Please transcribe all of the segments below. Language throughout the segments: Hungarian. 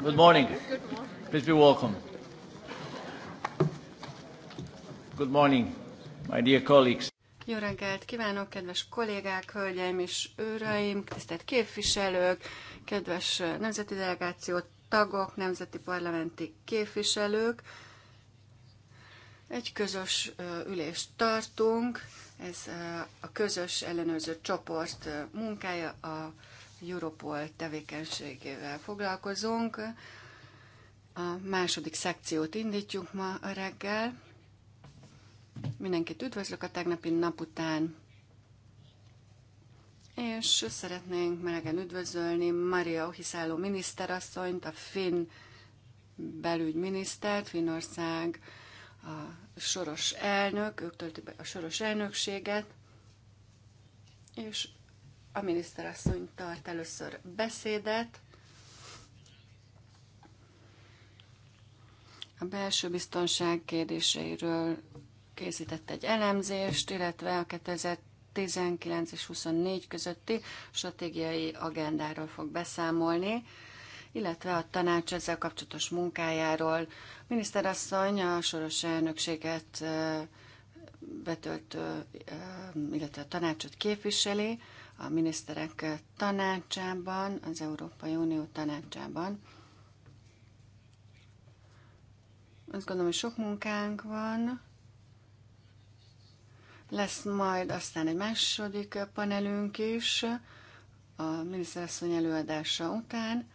Good morning. Please be welcome. Good morning, my dear colleagues. Jó reggelt kívánok, kedves kollégák, hölgyeim és őreim, tisztelt képviselők, kedves nemzeti delegáció tagok, nemzeti parlamenti képviselők. Egy közös ülést tartunk, ez a közös ellenőrző csoport munkája a Europol tevékenységével foglalkozunk. A második szekciót indítjuk ma a reggel. Mindenkit üdvözlök a tegnapi nap után, és szeretnénk melegen üdvözölni Maria Ohiszálló miniszterasszonyt, a finn belügyminisztert, Finnország a soros elnök, ők töltik be a soros elnökséget, és a miniszterasszony tart először beszédet. A belső biztonság kérdéseiről készített egy elemzést, illetve a 2019 és 24 közötti stratégiai agendáról fog beszámolni, illetve a tanács ezzel kapcsolatos munkájáról. Miniszterasszony a soros elnökséget betöltő, illetve a tanácsot képviseli a miniszterek tanácsában, az Európai Unió tanácsában. Azt gondolom, hogy sok munkánk van. Lesz majd aztán egy második panelünk is a miniszterasszony előadása után.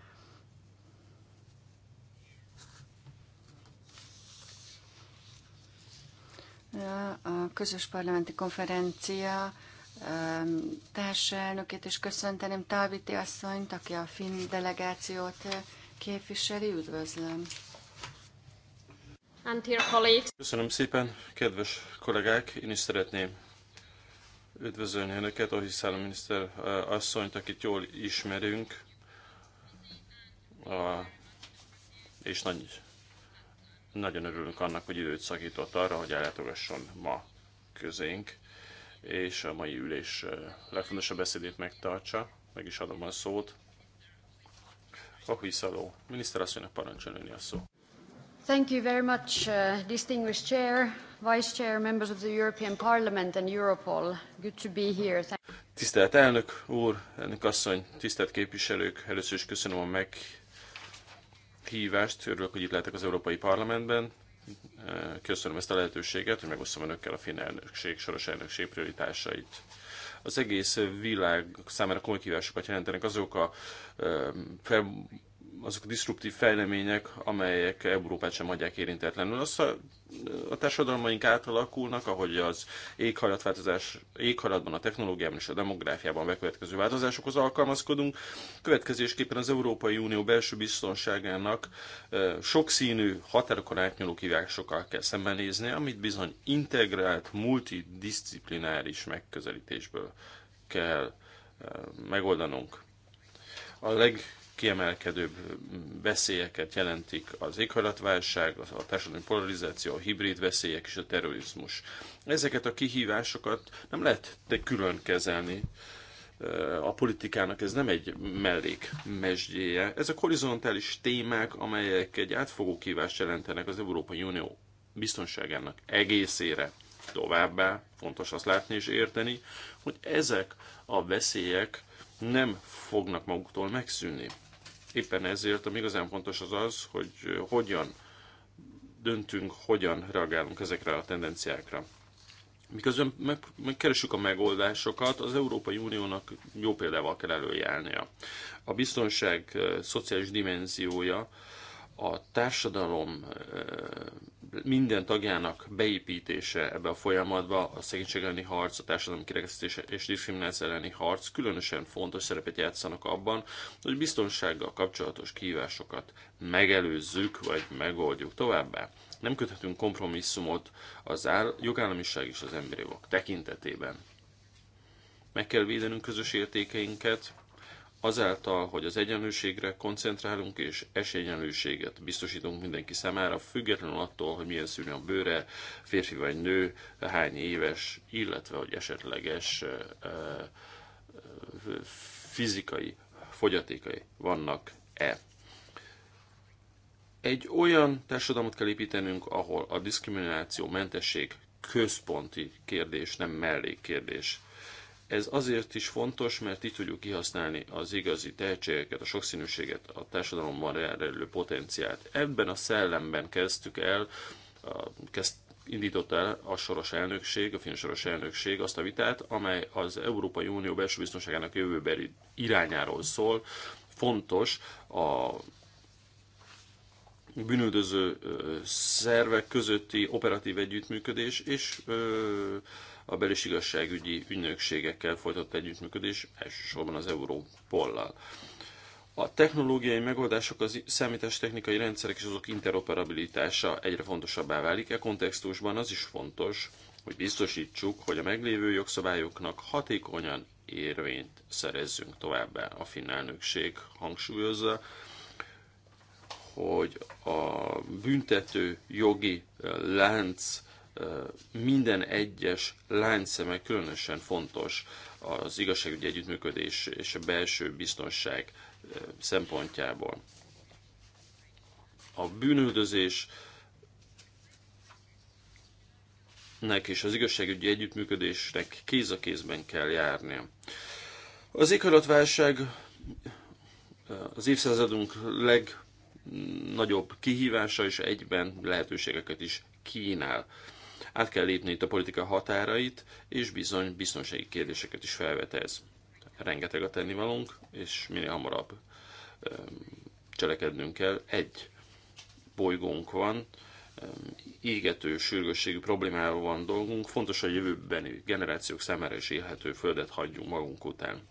A közös parlamenti konferencia Um, társelnökét is köszönteném, Táviti asszonyt, aki a finn delegációt uh, képviseli. Üdvözlöm! Köszönöm szépen, kedves kollégák! Én is szeretném üdvözölni Önöket, Hiszállam miniszter uh, asszonyt, akit jól ismerünk, a, és nagy, nagyon örülünk annak, hogy időt szakított arra, hogy ellátogasson ma közénk és a mai ülés legfontosabb beszédét megtartsa. Meg is adom a szót. Kahui Szaló, miniszterasszonynak parancsolni a szó. Thank you very much, uh, distinguished chair, vice chair, members of the European Parliament and Europol. Good to be here. Thank tisztelt elnök úr, elnök asszony, tisztelt képviselők, először is köszönöm a meghívást, örülök, hogy itt lehetek az Európai Parlamentben. Köszönöm ezt a lehetőséget, hogy megosztom önökkel a finn elnökség, soros elnökség prioritásait. Az egész világ számára komoly kívásokat jelentenek azok a azok a disruptív fejlemények, amelyek Európát sem hagyják érintetlenül. Azt a, a társadalmaink átalakulnak, ahogy az éghajlatváltozás, éghajlatban, a technológiában és a demográfiában bekövetkező változásokhoz alkalmazkodunk. Következésképpen az Európai Unió belső biztonságának sokszínű, határokon átnyúló kívásokkal kell szembenézni, amit bizony integrált, multidisciplináris megközelítésből kell megoldanunk. A leg kiemelkedőbb veszélyeket jelentik az éghajlatválság, a társadalmi polarizáció, a hibrid veszélyek és a terrorizmus. Ezeket a kihívásokat nem lehet külön kezelni. A politikának ez nem egy mellék mesdjéje. a horizontális témák, amelyek egy átfogó kívást jelentenek az Európai Unió biztonságának egészére. Továbbá fontos azt látni és érteni, hogy ezek a veszélyek nem fognak maguktól megszűnni. Éppen ezért, ami igazán fontos az az, hogy hogyan döntünk, hogyan reagálunk ezekre a tendenciákra. Miközben meg, megkeressük a megoldásokat, az Európai Uniónak jó példával kell előjárnia. A biztonság eh, szociális dimenziója a társadalom minden tagjának beépítése ebbe a folyamatba, a szegénység elleni harc, a társadalom kirekesztés és diszkrimináció elleni harc különösen fontos szerepet játszanak abban, hogy biztonsággal kapcsolatos kihívásokat megelőzzük vagy megoldjuk továbbá. Nem köthetünk kompromisszumot az áll, jogállamiság és az emberi jogok tekintetében. Meg kell védenünk közös értékeinket, azáltal, hogy az egyenlőségre koncentrálunk és esélyenlőséget biztosítunk mindenki számára, függetlenül attól, hogy milyen színű a bőre, férfi vagy nő, hány éves, illetve hogy esetleges fizikai fogyatékai vannak-e. Egy olyan társadalmat kell építenünk, ahol a diszkrimináció mentesség központi kérdés, nem mellékkérdés. kérdés ez azért is fontos, mert így tudjuk kihasználni az igazi tehetségeket, a sokszínűséget, a társadalomban rejlő potenciált. Ebben a szellemben kezdtük el, kezd, indított el a soros elnökség, a finn soros elnökség azt a vitát, amely az Európai Unió belső biztonságának jövőbeli irányáról szól. Fontos a bűnöldöző szervek közötti operatív együttműködés, és ö, a belis igazságügyi ügynökségekkel folytatott együttműködés, elsősorban az Európollal. A technológiai megoldások, az számítástechnikai rendszerek és azok interoperabilitása egyre fontosabbá válik. E kontextusban az is fontos, hogy biztosítsuk, hogy a meglévő jogszabályoknak hatékonyan érvényt szerezzünk továbbá. A finn elnökség hangsúlyozza, hogy a büntető jogi lánc minden egyes láncszeme különösen fontos az igazságügyi együttműködés és a belső biztonság szempontjából. A bűnüldözés és az igazságügyi együttműködésnek kéz a kézben kell járnia. Az éghajlatválság az évszázadunk legnagyobb kihívása és egyben lehetőségeket is kínál. Át kell lépni itt a politika határait, és bizony biztonsági kérdéseket is felvet ez. Rengeteg a tennivalónk, és minél hamarabb cselekednünk kell. Egy bolygónk van, égető, sürgősségű problémával van dolgunk, fontos a jövőbeni generációk számára is élhető földet hagyjunk magunk után.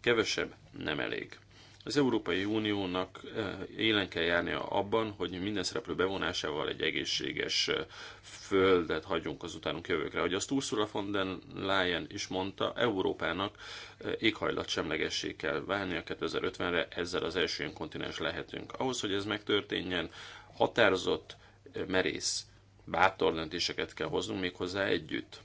Kevesebb nem elég. Az Európai Uniónak eh, élen kell járnia abban, hogy minden szereplő bevonásával egy egészséges eh, földet hagyjunk az utánunk jövőkre. Hogy azt Ursula von der Leyen is mondta, Európának eh, éghajlat semlegessé kell válnia 2050-re, ezzel az első ilyen kontinens lehetünk. Ahhoz, hogy ez megtörténjen, határozott, merész, bátor döntéseket kell hoznunk méghozzá együtt.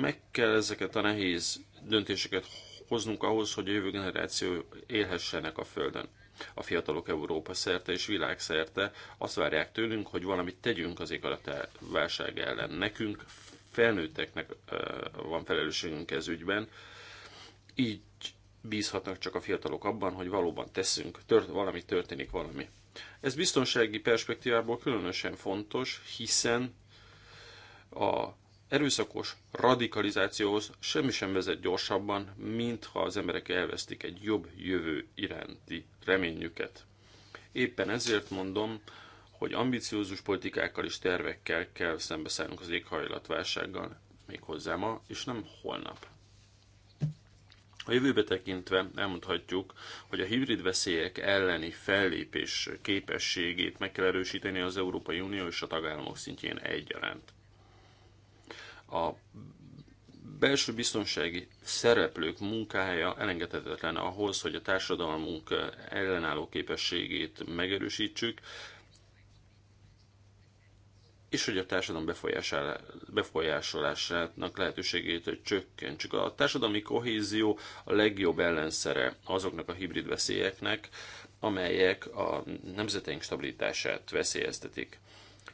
Meg kell ezeket a nehéz döntéseket hoznunk ahhoz, hogy a jövő generáció élhessenek a Földön. A fiatalok Európa szerte és világszerte azt várják tőlünk, hogy valamit tegyünk az válság ellen. Nekünk, felnőtteknek van felelősségünk ez ügyben, így bízhatnak csak a fiatalok abban, hogy valóban teszünk, tört, valami történik valami. Ez biztonsági perspektívából különösen fontos, hiszen a erőszakos radikalizációhoz semmi sem vezet gyorsabban, mint ha az emberek elvesztik egy jobb jövő iránti reményüket. Éppen ezért mondom, hogy ambiciózus politikákkal és tervekkel kell szembeszállnunk az éghajlatválsággal, méghozzá ma, és nem holnap. A jövőbe tekintve elmondhatjuk, hogy a hibrid veszélyek elleni fellépés képességét meg kell erősíteni az Európai Unió és a tagállamok szintjén egyaránt. A belső biztonsági szereplők munkája elengedhetetlen ahhoz, hogy a társadalmunk ellenálló képességét megerősítsük, és hogy a társadalom befolyásolásának lehetőségét csökkentsük. A társadalmi kohézió a legjobb ellenszere azoknak a hibrid veszélyeknek, amelyek a nemzeteink stabilitását veszélyeztetik.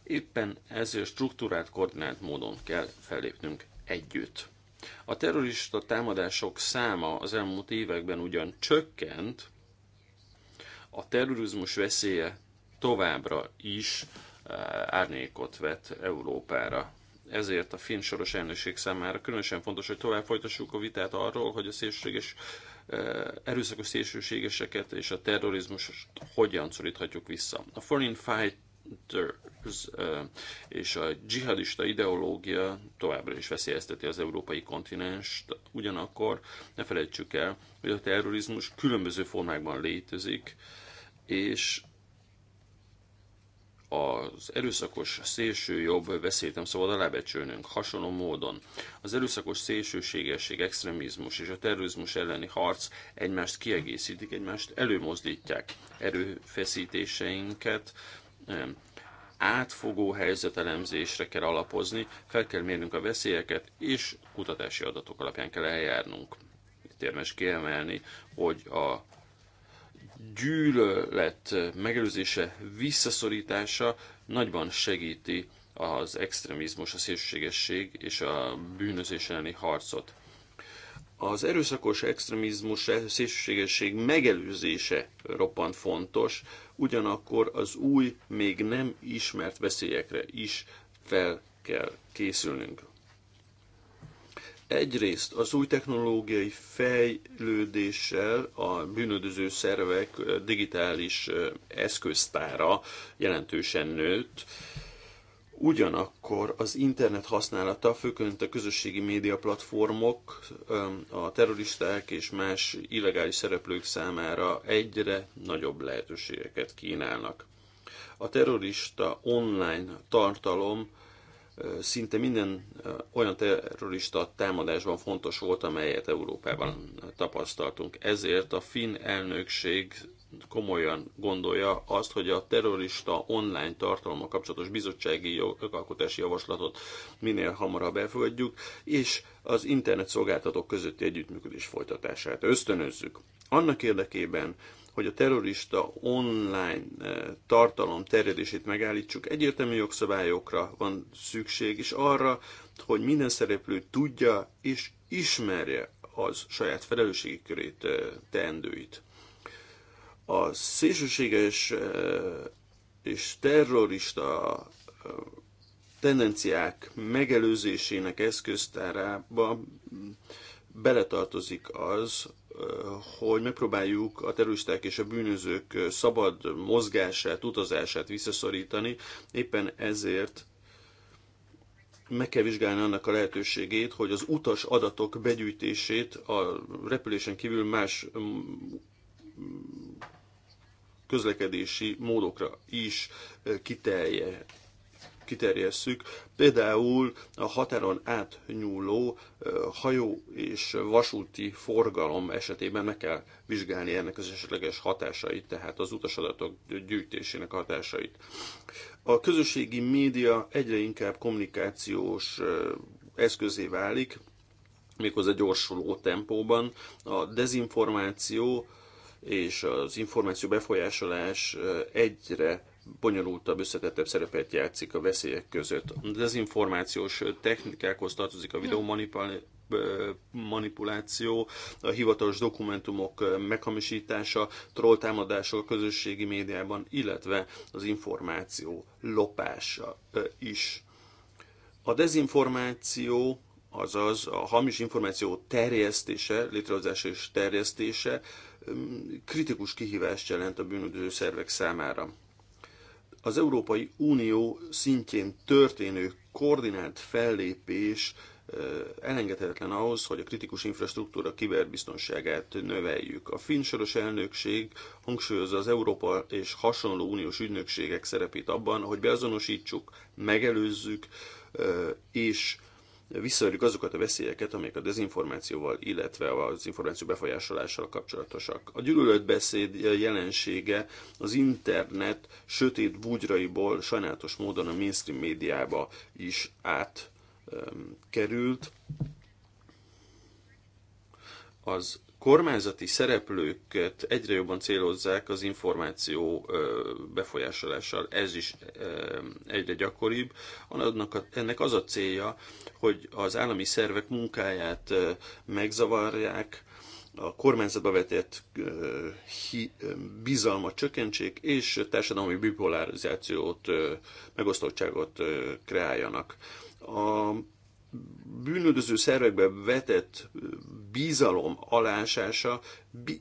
Éppen ezért struktúrát koordinált módon kell fellépnünk együtt. A terrorista támadások száma az elmúlt években ugyan csökkent, a terrorizmus veszélye továbbra is eh, árnyékot vet Európára. Ezért a finn soros elnökség számára különösen fontos, hogy tovább folytassuk a vitát arról, hogy a szélsőséges eh, erőszakos szélsőségeseket és a terrorizmust hogyan szoríthatjuk vissza. A Foreign Fight és a dzsihadista ideológia továbbra is veszélyezteti az európai kontinenst. Ugyanakkor ne felejtsük el, hogy a terrorizmus különböző formákban létezik, és az erőszakos szélső jobb veszélyt nem szabad alábecsülnünk. Hasonló módon az erőszakos szélsőségesség, extrémizmus és a terrorizmus elleni harc egymást kiegészítik, egymást előmozdítják erőfeszítéseinket, átfogó helyzetelemzésre kell alapozni, fel kell mérnünk a veszélyeket, és kutatási adatok alapján kell eljárnunk. Itt érdemes kiemelni, hogy a gyűlölet megelőzése, visszaszorítása nagyban segíti az extrémizmus, a szélsőségesség és a bűnözés elleni harcot. Az erőszakos extrémizmus, szélsőségesség megelőzése roppant fontos, ugyanakkor az új, még nem ismert veszélyekre is fel kell készülnünk. Egyrészt az új technológiai fejlődéssel a bűnöldöző szervek digitális eszköztára jelentősen nőtt, Ugyanakkor az internet használata, főként a közösségi média platformok a terroristák és más illegális szereplők számára egyre nagyobb lehetőségeket kínálnak. A terrorista online tartalom szinte minden olyan terrorista támadásban fontos volt, amelyet Európában tapasztaltunk. Ezért a finn elnökség komolyan gondolja azt, hogy a terrorista online tartalma kapcsolatos bizottsági jogalkotási javaslatot minél hamarabb elfogadjuk, és az internet szolgáltatók közötti együttműködés folytatását ösztönözzük. Annak érdekében, hogy a terrorista online eh, tartalom terjedését megállítsuk, egyértelmű jogszabályokra van szükség, és arra, hogy minden szereplő tudja és ismerje az saját felelősségi körét, eh, teendőit a szélsőséges eh, és terrorista eh, tendenciák megelőzésének eszköztárába beletartozik az, eh, hogy megpróbáljuk a terroristák és a bűnözők szabad mozgását, utazását visszaszorítani. Éppen ezért meg kell vizsgálni annak a lehetőségét, hogy az utas adatok begyűjtését a repülésen kívül más mm, közlekedési módokra is eh, kitelje, kiterjesszük. Például a határon átnyúló eh, hajó és vasúti forgalom esetében meg kell vizsgálni ennek az esetleges hatásait, tehát az utasadatok gyűjtésének hatásait. A közösségi média egyre inkább kommunikációs eh, eszközé válik, méghozzá gyorsuló tempóban. A dezinformáció és az információ befolyásolás egyre bonyolultabb, összetettebb szerepet játszik a veszélyek között. A dezinformációs technikákhoz tartozik a videómanipuláció, manipuláció, a hivatalos dokumentumok meghamisítása, trolltámadások a közösségi médiában, illetve az információ lopása is. A dezinformáció azaz a hamis információ terjesztése, létrehozása és terjesztése kritikus kihívást jelent a bűnöző szervek számára. Az Európai Unió szintjén történő koordinált fellépés elengedhetetlen ahhoz, hogy a kritikus infrastruktúra kiberbiztonságát növeljük. A finn elnökség hangsúlyozza az Európa és hasonló uniós ügynökségek szerepét abban, hogy beazonosítsuk, megelőzzük és visszaölik azokat a veszélyeket, amelyek a dezinformációval, illetve az információ befolyásolással kapcsolatosak. A gyűlöletbeszéd jelensége az internet sötét bugyraiból sajnálatos módon a mainstream médiába is átkerült. Um, az kormányzati szereplőket egyre jobban célozzák az információ befolyásolással. Ez is egyre gyakoribb. ennek az a célja, hogy az állami szervek munkáját megzavarják, a kormányzatba vetett bizalmat csökkentsék, és társadalmi bipolarizációt, megosztottságot kreáljanak. A bűnöldöző szervekbe vetett bizalom alásása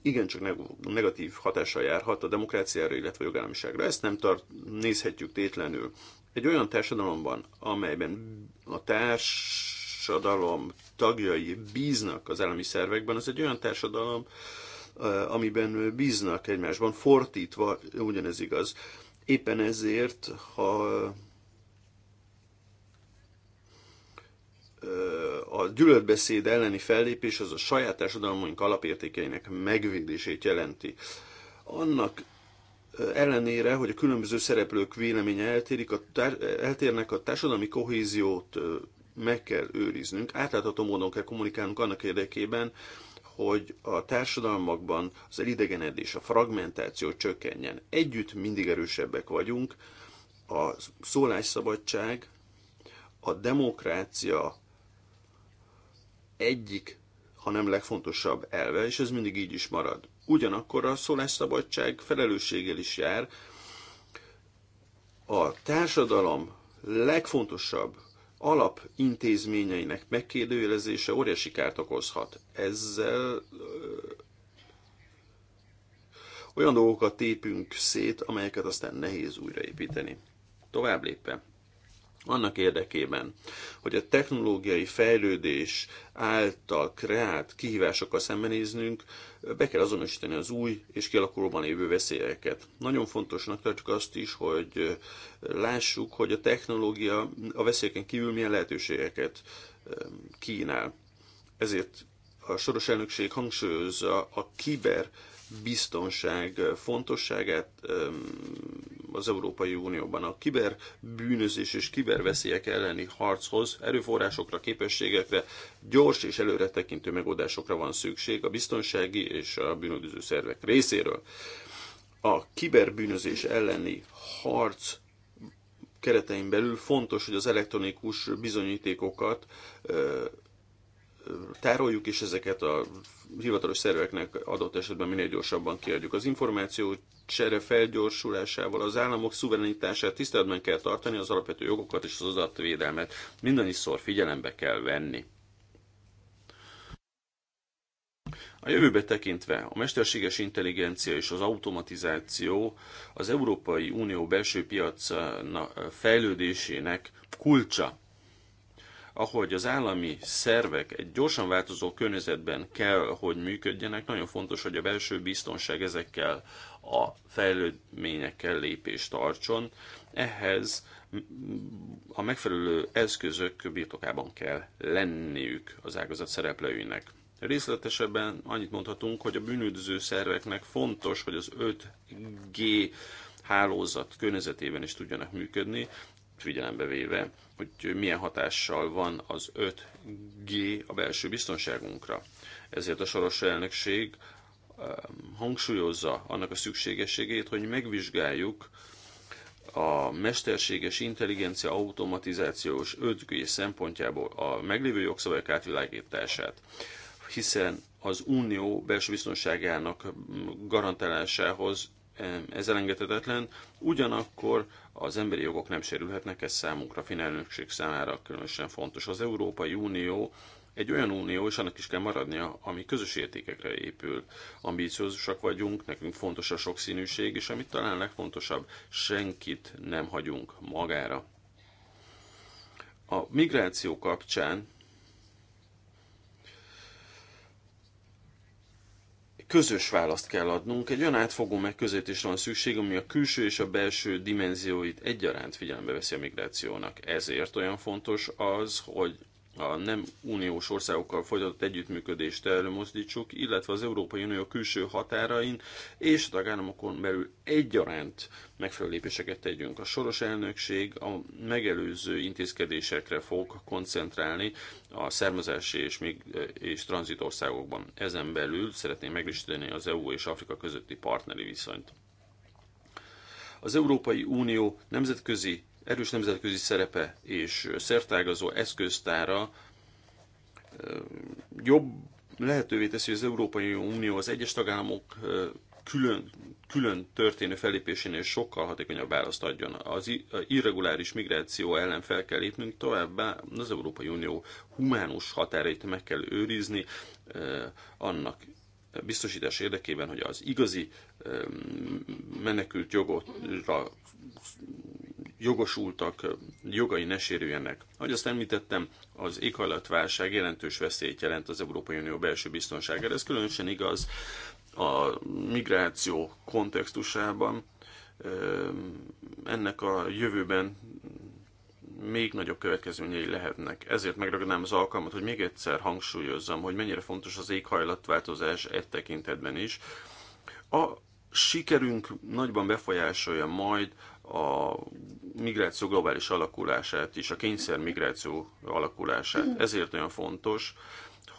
igencsak negatív hatással járhat a demokráciára, illetve a jogállamiságra. Ezt nem tart, nézhetjük tétlenül. Egy olyan társadalomban, amelyben a társadalom tagjai bíznak az állami szervekben, az egy olyan társadalom, amiben bíznak egymásban, fordítva ugyanez igaz. Éppen ezért, ha a gyűlöletbeszéd elleni fellépés az a saját társadalmunk alapértékeinek megvédését jelenti. Annak ellenére, hogy a különböző szereplők véleménye eltérik, a tár- eltérnek, a társadalmi kohéziót meg kell őriznünk, átlátható módon kell kommunikálnunk annak érdekében, hogy a társadalmakban az elidegenedés, a fragmentáció csökkenjen. Együtt mindig erősebbek vagyunk, a szólásszabadság, a demokrácia egyik, ha nem legfontosabb elve, és ez mindig így is marad. Ugyanakkor a szólásszabadság felelősséggel is jár. A társadalom legfontosabb alapintézményeinek megkérdőjelezése óriási kárt okozhat. Ezzel ö, olyan dolgokat tépünk szét, amelyeket aztán nehéz újraépíteni. Tovább lépve, annak érdekében, hogy a technológiai fejlődés által kreált kihívásokkal szembenéznünk, be kell azonosítani az új és kialakulóban lévő veszélyeket. Nagyon fontosnak tartjuk azt is, hogy lássuk, hogy a technológia a veszélyeken kívül milyen lehetőségeket kínál. Ezért a soros elnökség hangsúlyozza a kiber biztonság fontosságát, az Európai Unióban. A kiberbűnözés és kiberveszélyek elleni harchoz erőforrásokra, képességekre, gyors és előretekintő megoldásokra van szükség a biztonsági és a bűnöző szervek részéről. A kiberbűnözés elleni harc keretein belül fontos, hogy az elektronikus bizonyítékokat tároljuk, és ezeket a hivatalos szerveknek adott esetben minél gyorsabban kiadjuk. Az információ csere felgyorsulásával az államok szuverenitását tiszteletben kell tartani, az alapvető jogokat és az adatvédelmet mindannyiszor figyelembe kell venni. A jövőbe tekintve a mesterséges intelligencia és az automatizáció az Európai Unió belső piac fejlődésének kulcsa ahogy az állami szervek egy gyorsan változó környezetben kell, hogy működjenek, nagyon fontos, hogy a belső biztonság ezekkel a fejlődményekkel lépést tartson. Ehhez a megfelelő eszközök birtokában kell lenniük az ágazat szereplőinek. Részletesebben annyit mondhatunk, hogy a bűnüldöző szerveknek fontos, hogy az 5G hálózat környezetében is tudjanak működni, figyelembe véve, hogy milyen hatással van az 5G a belső biztonságunkra. Ezért a soros elnökség um, hangsúlyozza annak a szükségességét, hogy megvizsgáljuk a mesterséges intelligencia automatizációs 5G szempontjából a meglévő jogszabályok átvilágítását, hiszen az unió belső biztonságának mm, garantálásához ez elengedhetetlen, ugyanakkor az emberi jogok nem sérülhetnek, ez számunkra, finn elnökség számára különösen fontos. Az Európai Unió egy olyan unió, és annak is kell maradnia, ami közös értékekre épül. Ambíciózusak vagyunk, nekünk fontos a sokszínűség, és amit talán legfontosabb, senkit nem hagyunk magára. A migráció kapcsán közös választ kell adnunk. Egy olyan átfogó megközelítésre van szükség, ami a külső és a belső dimenzióit egyaránt figyelembe veszi a migrációnak. Ezért olyan fontos az, hogy a nem uniós országokkal folytatott együttműködést előmozdítsuk, illetve az Európai Unió külső határain és a tagállamokon belül egyaránt megfelelő lépéseket tegyünk. A soros elnökség a megelőző intézkedésekre fog koncentrálni a származási és, még, és tranzitországokban. Ezen belül szeretném meglisteni az EU és Afrika közötti partneri viszonyt. Az Európai Unió nemzetközi erős nemzetközi szerepe és szertágazó eszköztára jobb lehetővé teszi, hogy az Európai Unió az egyes tagállamok külön, külön történő fellépésénél sokkal hatékonyabb választ adjon. Az irreguláris migráció ellen fel kell lépnünk, továbbá az Európai Unió humánus határait meg kell őrizni, annak biztosítás érdekében, hogy az igazi menekült jogotra jogosultak jogai ne sérüljenek. Ahogy azt említettem, az éghajlatválság jelentős veszélyt jelent az Európai Unió belső biztonságára. Ez különösen igaz a migráció kontextusában. Ennek a jövőben még nagyobb következményei lehetnek. Ezért megragadnám az alkalmat, hogy még egyszer hangsúlyozzam, hogy mennyire fontos az éghajlatváltozás egy tekintetben is. A sikerünk nagyban befolyásolja majd a migráció globális alakulását és a kényszer migráció alakulását. Hmm. Ezért olyan fontos,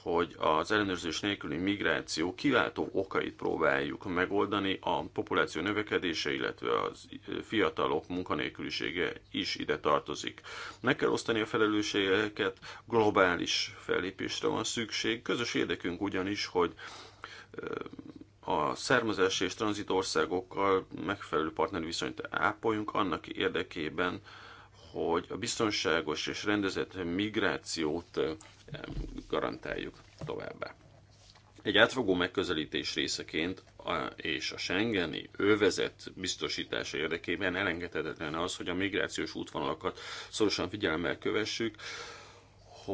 hogy az ellenőrzés nélküli migráció kiváltó okait próbáljuk megoldani, a populáció növekedése, illetve az fiatalok munkanélkülisége is ide tartozik. Meg kell osztani a felelősségeket, globális fellépésre van szükség, közös érdekünk ugyanis, hogy a származási és tranzit országokkal megfelelő partneri viszonyt ápoljunk annak érdekében, hogy a biztonságos és rendezett migrációt eh, garantáljuk továbbá. Egy átfogó megközelítés részeként a, és a Schengeni övezet biztosítása érdekében elengedhetetlen az, hogy a migrációs útvonalakat szorosan figyelemmel kövessük,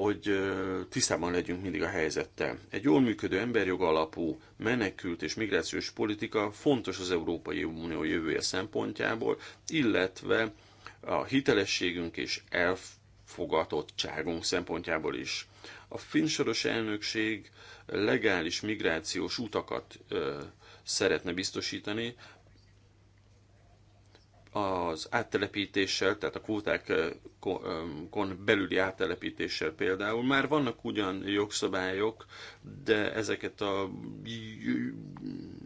hogy tisztában legyünk mindig a helyzettel. Egy jól működő emberjog alapú menekült és migrációs politika fontos az Európai Unió jövője szempontjából, illetve a hitelességünk és elfogadottságunk szempontjából is. A finnsoros elnökség legális migrációs utakat ö, szeretne biztosítani, az áttelepítéssel, tehát a kvótákon eh, eh, belüli áttelepítéssel például. Már vannak ugyan jogszabályok, de ezeket a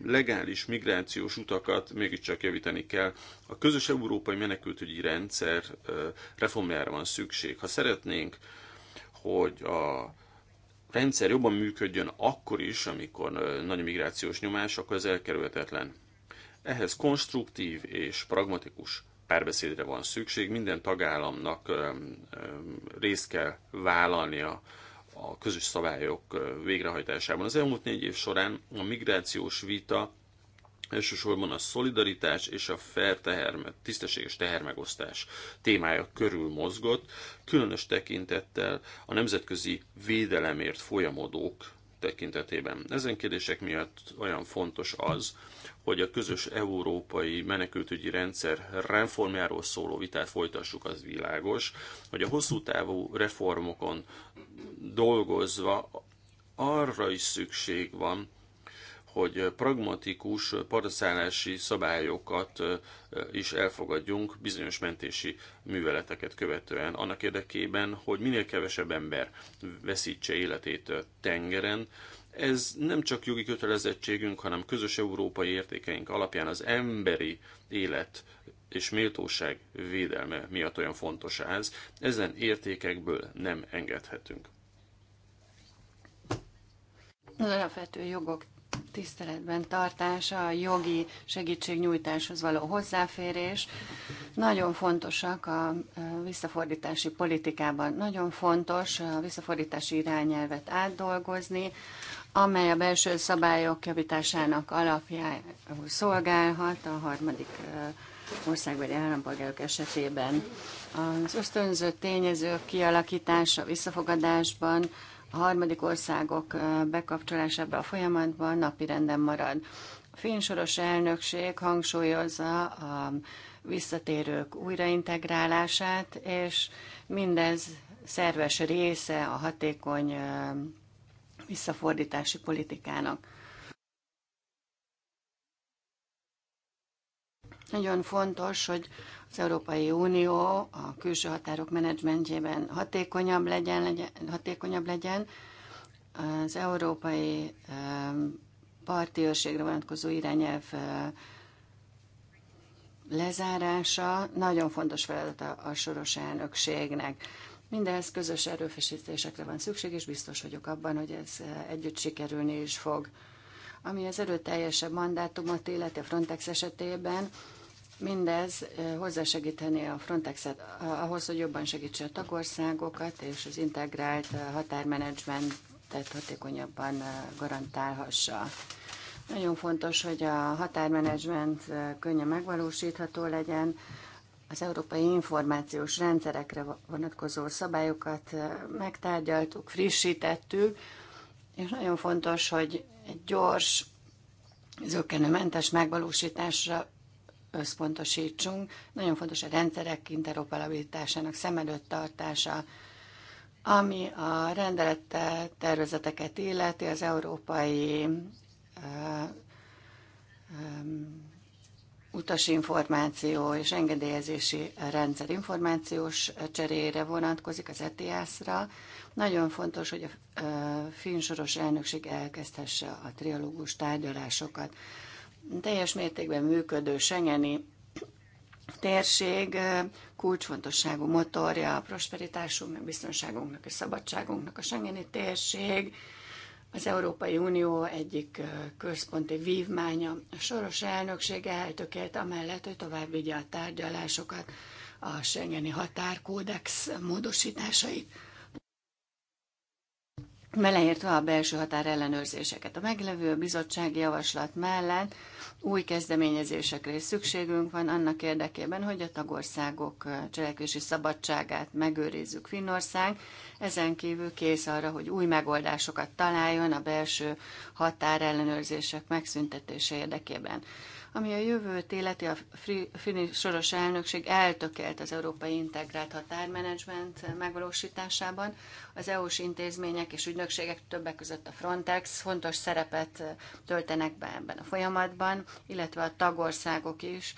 legális migrációs utakat mégiscsak javítani kell. A közös európai menekültügyi rendszer eh, reformjára van szükség. Ha szeretnénk, hogy a rendszer jobban működjön akkor is, amikor nagy migrációs nyomás, akkor ez elkerülhetetlen. Ehhez konstruktív és pragmatikus párbeszédre van szükség, minden tagállamnak részt kell vállalnia a közös szabályok végrehajtásában. Az elmúlt négy év során a migrációs vita elsősorban a szolidaritás és a fair teher, tisztességes tehermegosztás témája körül mozgott, különös tekintettel a nemzetközi védelemért folyamodók tekintetében. Ezen kérdések miatt olyan fontos az, hogy a közös európai menekültügyi rendszer reformjáról szóló vitát folytassuk, az világos, hogy a hosszú távú reformokon dolgozva arra is szükség van, hogy pragmatikus partaszállási szabályokat is elfogadjunk bizonyos mentési műveleteket követően, annak érdekében, hogy minél kevesebb ember veszítse életét tengeren, ez nem csak jogi kötelezettségünk, hanem közös európai értékeink alapján az emberi élet és méltóság védelme miatt olyan fontos ez. Ezen értékekből nem engedhetünk. Az alapvető jogok tiszteletben tartása, a jogi segítségnyújtáshoz való hozzáférés. Nagyon fontosak a visszafordítási politikában. Nagyon fontos a visszafordítási irányelvet átdolgozni, amely a belső szabályok javításának alapjául szolgálhat a harmadik országbeli állampolgárok esetében. Az ösztönző tényezők kialakítása visszafogadásban a harmadik országok bekapcsolásába a folyamatban napirenden marad. A fénysoros elnökség hangsúlyozza a visszatérők újraintegrálását, és mindez szerves része a hatékony visszafordítási politikának. Nagyon fontos, hogy az Európai Unió a külső határok menedzsmentjében hatékonyabb legyen, legyen, hatékonyabb legyen. Az Európai Parti Őrségre vonatkozó irányelv lezárása nagyon fontos feladat a soros elnökségnek. Mindehez közös erőfeszítésekre van szükség, és biztos vagyok abban, hogy ez eh, együtt sikerülni is fog. Ami az erőteljesebb mandátumot illeti a Frontex esetében, mindez eh, hozzásegíteni a Frontexet eh, ahhoz, hogy jobban segítse a tagországokat, és az integrált határmenedzsmentet hatékonyabban garantálhassa. Nagyon fontos, hogy a határmenedzsment könnyen megvalósítható legyen, az európai információs rendszerekre vonatkozó szabályokat megtárgyaltuk, frissítettük, és nagyon fontos, hogy egy gyors, zöggenőmentes megvalósításra összpontosítsunk. Nagyon fontos a rendszerek interoperabilitásának szem előtt tartása, ami a rendelette tervezeteket illeti, az európai uh, um, utasinformáció és engedélyezési rendszer információs cserére vonatkozik az ETIAS-ra. Nagyon fontos, hogy a finn elnökség elkezdhesse a trialógus tárgyalásokat. Teljes mértékben működő Schengeni térség kulcsfontosságú motorja a prosperitásunknak, biztonságunknak és szabadságunknak a Schengeni térség az Európai Unió egyik központi vívmánya. A soros elnöksége eltökélt amellett, hogy tovább vigye a tárgyalásokat a Schengeni határkódex módosításait beleértve a belső határellenőrzéseket. A meglevő bizottsági javaslat mellett új kezdeményezésekre is szükségünk van annak érdekében, hogy a tagországok cselekvési szabadságát megőrizzük Finnország. Ezen kívül kész arra, hogy új megoldásokat találjon a belső határellenőrzések megszüntetése érdekében. Ami a jövőt illeti, a finis soros elnökség eltökélt az európai integrált határmenedzsment megvalósításában. Az EU-s intézmények és ügynökségek többek között a Frontex fontos szerepet töltenek be ebben a folyamatban, illetve a tagországok is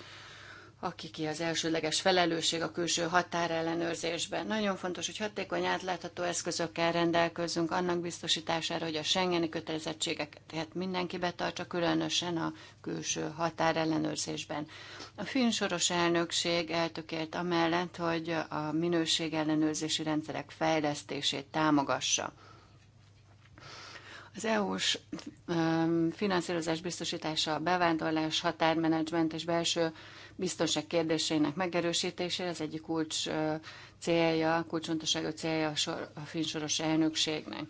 akiké az elsőleges felelősség a külső határellenőrzésben. Nagyon fontos, hogy hatékony átlátható eszközökkel rendelkezünk annak biztosítására, hogy a Schengeni kötelezettségeket mindenki betartsa, különösen a külső határellenőrzésben. A finn soros elnökség eltökélt amellett, hogy a minőségellenőrzési rendszerek fejlesztését támogassa. Az EU-s finanszírozás biztosítása a bevándorlás, határmenedzsment és belső biztonság kérdéseinek megerősítésére, az egyik kulcs célja, kulcsontosságú célja a, sor, a finnsoros elnökségnek.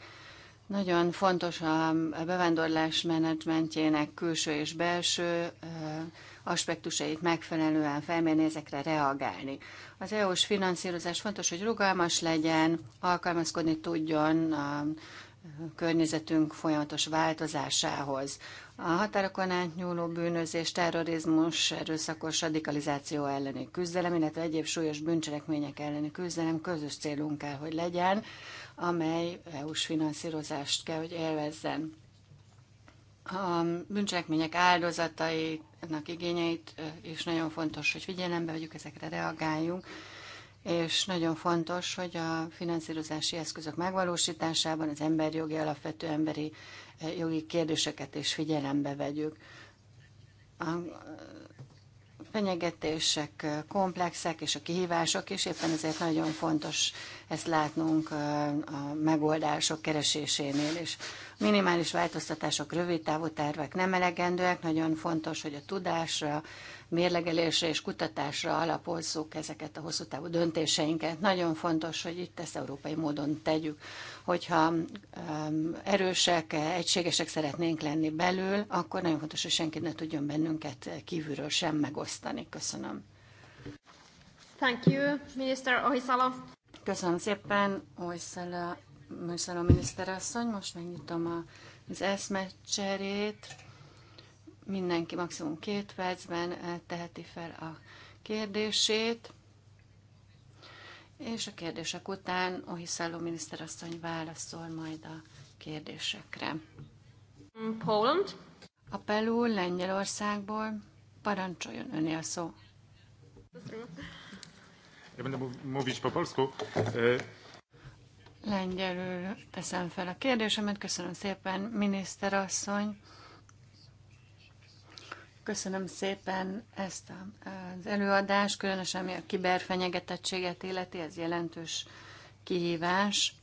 Nagyon fontos a bevándorlás menedzsmentjének külső és belső aspektusait megfelelően felmérni, ezekre reagálni. Az EU-s finanszírozás fontos, hogy rugalmas legyen, alkalmazkodni tudjon a környezetünk folyamatos változásához. A határokon átnyúló bűnözés, terrorizmus, erőszakos radikalizáció elleni küzdelem, illetve egyéb súlyos bűncselekmények elleni küzdelem közös célunk kell, hogy legyen, amely EU-s finanszírozást kell, hogy élvezzen. A bűncselekmények áldozatainak igényeit is nagyon fontos, hogy figyelembe vegyük, ezekre reagáljunk és nagyon fontos, hogy a finanszírozási eszközök megvalósításában az emberi jogi alapvető emberi eh, jogi kérdéseket is figyelembe vegyük. A eh, fenyegetések eh, komplexek, és a kihívások is, éppen ezért nagyon fontos ezt látnunk a megoldások keresésénél is. Minimális változtatások, rövid távú tervek nem elegendőek, nagyon fontos, hogy a tudásra, mérlegelésre és kutatásra alapozzuk ezeket a hosszú távú döntéseinket. Nagyon fontos, hogy itt ezt európai módon tegyük. Hogyha um, erősek, egységesek szeretnénk lenni belül, akkor nagyon fontos, hogy senki ne tudjon bennünket kívülről sem megosztani. Köszönöm. Thank you, Minister Ohisala. Köszönöm szépen, Ohisala, Ohisala miniszterasszony. Most megnyitom az eszmecserét. Mindenki maximum két percben eh, teheti fel a kérdését, és a kérdések után Ohiszálló miniszterasszony válaszol majd a kérdésekre. Poland. Apelú Lengyelországból. Parancsoljon öné a szó. Ja będę mówić po polsku. Lengyelül teszem fel a kérdésemet. Köszönöm szépen, miniszterasszony. Köszönöm szépen ezt az előadást, különösen ami a kiberfenyegetettséget illeti, ez jelentős kihívás.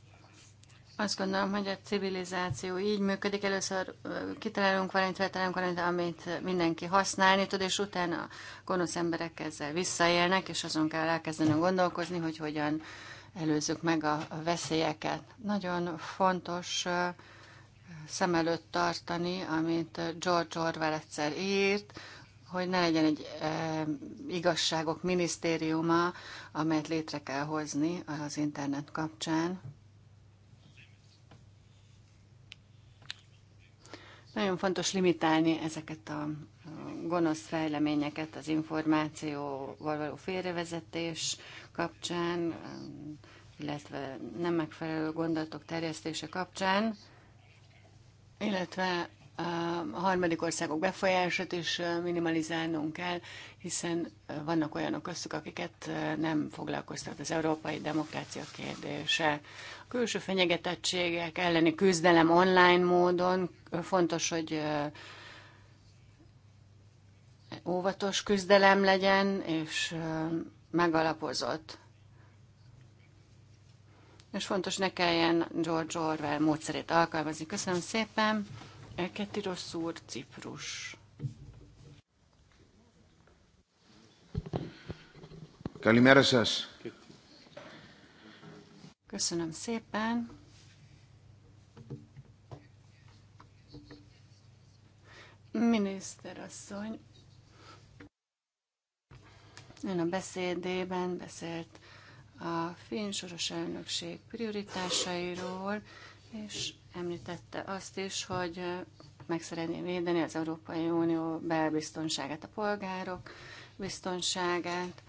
Azt gondolom, hogy a civilizáció így működik. Először kitalálunk valamit, feltalálunk valamit, amit mindenki használni tud, és utána a gonosz emberek ezzel visszaélnek, és azon kell elkezdeni gondolkozni, hogy hogyan előzzük meg a veszélyeket. Nagyon fontos uh, szem előtt tartani, amit George Orwell egyszer írt, hogy ne legyen egy e, igazságok minisztériuma, amelyet létre kell hozni az internet kapcsán. Nagyon fontos limitálni ezeket a gonosz fejleményeket az információval való félrevezetés kapcsán, illetve nem megfelelő gondolatok terjesztése kapcsán illetve a harmadik országok befolyását is minimalizálnunk kell, hiszen vannak olyanok köztük, akiket nem foglalkoztat az európai demokrácia kérdése. A külső fenyegetettségek elleni küzdelem online módon fontos, hogy óvatos küzdelem legyen, és megalapozott és fontos ne kelljen George Orwell módszerét alkalmazni. Köszönöm szépen. rossz úr, Ciprus. Kalimera Köszönöm szépen. Miniszterasszony, ön a beszédében beszélt a finn soros elnökség prioritásairól, és említette azt is, hogy meg szeretné védeni az Európai Unió belbiztonságát, a polgárok biztonságát,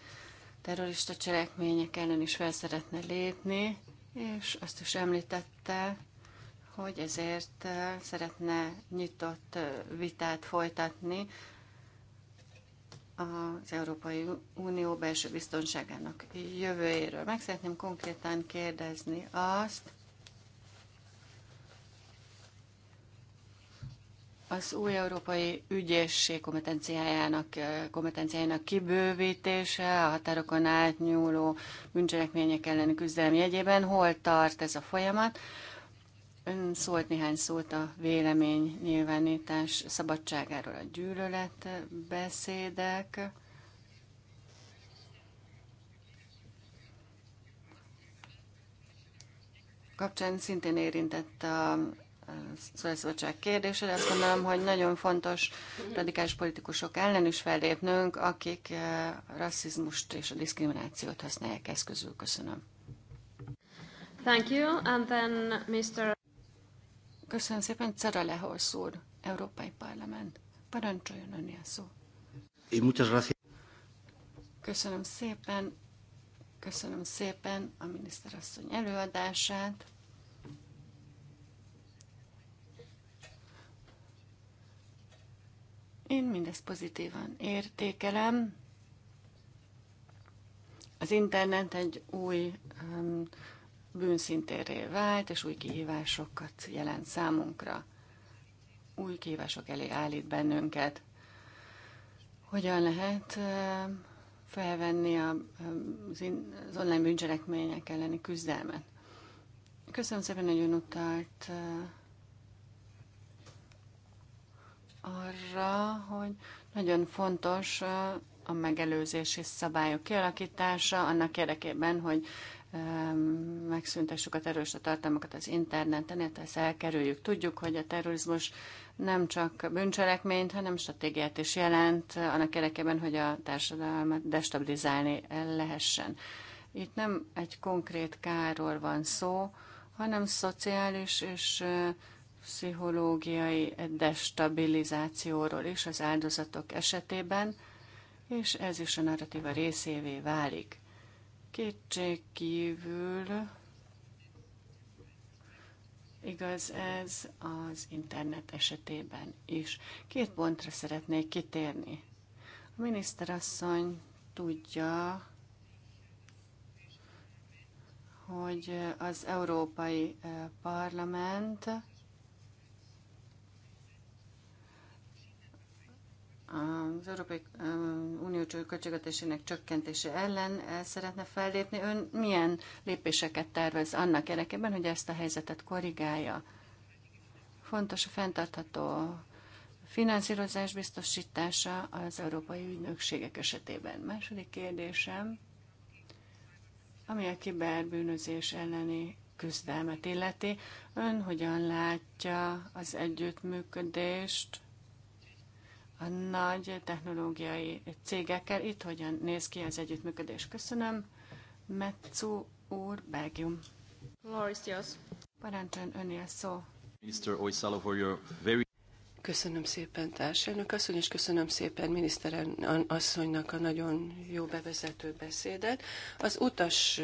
terrorista cselekmények ellen is fel szeretne lépni, és azt is említette, hogy ezért szeretne nyitott vitát folytatni az Európai Unió belső biztonságának jövőjéről. Meg szeretném konkrétan kérdezni azt, az új európai ügyészség kompetenciájának, kompetenciájának kibővítése, a határokon átnyúló bűncselekmények elleni küzdelem jegyében. Hol tart ez a folyamat? Ön szólt néhány szót a vélemény nyilvánítás szabadságáról a beszédek. Kapcsán szintén érintett a szólásszabadság kérdése, de azt gondolom, hogy nagyon fontos radikális politikusok ellen is fellépnünk, akik a eh, rasszizmust és a diszkriminációt használják eszközül. Köszönöm. Thank you. And then Mr. Köszönöm szépen, Cera Lehorsz úr, Európai Parlament. Parancsoljon önni a szó. Köszönöm szépen, köszönöm szépen a miniszterasszony előadását. Én mindezt pozitívan értékelem. Az internet egy új um, bűnszintérré vált, és új kihívásokat jelent számunkra. Új kihívások elé állít bennünket. Hogyan lehet felvenni az online bűncselekmények elleni küzdelmet? Köszönöm szépen, hogy ön utalt arra, hogy nagyon fontos a megelőzési szabályok kialakítása annak érdekében, hogy megszüntessük a terrorista tartalmakat az interneten, illetve ezt elkerüljük. Tudjuk, hogy a terrorizmus nem csak bűncselekményt, hanem stratégiát is jelent annak érdekében, hogy a társadalmat destabilizálni lehessen. Itt nem egy konkrét kárról van szó, hanem szociális és pszichológiai destabilizációról is az áldozatok esetében, és ez is a narratíva részévé válik. Kétségkívül igaz ez az internet esetében is. Két pontra szeretnék kitérni. A miniszterasszony tudja, hogy az Európai eh, Parlament az Európai Unió költségvetésének csökkentése ellen szeretne fellépni. Ön milyen lépéseket tervez annak érdekében, hogy ezt a helyzetet korrigálja? Fontos a fenntartható finanszírozás biztosítása az európai ügynökségek esetében. Második kérdésem, ami a kiberbűnözés elleni küzdelmet illeti, ön hogyan látja az együttműködést a nagy technológiai cégekkel. Itt hogyan néz ki az együttműködés? Köszönöm. Metzu úr, Belgium. Lauricius. önél szó. Mr. Oysalo, for your very Köszönöm szépen társelnök asszony, és köszönöm szépen miniszter asszonynak a nagyon jó bevezető beszédet. Az utas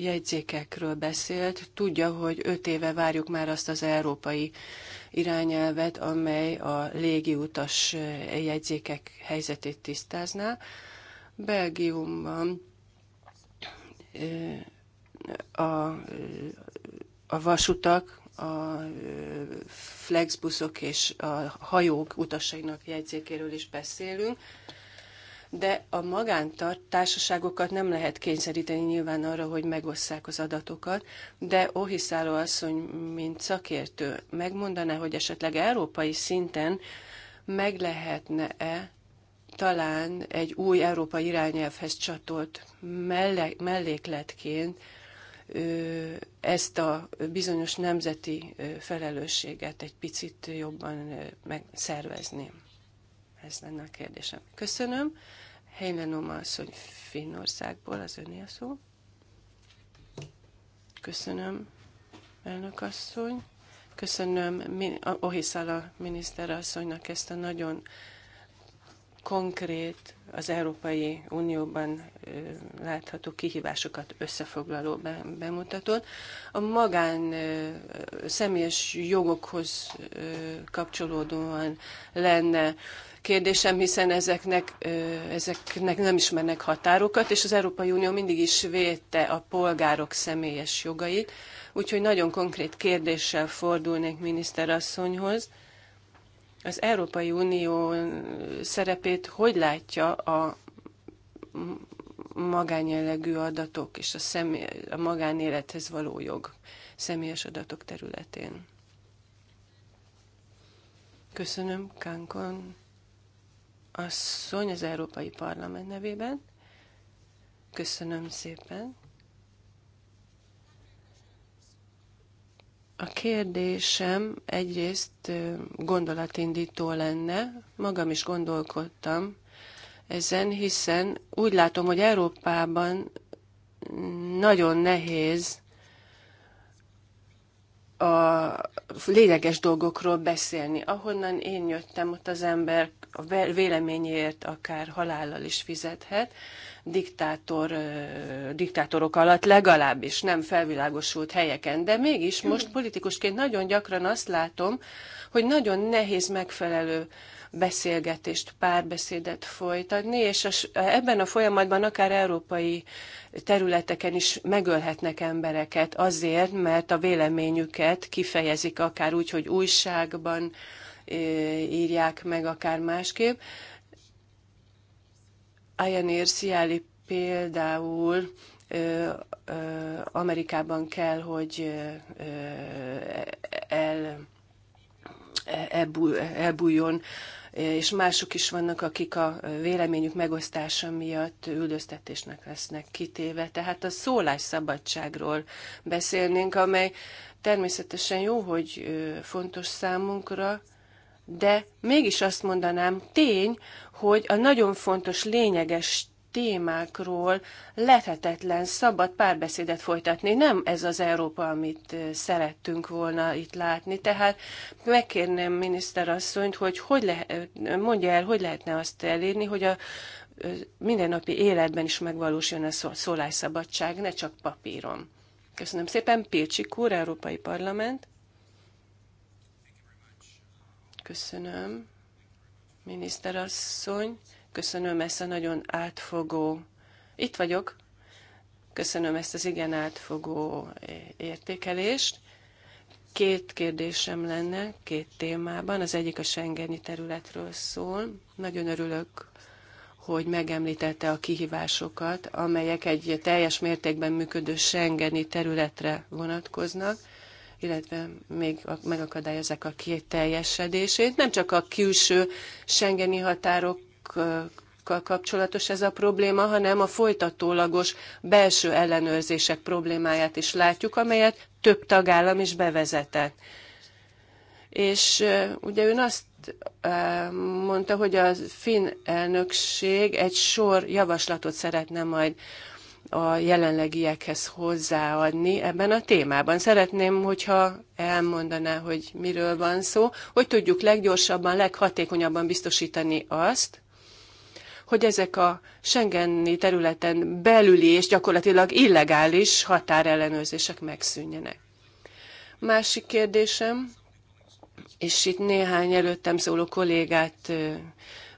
jegyzékekről beszélt, tudja, hogy öt éve várjuk már azt az európai irányelvet, amely a légiutas eh, jegyzékek helyzetét tisztázná. Belgiumban eh, a, a vasutak, a eh, flexbuszok és a hajók utasainak jegyzékéről is beszélünk de a magántársaságokat nem lehet kényszeríteni nyilván arra, hogy megosszák az adatokat, de Ohiszáló asszony, mint szakértő, megmondaná, hogy esetleg európai szinten meg lehetne-e talán egy új európai irányelvhez csatolt melle- mellékletként ezt a bizonyos nemzeti felelősséget egy picit jobban megszervezni. Ez lenne a kérdésem. Köszönöm. Noma asszony Finnországból, az öné a szó. Köszönöm, elnök asszony. Köszönöm Ohiszala asszonynak ezt a nagyon konkrét, az Európai Unióban látható kihívásokat összefoglaló bemutatót. A magán személyes jogokhoz kapcsolódóan lenne kérdésem, hiszen ezeknek, ezeknek nem ismernek határokat, és az Európai Unió mindig is védte a polgárok személyes jogait. Úgyhogy nagyon konkrét kérdéssel fordulnék miniszterasszonyhoz. Az Európai Unió szerepét hogy látja a magánjellegű adatok és a, személy, a magánélethez való jog személyes adatok területén? Köszönöm, Kánkon asszony az Európai Parlament nevében. Köszönöm szépen. A kérdésem egyrészt gondolatindító lenne, magam is gondolkodtam ezen, hiszen úgy látom, hogy Európában nagyon nehéz a lényeges dolgokról beszélni. Ahonnan én jöttem, ott az ember a véleményéért akár halállal is fizethet, diktátor, diktátorok alatt legalábbis nem felvilágosult helyeken. De mégis most politikusként nagyon gyakran azt látom, hogy nagyon nehéz megfelelő beszélgetést, párbeszédet folytatni, és a, ebben a folyamatban akár európai területeken is megölhetnek embereket azért, mert a véleményüket kifejezik akár úgy, hogy újságban írják meg, akár másképp. Ayanir Sziáli például Amerikában kell, hogy el, e, elbújjon és mások is vannak, akik a véleményük megosztása miatt üldöztetésnek lesznek kitéve. Tehát a szólásszabadságról beszélnénk, amely természetesen jó, hogy fontos számunkra, de mégis azt mondanám, tény, hogy a nagyon fontos, lényeges témákról lehetetlen szabad párbeszédet folytatni. Nem ez az Európa, amit szerettünk volna itt látni. Tehát megkérném miniszterasszonyt, hogy, hogy lehet, mondja el, hogy lehetne azt elérni, hogy a mindennapi életben is megvalósuljon a szólásszabadság, ne csak papíron. Köszönöm szépen. Pircsik úr, Európai Parlament. Köszönöm, miniszterasszony. Köszönöm ezt a nagyon átfogó. Itt vagyok. Köszönöm ezt az igen átfogó eh, értékelést. Két kérdésem lenne, két témában. Az egyik a Schengeni területről szól. Nagyon örülök, hogy megemlítette a kihívásokat, amelyek egy teljes mértékben működő Schengeni területre vonatkoznak, illetve még megakadályozzák a két teljesedését. Nem csak a külső Schengeni határok kapcsolatos ez a probléma, hanem a folytatólagos belső ellenőrzések problémáját is látjuk, amelyet több tagállam is bevezetett. És ugye ön azt mondta, hogy a finn elnökség egy sor javaslatot szeretne majd a jelenlegiekhez hozzáadni ebben a témában. Szeretném, hogyha elmondaná, hogy miről van szó, hogy tudjuk leggyorsabban, leghatékonyabban biztosítani azt, hogy ezek a Schengeni területen belüli és gyakorlatilag illegális határellenőrzések megszűnjenek. Másik kérdésem, és itt néhány előttem szóló kollégát,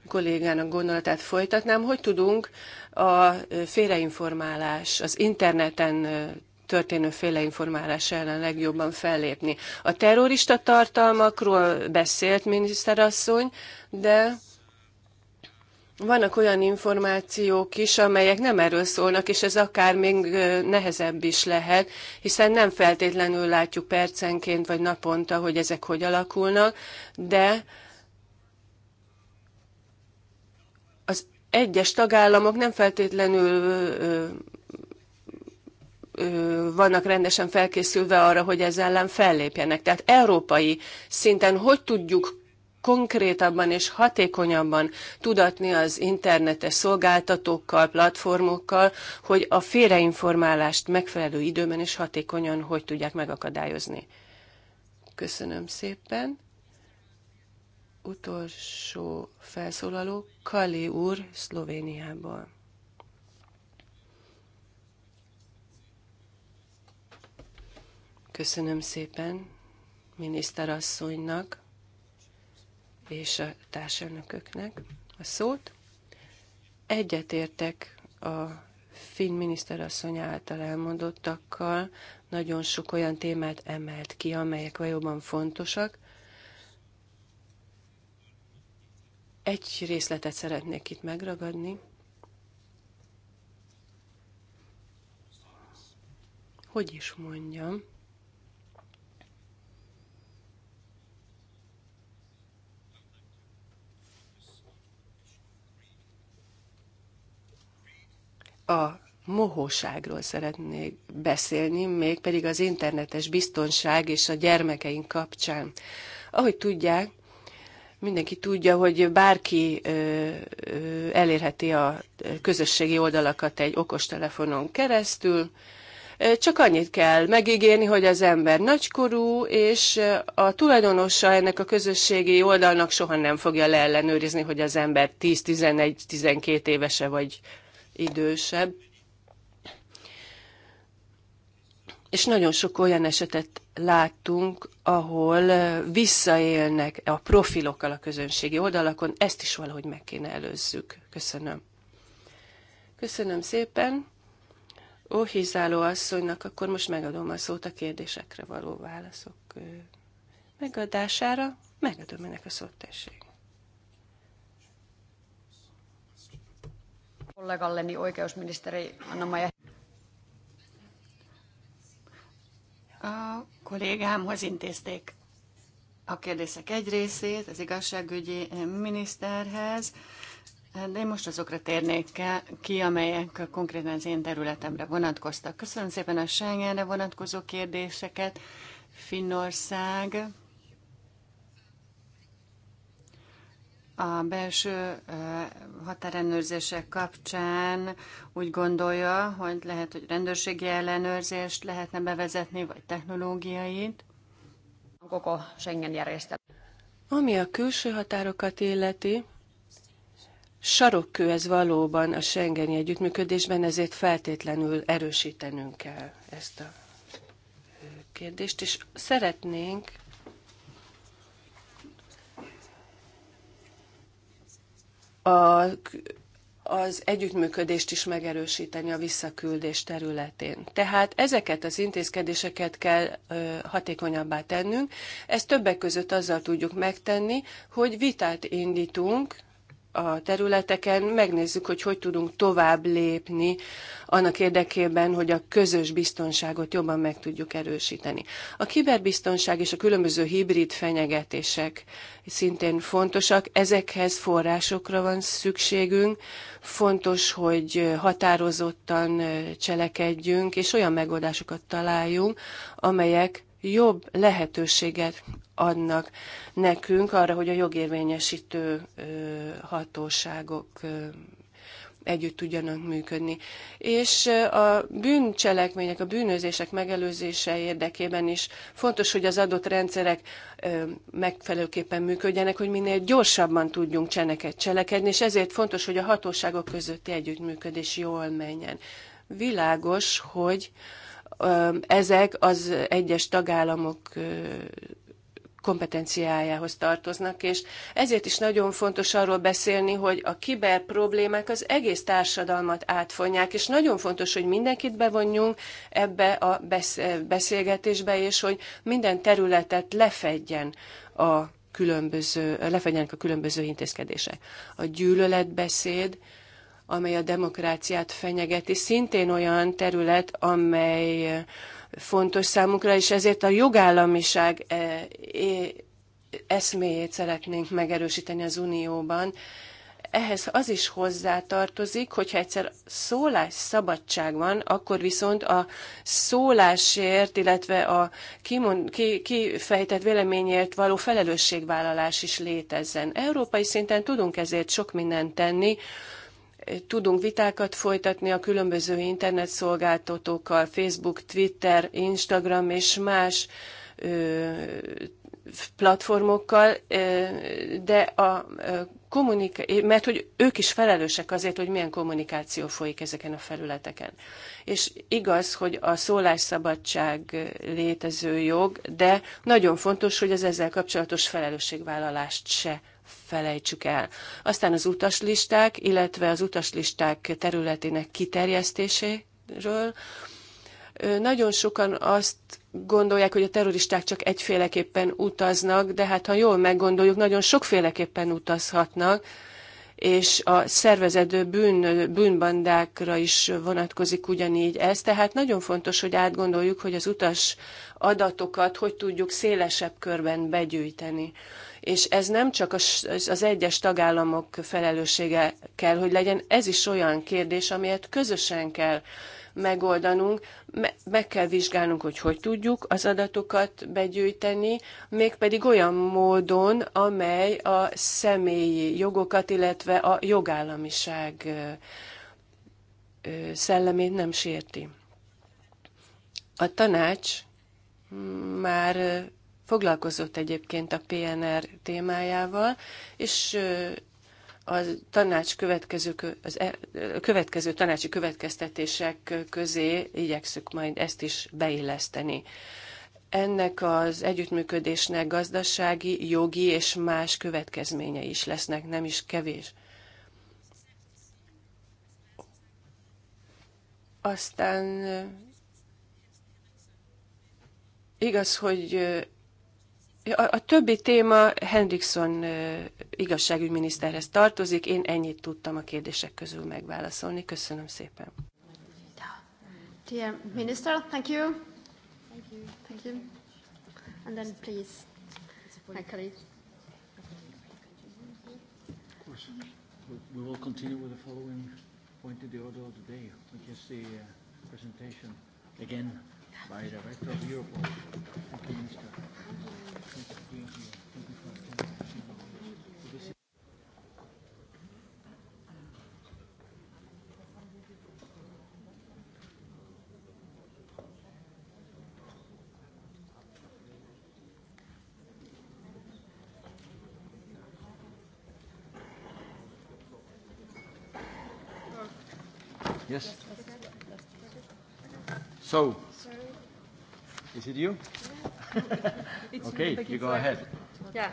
kollégának gondolatát folytatnám, hogy tudunk a félreinformálás, az interneten történő félreinformálás ellen legjobban fellépni. A terrorista tartalmakról beszélt miniszterasszony, de vannak olyan információk is, amelyek nem erről szólnak, és ez akár még nehezebb is lehet, hiszen nem feltétlenül látjuk percenként vagy naponta, hogy ezek hogy alakulnak, de az egyes tagállamok nem feltétlenül vannak rendesen felkészülve arra, hogy ezzel ellen fellépjenek. Tehát európai szinten hogy tudjuk konkrétabban és hatékonyabban tudatni az internetes szolgáltatókkal, platformokkal, hogy a félreinformálást megfelelő időben és hatékonyan hogy tudják megakadályozni. Köszönöm szépen. Utolsó felszólaló Kali úr Szlovéniából. Köszönöm szépen miniszterasszonynak és a társelnököknek a szót. Egyetértek a finn miniszterasszony által elmondottakkal, nagyon sok olyan témát emelt ki, amelyek valóban fontosak. Egy részletet szeretnék itt megragadni. Hogy is mondjam? a mohóságról szeretnék beszélni, mégpedig az internetes biztonság és a gyermekeink kapcsán. Ahogy tudják, mindenki tudja, hogy bárki elérheti a közösségi oldalakat egy okostelefonon keresztül, csak annyit kell megígérni, hogy az ember nagykorú, és a tulajdonosa ennek a közösségi oldalnak soha nem fogja leellenőrizni, hogy az ember 10-11-12 évese vagy idősebb. És nagyon sok olyan esetet láttunk, ahol visszaélnek a profilokkal a közönségi oldalakon, ezt is valahogy meg kéne előzzük. Köszönöm. Köszönöm szépen. Ó, Óhizáló asszonynak akkor most megadom a szót a kérdésekre való válaszok megadására. Megadom ennek a szót, tessék. kollegalleni oikeusministeri Anna-Maja A kollégámhoz intézték a kérdések egy részét az igazságügyi miniszterhez, de én most azokra térnék ki, amelyek konkrétan az én területemre vonatkoztak. Köszönöm szépen a Schengenre vonatkozó kérdéseket. Finnország a belső határellenőrzések kapcsán úgy gondolja, hogy lehet, hogy rendőrségi ellenőrzést lehetne bevezetni, vagy technológiait? Koko Schengen Ami a külső határokat illeti, sarokkő ez valóban a Schengeni együttműködésben, ezért feltétlenül erősítenünk kell ezt a kérdést, és szeretnénk a, az együttműködést is megerősíteni a visszaküldés területén. Tehát ezeket az intézkedéseket kell hatékonyabbá tennünk. Ezt többek között azzal tudjuk megtenni, hogy vitát indítunk a területeken, megnézzük, hogy hogy tudunk tovább lépni annak érdekében, hogy a közös biztonságot jobban meg tudjuk erősíteni. A kiberbiztonság és a különböző hibrid fenyegetések szintén fontosak, ezekhez forrásokra van szükségünk, fontos, hogy határozottan cselekedjünk, és olyan megoldásokat találjunk, amelyek jobb lehetőséget adnak nekünk arra, hogy a jogérvényesítő hatóságok együtt tudjanak működni. És a bűncselekmények, a bűnözések megelőzése érdekében is fontos, hogy az adott rendszerek megfelelőképpen működjenek, hogy minél gyorsabban tudjunk cseneket cselekedni, és ezért fontos, hogy a hatóságok közötti együttműködés jól menjen. Világos, hogy ezek az egyes tagállamok kompetenciájához tartoznak, és ezért is nagyon fontos arról beszélni, hogy a kiber problémák az egész társadalmat átfonják, és nagyon fontos, hogy mindenkit bevonjunk ebbe a beszélgetésbe, és hogy minden területet lefedjen a különböző, lefedjenek a különböző intézkedések. A gyűlöletbeszéd, amely a demokráciát fenyegeti, szintén olyan terület, amely fontos számunkra, és ezért a jogállamiság e, eszméjét szeretnénk megerősíteni az Unióban. Ehhez az is hozzátartozik, hogyha egyszer szólásszabadság van, akkor viszont a szólásért, illetve a kimond, ki, kifejtett véleményért való felelősségvállalás is létezzen. Európai szinten tudunk ezért sok mindent tenni, tudunk vitákat folytatni a különböző internetszolgáltatókkal, Facebook, Twitter, Instagram és más platformokkal, de a kommunikáció, mert hogy ők is felelősek azért, hogy milyen kommunikáció folyik ezeken a felületeken. És igaz, hogy a szólásszabadság létező jog, de nagyon fontos, hogy az ezzel kapcsolatos felelősségvállalást se felejtsük el. Aztán az utaslisták, illetve az utaslisták területének kiterjesztéséről. Nagyon sokan azt gondolják, hogy a terroristák csak egyféleképpen utaznak, de hát ha jól meggondoljuk, nagyon sokféleképpen utazhatnak, és a szervezedő bűn, bűnbandákra is vonatkozik ugyanígy ez. Tehát nagyon fontos, hogy átgondoljuk, hogy az utas adatokat hogy tudjuk szélesebb körben begyűjteni és ez nem csak az egyes tagállamok felelőssége kell, hogy legyen, ez is olyan kérdés, amelyet közösen kell megoldanunk, meg kell vizsgálnunk, hogy hogy tudjuk az adatokat begyűjteni, mégpedig olyan módon, amely a személyi jogokat, illetve a jogállamiság szellemét nem sérti. A tanács mm, már foglalkozott egyébként a PNR témájával, és a tanács következő, az e, következő tanácsi következtetések közé igyekszük majd ezt is beilleszteni. Ennek az együttműködésnek gazdasági, jogi és más következményei is lesznek, nem is kevés. Aztán igaz, hogy a, a többi téma Hendrickson igazságügyminiszterhez tartozik, én ennyit tudtam a kérdések közül megválaszolni. Köszönöm szépen. Dear Minister, thank you. Thank you. Thank you. And then please, my colleague. Of course. We will continue with the following point to the order of the day, which is the uh, presentation again by Director of Europol against Yes. So, is it you? okay, you go ahead. Yeah.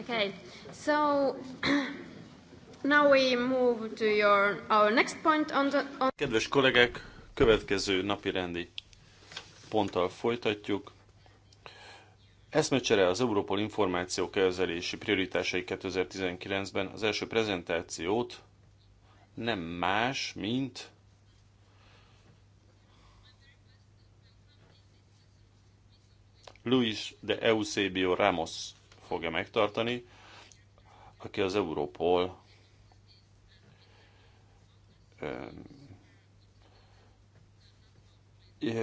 Okay, so now we move to your, our next point on the... On Kedves kollégek, következő napi rendi ponttal folytatjuk. Eszmecsere az Európol információ kezelési prioritásai 2019-ben az első prezentációt nem más, mint Luis de Eusebio Ramos fogja megtartani, aki az Europol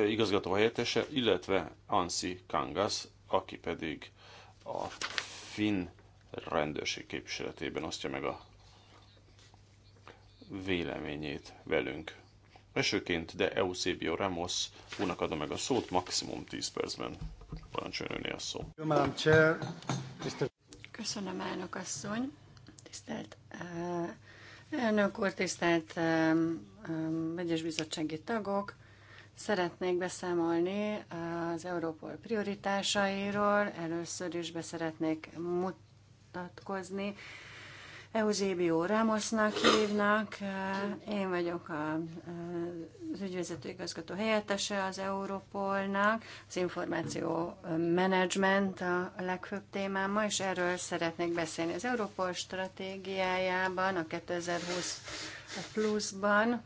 igazgató helyettese, illetve Ansi Kangas, aki pedig a finn rendőrség képviseletében osztja meg a véleményét velünk. Esőként de Eusebio Ramos úrnak adom meg a szót maximum 10 percben. Parancsoljon önni a szó. Köszönöm, elnök asszony. Tisztelt eh, elnök úr, tisztelt eh, eh, vegyes bizottsági tagok. Szeretnék beszámolni az Európol prioritásairól. Először is beszeretnék mutatkozni Eusébio Rámosznak hívnak, én vagyok a, az ügyvezető igazgató helyettese az Europolnak, az információ menedzsment a legfőbb témám ma, és erről szeretnék beszélni. Az Europol stratégiájában, a 2020 pluszban,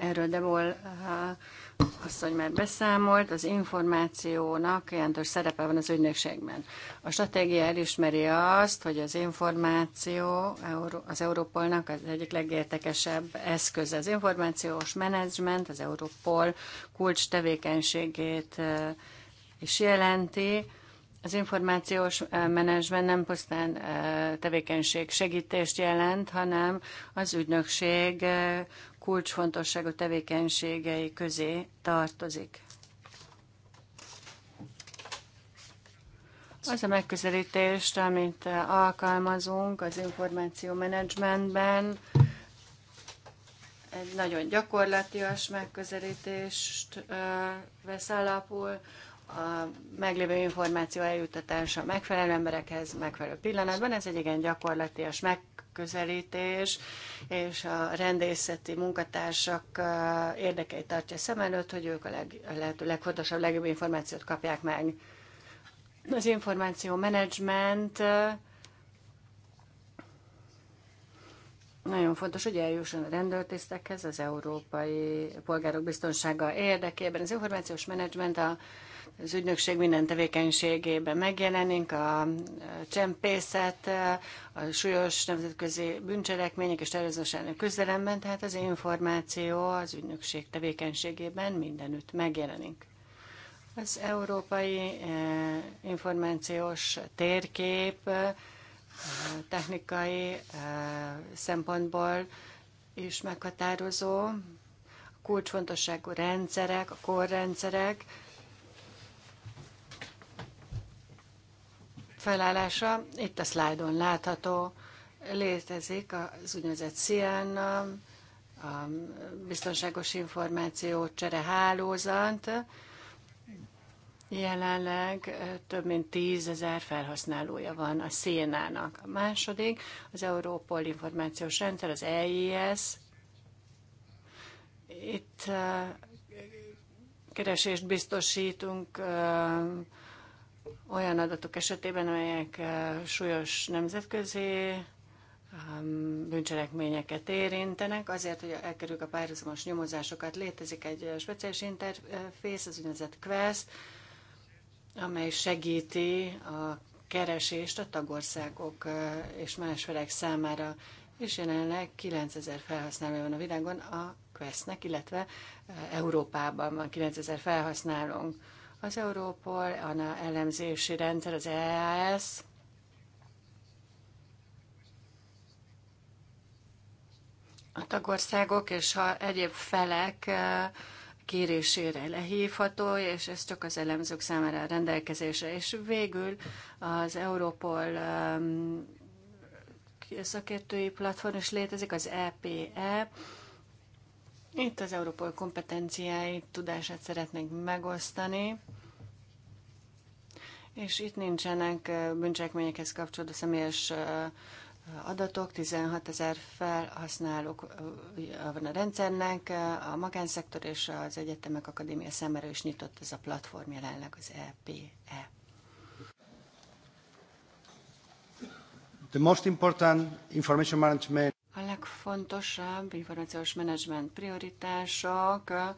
erről Debol hogy már beszámolt, az információnak jelentős szerepe van az ügynökségben. A stratégia elismeri azt, hogy az információ az Európolnak az egyik legértekesebb eszköze. Az információs menedzsment az Európol kulcs tevékenységét is jelenti. Az információs menedzsment nem pusztán tevékenység segítést jelent, hanem az ügynökség kulcsfontosságú tevékenységei közé tartozik. Az a megközelítést, amit alkalmazunk az információ menedzsmentben, egy nagyon gyakorlatias megközelítést vesz alapul, a meglévő információ eljutatása megfelelő emberekhez megfelelő pillanatban, ez egy igen gyakorlatias meg megközelítés, és a rendészeti munkatársak érdekeit tartja szem előtt, hogy ők a leg, a lehető legfontosabb, legjobb információt kapják meg. Az információ menedzsment Nagyon fontos, hogy eljusson a rendőrtisztekhez az európai polgárok biztonsága érdekében. Az információs menedzsment a az ügynökség minden tevékenységében megjelenik, a csempészet, a súlyos nemzetközi bűncselekmények és terrorizmus elleni küzdelemben, tehát az információ az ügynökség tevékenységében mindenütt megjelenik. Az európai e, információs térkép e, technikai e, szempontból is meghatározó, a kulcsfontosságú rendszerek, a korrendszerek, felállása. Itt a szlájdon látható, létezik az úgynevezett CIAN, a biztonságos információ csere hálózat. Jelenleg több mint tízezer felhasználója van a szénának. A második az Európol Információs Rendszer, az EIS. Itt keresést biztosítunk olyan adatok esetében, amelyek eh, súlyos nemzetközi ehm, bűncselekményeket érintenek. Azért, hogy elkerüljük a párhuzamos nyomozásokat, létezik egy eh, speciális interfész, az úgynevezett Quest, amely segíti a keresést a tagországok eh, és más felek számára, és jelenleg 9000 felhasználó van a világon a Questnek, illetve Európában van 9000 felhasználónk. Az Európol, a elemzési rendszer, az EAS, a tagországok és ha egyéb felek eh, kérésére lehívható, és ez csak az elemzők számára a rendelkezésre. És végül az Európol ehm, szakértői platform is létezik, az EPE, itt az Európol kompetenciáit, tudását szeretnénk megosztani, és itt nincsenek bűncselekményekhez kapcsolódó személyes adatok, 16 ezer felhasználók van a rendszernek, a magánszektor és az egyetemek akadémia számára is nyitott ez a platform jelenleg az EPE. E. The most important information management a legfontosabb információs menedzsment prioritások,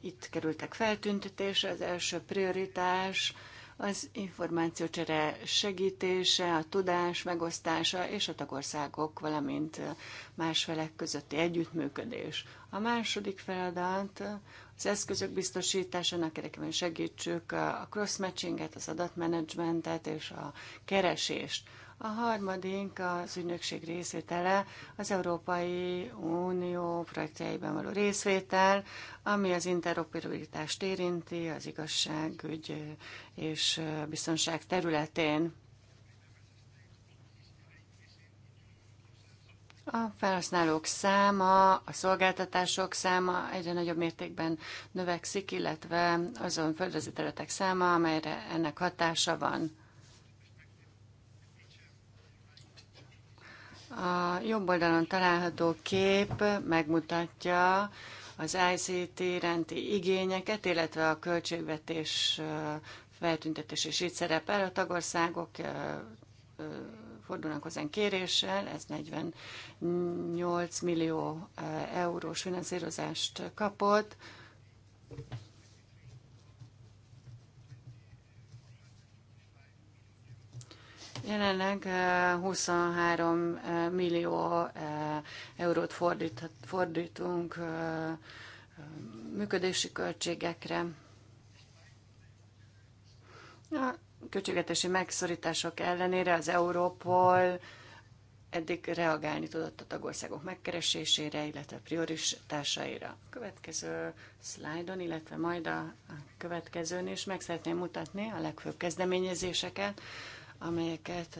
itt kerültek feltüntetésre, az első prioritás az információcsere segítése, a tudás megosztása és a tagországok, valamint más felek közötti együttműködés. A második feladat az eszközök biztosításának érdekében segítsük a cross-matchinget, az adatmenedzsmentet és a keresést. A harmadik az ügynökség részvétele az Európai Unió projektjeiben való részvétel, ami az interoperabilitást érinti az igazságügy és biztonság területén. A felhasználók száma, a szolgáltatások száma egyre nagyobb mértékben növekszik, illetve azon földrajzi területek száma, amelyre ennek hatása van. A jobb oldalon található kép megmutatja az ICT rendi igényeket, illetve a költségvetés feltüntetés is itt szerepel. A tagországok fordulnak hozzánk kéréssel, ez 48 millió eurós finanszírozást kapott. Jelenleg 23 eh, eh, millió eh, eurót fordít, fordítunk működési költségekre. A költségetési megszorítások ellenére az Európol eddig reagálni tudott a tagországok megkeresésére, illetve prioritásaira. A következő szlájdon, illetve majd a következőn is meg szeretném mutatni a legfőbb kezdeményezéseket, amelyeket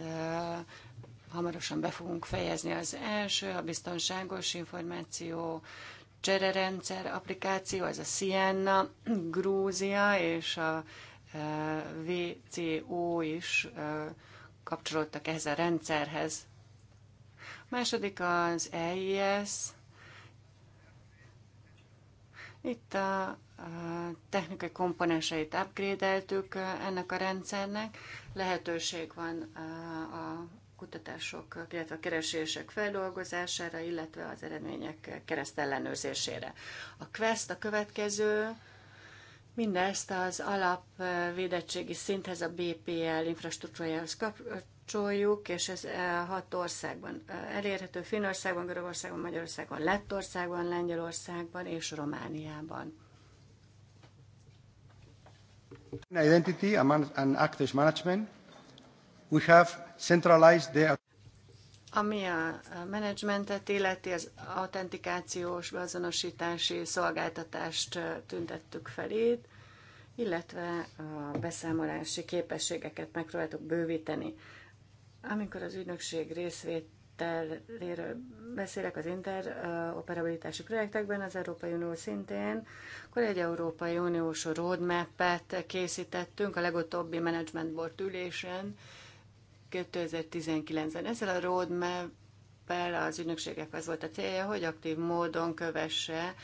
hamarosan be fogunk fejezni. Az első a biztonságos információ csererendszer applikáció, ez a Sienna, Grúzia és a VCO is kapcsolódtak ehhez a rendszerhez. A második az EIS. Itt a technikai komponenseit upgrade-eltük ennek a rendszernek. Lehetőség van a kutatások, illetve a keresések feldolgozására, illetve az eredmények keresztellenőrzésére. A Quest a következő, mindezt az alapvédettségi szinthez, a BPL infrastruktúrájához kapcsoljuk, és ez hat országban elérhető, Finnországban, Görögországban, Magyarországon, Lettországban, Lengyelországban és Romániában. In identity and access management, we have centralized the ami a menedzsmentet illeti, az autentikációs beazonosítási szolgáltatást tüntettük fel illetve a beszámolási képességeket megpróbáltuk bővíteni. Amikor az ügynökség részvét részvételéről beszélek az interoperabilitási projektekben, az Európai Unió szintén, akkor egy Európai Uniós roadmap-et készítettünk a legutóbbi Management Board ülésen 2019-ben. Ezzel a roadmap az ügynökségek az volt a célja, hogy aktív módon kövesse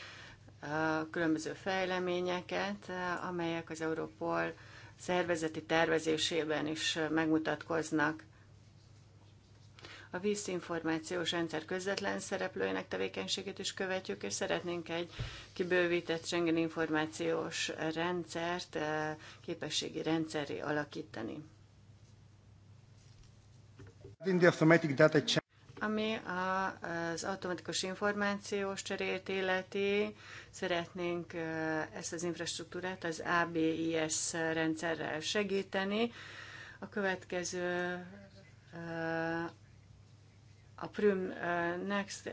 a különböző fejleményeket, amelyek az Európol szervezeti tervezésében is megmutatkoznak a vízinformációs rendszer közvetlen szereplőinek tevékenységét is követjük, és szeretnénk egy kibővített Schengen információs rendszert eh, képességi rendszerre alakítani. Ami az automatikus információs cserét illeti, szeretnénk eh, ezt az infrastruktúrát az ABIS rendszerrel segíteni. A következő eh, a Prüm Next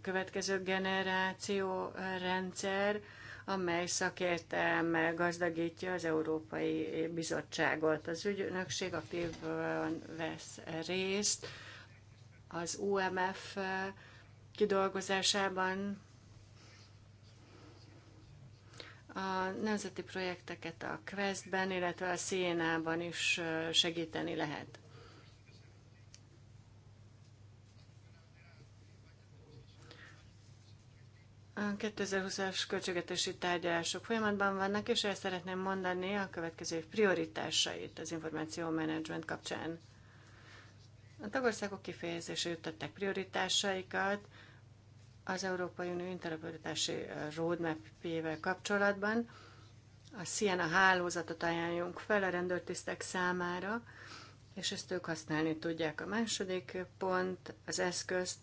következő generáció rendszer, amely szakértelme gazdagítja az Európai Bizottságot. Az ügynökség aktívan vesz részt az UMF kidolgozásában, a nemzeti projekteket a Questben, illetve a Szénában is segíteni lehet. A 2020-as költségetési tárgyalások folyamatban vannak, és el szeretném mondani a következő év prioritásait az információ menedzsment kapcsán. A tagországok kifejezésre jutották prioritásaikat az Európai Unió interoperatási roadmap jével kapcsolatban. A Siena hálózatot ajánljunk fel a rendőrtisztek számára, és ezt ők használni tudják. A második pont az eszközt,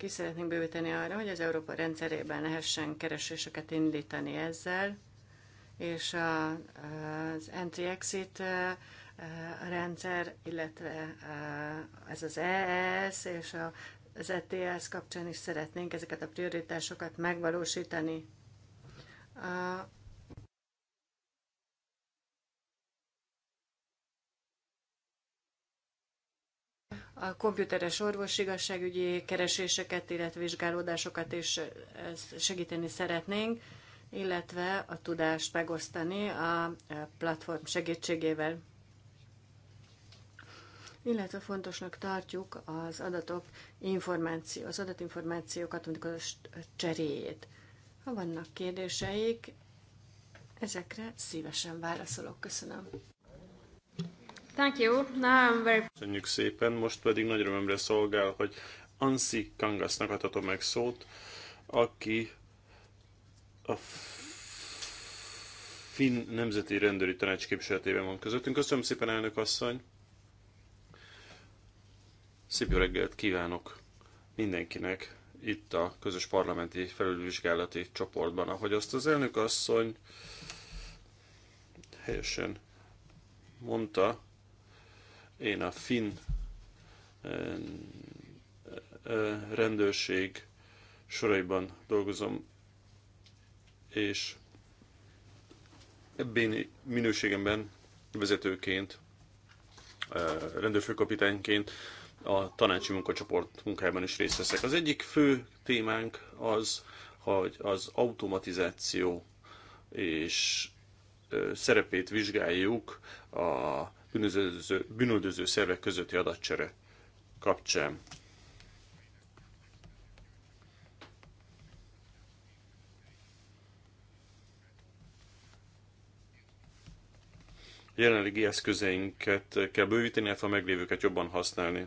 ki szeretnénk bővíteni arra, hogy az Európa rendszerében lehessen kereséseket indítani ezzel, és a, az entry-exit rendszer, illetve ez az EES és a, az ETS kapcsán is szeretnénk ezeket a prioritásokat megvalósítani. A a komputeres igazságügyi kereséseket, illetve vizsgálódásokat is eh, segíteni szeretnénk, illetve a tudást megosztani a eh, platform segítségével. Illetve fontosnak tartjuk az adatok információ, az adatinformációkat, mondjuk a cseréjét. Ha vannak kérdéseik, ezekre szívesen válaszolok. Köszönöm. Thank you. Now I'm very... Köszönjük szépen, most pedig nagy örömömre szolgál, hogy Ansi Kangasnak adhatom meg szót, aki a Finn Nemzeti Rendőri Tanács képviseletében van közöttünk. Köszönöm szépen, elnök asszony! Szép jó reggelt kívánok mindenkinek itt a közös parlamenti felülvizsgálati csoportban, ahogy azt az elnök asszony helyesen mondta, én a finn rendőrség soraiban dolgozom, és ebben minőségemben vezetőként, rendőrfőkapitányként a tanácsi munkacsoport munkájában is részt veszek. Az egyik fő témánk az, hogy az automatizáció és szerepét vizsgáljuk a bűnöző, bűnöldöző szervek közötti adatcsere kapcsán. A jelenlegi eszközeinket kell bővíteni, illetve a meglévőket jobban használni.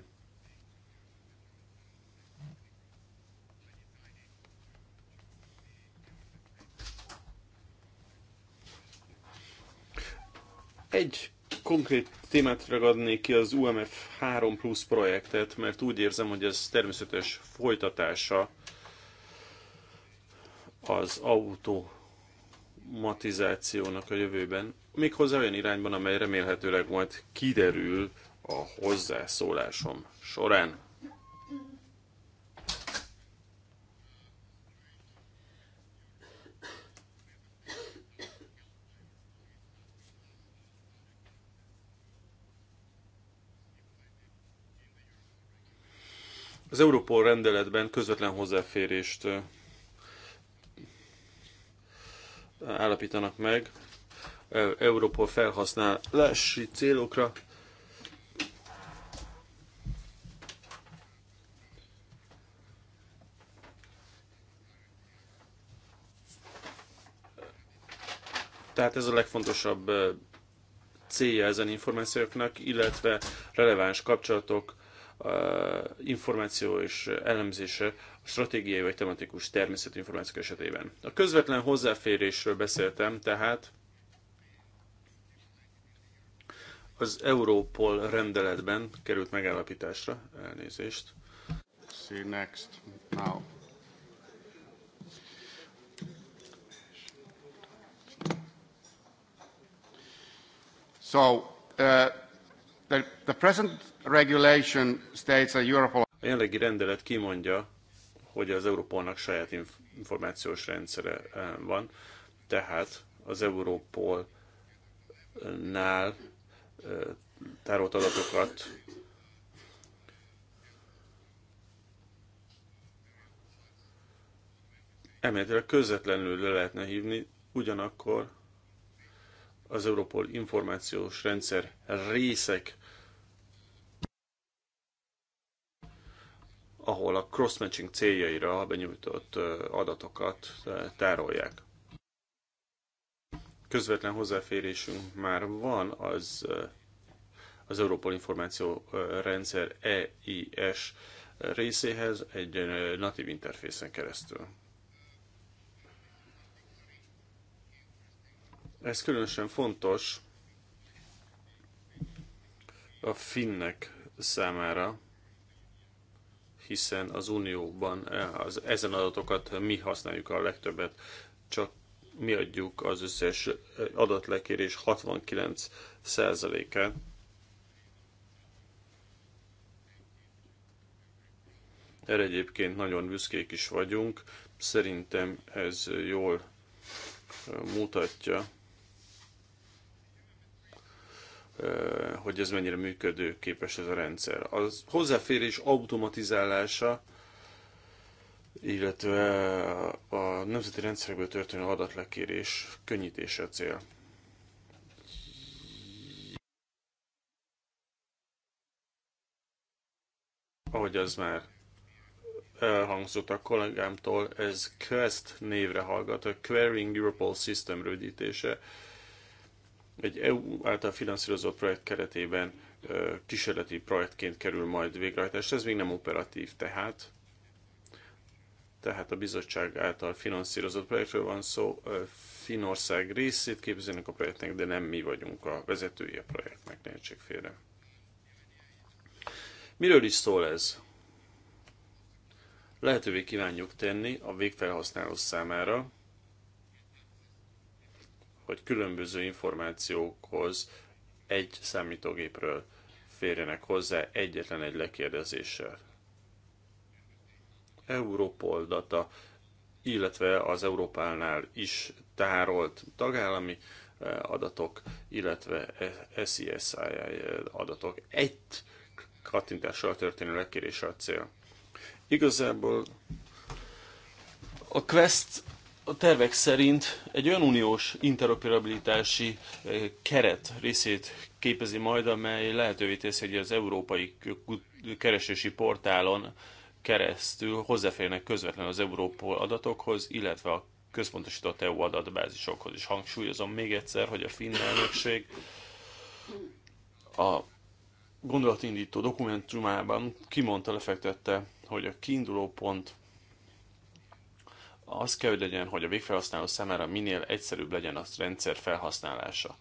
Egy konkrét témát ragadnék ki az UMF 3 Plus projektet, mert úgy érzem, hogy ez természetes folytatása az automatizációnak a jövőben, méghozzá olyan irányban, amely remélhetőleg majd kiderül a hozzászólásom során. Az Europol rendeletben közvetlen hozzáférést állapítanak meg e, Europol felhasználási célokra. Tehát ez a legfontosabb célja ezen információknak, illetve releváns kapcsolatok információ és elemzése a stratégiai vagy tematikus természetű információk esetében. A közvetlen hozzáférésről beszéltem, tehát az Europol rendeletben került megállapításra, elnézést. See next, now. So, uh, The, present regulation states a Europol... A jelenlegi rendelet kimondja, hogy az Európolnak saját információs rendszere eh, van, tehát az Európolnál eh, tárolt adatokat elméletileg közvetlenül le lehetne hívni, ugyanakkor az Europol információs rendszer részek, ahol a cross-matching céljaira benyújtott adatokat tárolják. Közvetlen hozzáférésünk már van az, az Európol Információ Rendszer EIS részéhez egy natív interfészen keresztül. Ez különösen fontos a finnek számára, hiszen az Unióban eh, az, ezen adatokat mi használjuk a legtöbbet, csak mi adjuk az összes eh, adatlekérés 69%-át. Erre egyébként nagyon büszkék is vagyunk. Szerintem ez jól eh, mutatja, hogy ez mennyire működőképes ez a rendszer. A hozzáférés automatizálása, illetve a nemzeti rendszerekből történő adatlekérés könnyítése cél. Ahogy az már elhangzott a kollégámtól, ez Quest névre hallgat, a Querying Europol System rövidítése egy EU által finanszírozott projekt keretében kísérleti projektként kerül majd végrehajtásra. Ez még nem operatív tehát. Tehát a bizottság által finanszírozott projektről van szó. Finország részét képzelnek a projektnek, de nem mi vagyunk a vezetői a projektnek, ne értsék félre. Miről is szól ez? Lehetővé kívánjuk tenni a végfelhasználó számára, hogy különböző információkhoz egy számítógépről férjenek hozzá egyetlen egy lekérdezéssel. Europol data, illetve az Európánál is tárolt tagállami eh, adatok, illetve eh, SISI adatok. Egy kattintással történő lekérés a cél. Igazából a Quest a tervek szerint egy olyan uniós interoperabilitási eh, keret részét képezi majd, amely lehetővé teszi, hogy az európai keresési portálon keresztül hozzáférnek közvetlenül az Európol adatokhoz, illetve a központosított EU adatbázisokhoz is. Hangsúlyozom még egyszer, hogy a finn elnökség a gondolatindító dokumentumában kimondta, lefektette, hogy a kiinduló pont az kell, hogy legyen, hogy a végfelhasználó számára minél egyszerűbb legyen a rendszer felhasználása.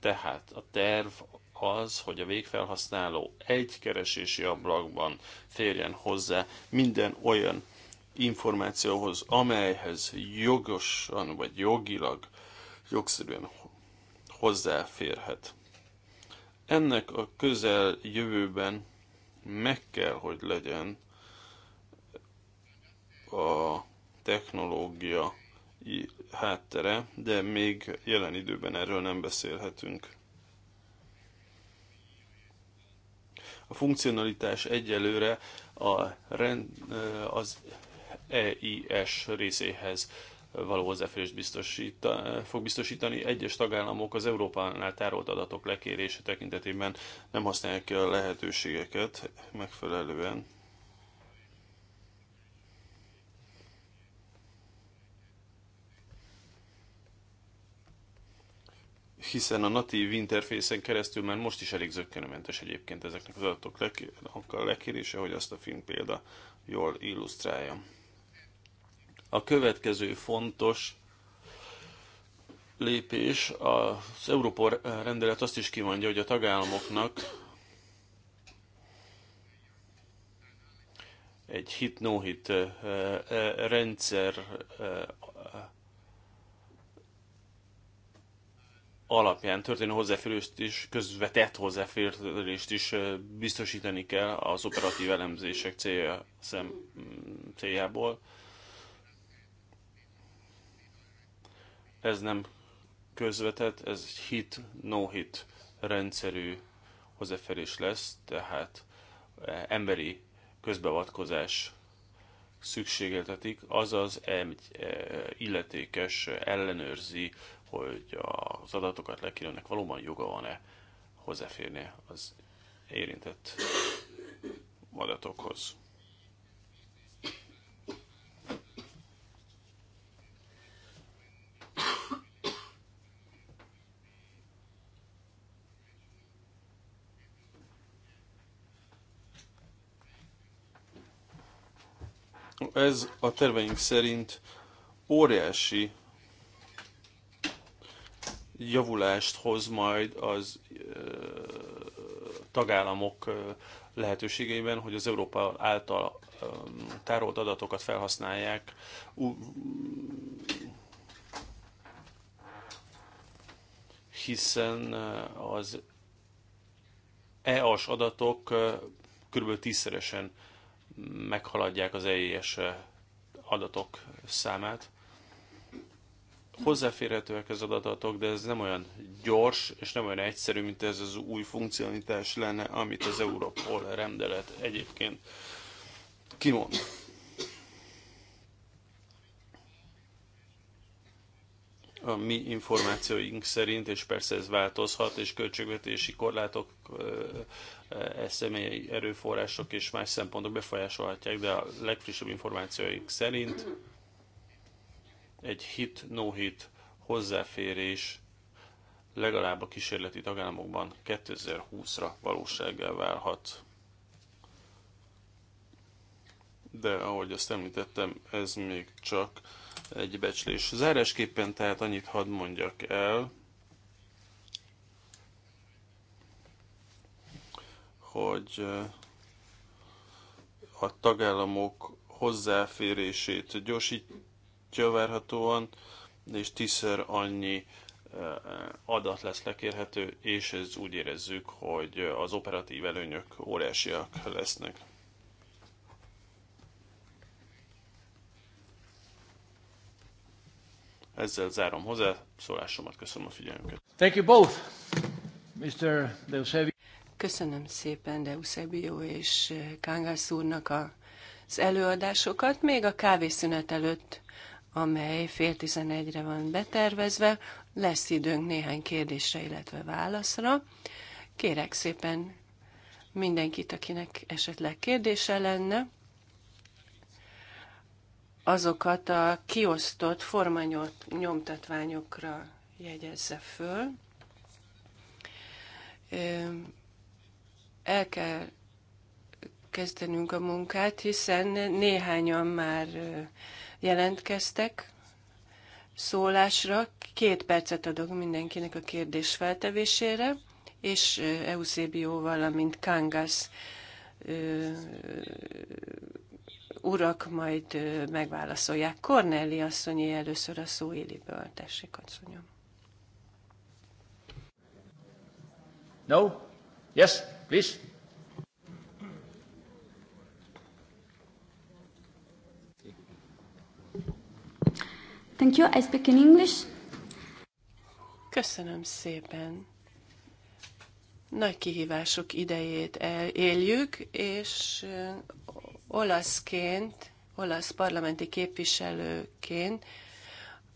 Tehát a terv az, hogy a végfelhasználó egy keresési ablakban férjen hozzá minden olyan információhoz, amelyhez jogosan vagy jogilag, jogszerűen hozzáférhet. Ennek a közel jövőben meg kell, hogy legyen a technológia háttere, de még jelen időben erről nem beszélhetünk. A funkcionalitás egyelőre a rend, eh, az EIS részéhez való hozzáférést biztosít, fog biztosítani. Egyes tagállamok az Európánál tárolt adatok lekérése tekintetében nem használják ki a lehetőségeket megfelelően. hiszen a natív interfészen keresztül már most is elég zöggenőmentes egyébként ezeknek az adatok lekér, a lekérése, hogy azt a film példa jól illusztrálja. A következő fontos lépés, az Európa rendelet azt is kimondja, hogy a tagállamoknak egy hit-no-hit -no -hit eh, eh, rendszer eh, alapján történő hozzáférést is, közvetett hozzáférést is biztosítani kell az operatív elemzések célja, szem, mm, céljából. Ez nem közvetett, ez egy hit, no hit rendszerű hozzáférés lesz, tehát emberi közbeavatkozás szükségeltetik, azaz egy illetékes ellenőrzi hogy az adatokat lekérőnek valóban joga van-e hozzáférni az érintett adatokhoz. Ez a terveink szerint óriási javulást hoz majd az tagállamok lehetőségeiben, hogy az Európa által tárolt adatokat felhasználják hiszen az EAS adatok kb. tízszeresen meghaladják az EIS adatok számát hozzáférhetőek az adatok, de ez nem olyan gyors és nem olyan egyszerű, mint ez az új funkcionalitás lenne, amit az Europol rendelet egyébként kimond. A mi információink szerint, és persze ez változhat, és költségvetési korlátok, e, személyi erőforrások és más szempontok befolyásolhatják, de a legfrissebb információink szerint egy hit, no hit hozzáférés legalább a kísérleti tagállamokban 2020-ra valósággá válhat. De ahogy azt említettem, ez még csak egy becslés. Zárásképpen tehát annyit hadd mondjak el, hogy eh, a tagállamok hozzáférését gyorsítják, javítja várhatóan, és tízszer annyi adat lesz lekérhető, és ez úgy érezzük, hogy az operatív előnyök óriásiak lesznek. Ezzel zárom hozzá szólásomat, köszönöm a figyelmüket. Thank you both, Mr. Deusebi. Köszönöm szépen Deusebio és Kángász úrnak az előadásokat. Még a kávészünet előtt amely fél tizenegyre van betervezve. Lesz időnk néhány kérdésre, illetve válaszra. Kérek szépen mindenkit, akinek esetleg kérdése lenne, azokat a kiosztott formanyomtatványokra nyomtatványokra jegyezze föl. El kell kezdenünk a munkát, hiszen néhányan már jelentkeztek szólásra. Két percet adok mindenkinek a kérdés feltevésére, és Eusebio, valamint Kangas urak majd megválaszolják. Kornelli asszonyi először a szó éliből. Tessék, asszonyom. No? Yes, please. Thank you. I speak in English. Köszönöm szépen. Nagy kihívások idejét éljük, és olaszként, olasz parlamenti képviselőként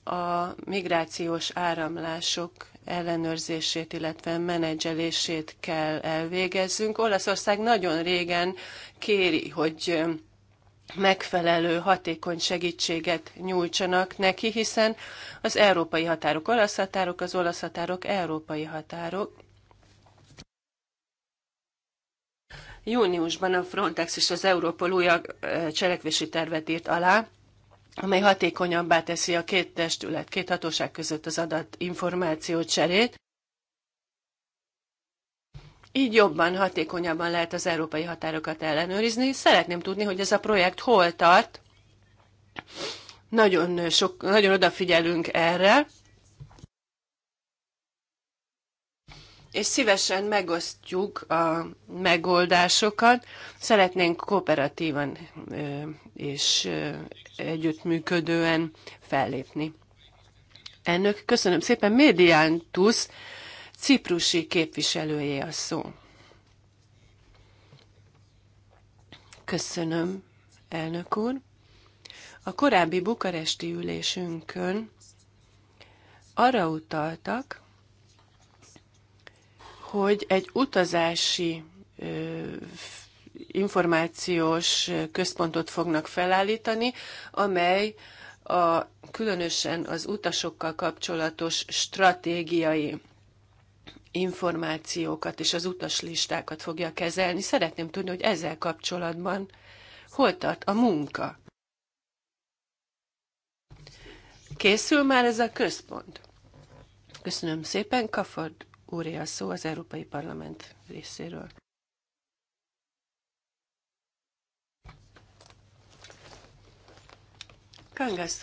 a migrációs áramlások ellenőrzését, illetve menedzselését kell elvégezzünk. Olaszország nagyon régen kéri, hogy megfelelő, hatékony segítséget nyújtsanak neki, hiszen az európai határok olasz határok, az olasz határok európai határok. Júniusban a Frontex és az Európol újabb cselekvési tervet írt alá, amely hatékonyabbá teszi a két testület, két hatóság között az adat információ cserét. Így jobban, hatékonyabban lehet az európai határokat ellenőrizni. Szeretném tudni, hogy ez a projekt hol tart. Nagyon, sok, nagyon odafigyelünk erre. és szívesen megosztjuk a megoldásokat. Szeretnénk kooperatívan és együttműködően fellépni. Ennek köszönöm szépen. Médiántusz ciprusi képviselője a szó. Köszönöm, elnök úr. A korábbi bukaresti ülésünkön arra utaltak, hogy egy utazási információs központot fognak felállítani, amely a, különösen az utasokkal kapcsolatos stratégiai információkat és az utaslistákat fogja kezelni. Szeretném tudni, hogy ezzel kapcsolatban hol tart a munka. Készül már ez a központ? Köszönöm szépen. Kafard úré a szó az Európai Parlament részéről. Kangász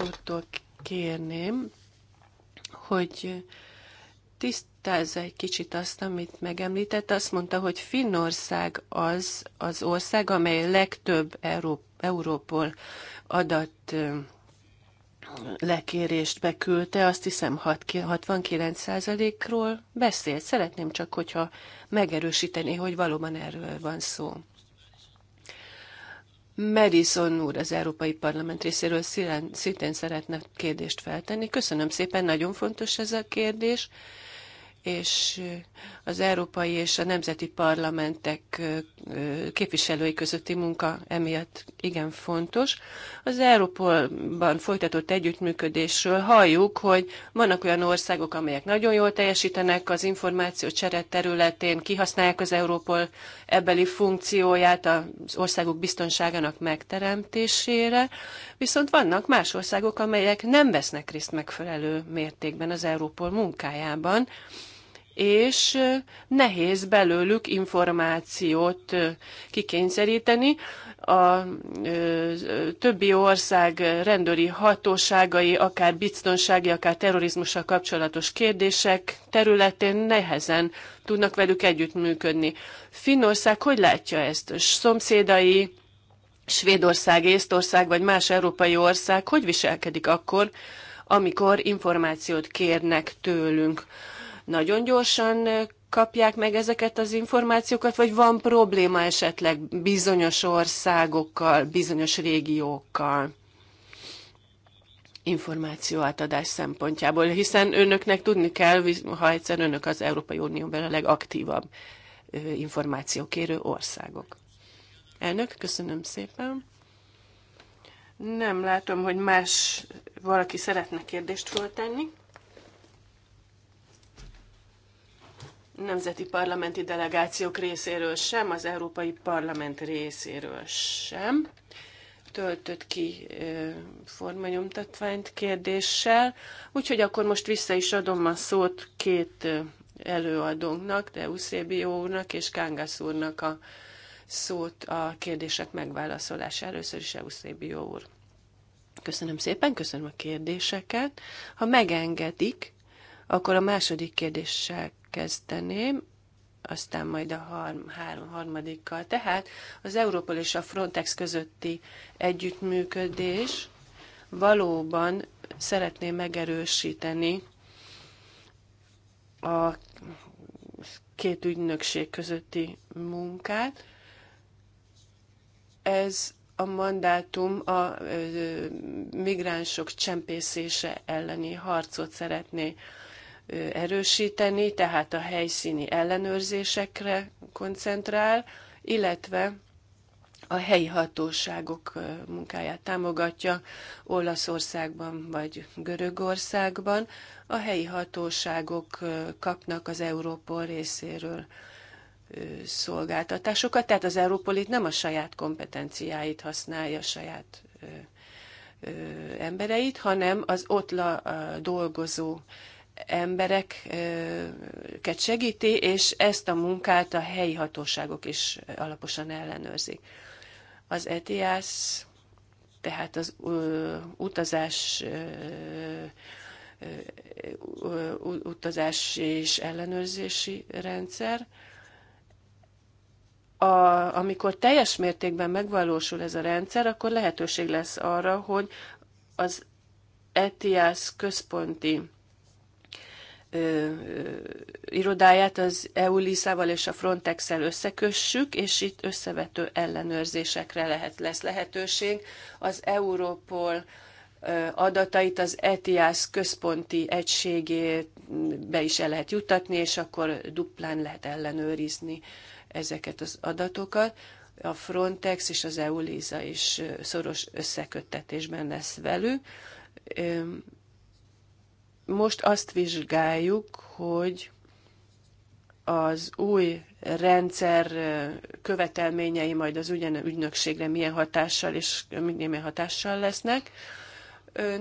kérném, hogy tisztázza egy kicsit azt, amit megemlített. Azt mondta, hogy Finnország az az ország, amely legtöbb Európol adat lekérést beküldte, azt hiszem 69%-ról beszélt. Szeretném csak, hogyha megerősíteni, hogy valóban erről van szó. Madison úr az Európai Parlament részéről szintén szeretne kérdést feltenni. Köszönöm szépen, nagyon fontos ez a kérdés és az európai és a nemzeti parlamentek képviselői közötti munka emiatt igen fontos. Az Európolban folytatott együttműködésről halljuk, hogy vannak olyan országok, amelyek nagyon jól teljesítenek az információ csere területén, kihasználják az Európol ebeli funkcióját az országok biztonságának megteremtésére, viszont vannak más országok, amelyek nem vesznek részt megfelelő mértékben az Európol munkájában és nehéz belőlük információt kikényszeríteni. A többi ország rendőri hatóságai, akár biztonsági, akár terrorizmussal kapcsolatos kérdések területén nehezen tudnak velük együttműködni. Finnország hogy látja ezt? Szomszédai, Svédország, Észtország vagy más európai ország hogy viselkedik akkor, amikor információt kérnek tőlünk? nagyon gyorsan kapják meg ezeket az információkat, vagy van probléma esetleg bizonyos országokkal, bizonyos régiókkal? átadás szempontjából, hiszen önöknek tudni kell, ha egyszer önök az Európai Unióban a legaktívabb információkérő országok. Elnök, köszönöm szépen. Nem látom, hogy más valaki szeretne kérdést föltenni. nemzeti parlamenti delegációk részéről sem, az Európai Parlament részéről sem töltött ki formanyomtatványt kérdéssel. Úgyhogy akkor most vissza is adom a szót két előadónknak, de Uszébió úrnak és Kángász úrnak a szót a kérdések megválaszolására. Először is Euszébió úr. Köszönöm szépen, köszönöm a kérdéseket. Ha megengedik, akkor a második kérdéssel kezdeném, aztán majd a harm, három harmadikkal. Tehát az Európol és a Frontex közötti együttműködés valóban szeretné megerősíteni a két ügynökség közötti munkát. Ez a mandátum a migránsok csempészése elleni harcot szeretné erősíteni, tehát a helyszíni ellenőrzésekre koncentrál, illetve a helyi hatóságok munkáját támogatja Olaszországban vagy Görögországban. A helyi hatóságok kapnak az Európol részéről szolgáltatásokat, tehát az Európolit itt nem a saját kompetenciáit használja, a saját embereit, hanem az ott dolgozó embereket segíti, és ezt a munkát a helyi hatóságok is alaposan ellenőrzik. Az ETIAS, tehát az ö, utazás ö, utazás és ellenőrzési rendszer. A, amikor teljes mértékben megvalósul ez a rendszer, akkor lehetőség lesz arra, hogy az ETIAS központi ö, irodáját az EULISZ-ával és a Frontex-el összekössük, és itt összevető ellenőrzésekre lehet, lesz lehetőség. Az Europol adatait az ETIAS központi egységébe is el lehet juttatni, és akkor duplán lehet ellenőrizni ezeket az adatokat. A Frontex és az EULISA is szoros összeköttetésben lesz velük most azt vizsgáljuk, hogy az új rendszer követelményei majd az ugyan ügynökségre milyen hatással és milyen hatással lesznek.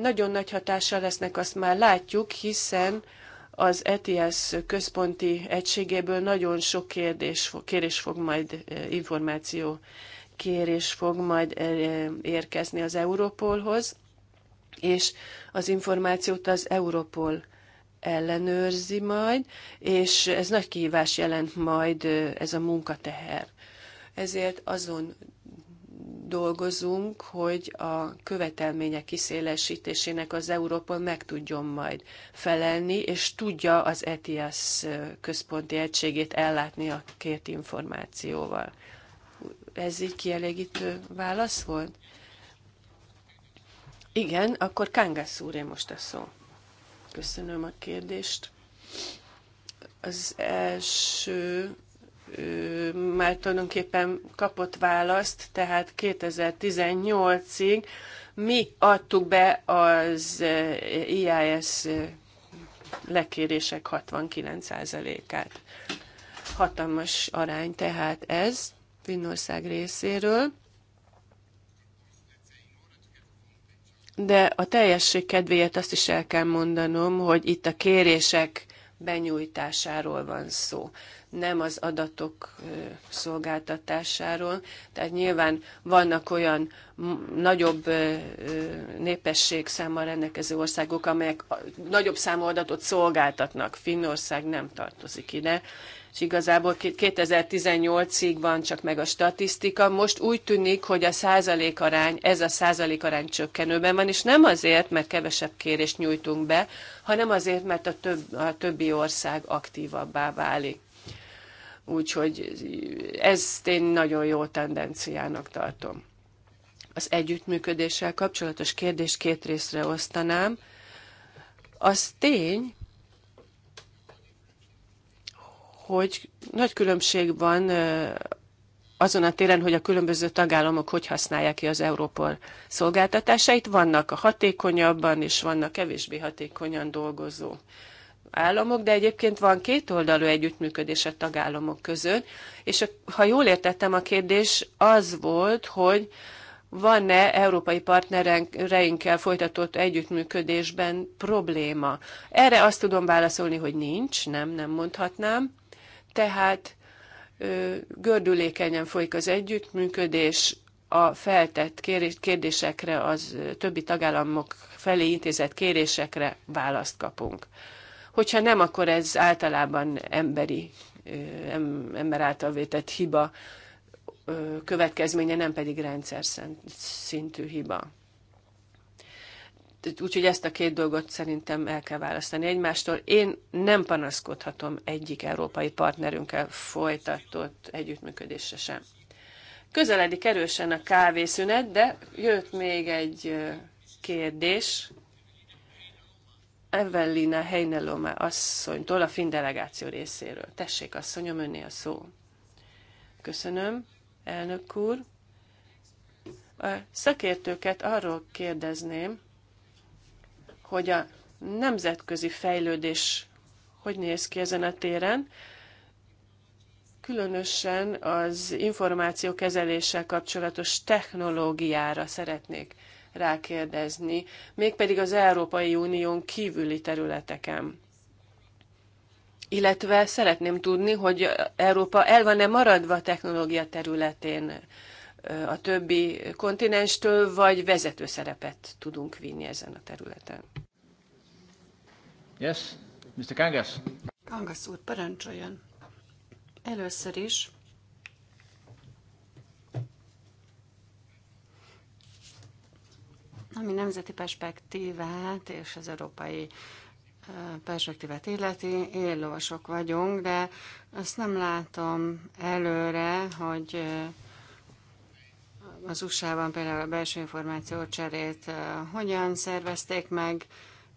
Nagyon nagy hatással lesznek, azt már látjuk, hiszen az ETS központi egységéből nagyon sok kérdés, kérés fog majd információ kérés fog majd érkezni az Európolhoz, és az információt az Europol ellenőrzi majd, és ez nagy kihívás jelent majd ez a munkateher. Ezért azon dolgozunk, hogy a követelmények kiszélesítésének az Európol meg tudjon majd felelni, és tudja az ETIAS központi egységét ellátni a két információval. Ez így kielégítő válasz volt? Igen, akkor Kángász úré most a szó. Köszönöm a kérdést. Az első ő, már tulajdonképpen kapott választ, tehát 2018-ig mi adtuk be az e IIS lekérések 69%-át. Hatalmas arány tehát ez Finnország részéről. de a teljesség kedvéért azt is el kell mondanom, hogy itt a kérések benyújtásáról van szó, nem az adatok szolgáltatásáról. Tehát nyilván vannak olyan nagyobb népesség számmal rendelkező országok, amelyek nagyobb számú adatot szolgáltatnak. Finnország nem tartozik ide, és igazából 2018-ig van csak meg a statisztika. Most úgy tűnik, hogy a százalékarány, ez a százalékarány csökkenőben van, és nem azért, mert kevesebb kérést nyújtunk be, hanem azért, mert a, több, a többi ország aktívabbá válik. Úgyhogy ezt én nagyon jó tendenciának tartom. Az együttműködéssel kapcsolatos kérdést két részre osztanám. Az tény, hogy nagy különbség van azon a téren, hogy a különböző tagállamok hogy használják ki az Európol szolgáltatásait. Vannak a hatékonyabban és vannak kevésbé hatékonyan dolgozó államok, de egyébként van két oldalú együttműködés a tagállamok között, és ha jól értettem a kérdés, az volt, hogy van-e európai partnereinkkel folytatott együttműködésben probléma? Erre azt tudom válaszolni, hogy nincs, nem, nem mondhatnám. Tehát gördülékenyen folyik az együttműködés, a feltett kérdésekre, az többi tagállamok felé intézett kérésekre választ kapunk. Hogyha nem, akkor ez általában emberi, ember által vétett hiba következménye, nem pedig rendszer szintű hiba. Úgyhogy ezt a két dolgot szerintem el kell választani egymástól. Én nem panaszkodhatom egyik európai partnerünkkel folytatott együttműködésre sem. Közeledik erősen a kávészünet, de jött még egy kérdés Evelina Heinelome asszonytól a finn delegáció részéről. Tessék, asszonyom, önné a szó. Köszönöm, elnök úr. A szakértőket arról kérdezném, hogy a nemzetközi fejlődés hogy néz ki ezen a téren, különösen az információkezeléssel kapcsolatos technológiára szeretnék rákérdezni, mégpedig az Európai Unión kívüli területeken. Illetve szeretném tudni, hogy Európa el van-e maradva a technológia területén a többi kontinenstől, vagy vezető szerepet tudunk vinni ezen a területen. Yes, Mr. Kangas. Kangas úr, parancsoljon. Először is ami nemzeti perspektívát és az európai perspektívát illeti, éllovasok vagyunk, de azt nem látom előre, hogy az USA-ban például a belső információcserét hogyan szervezték meg,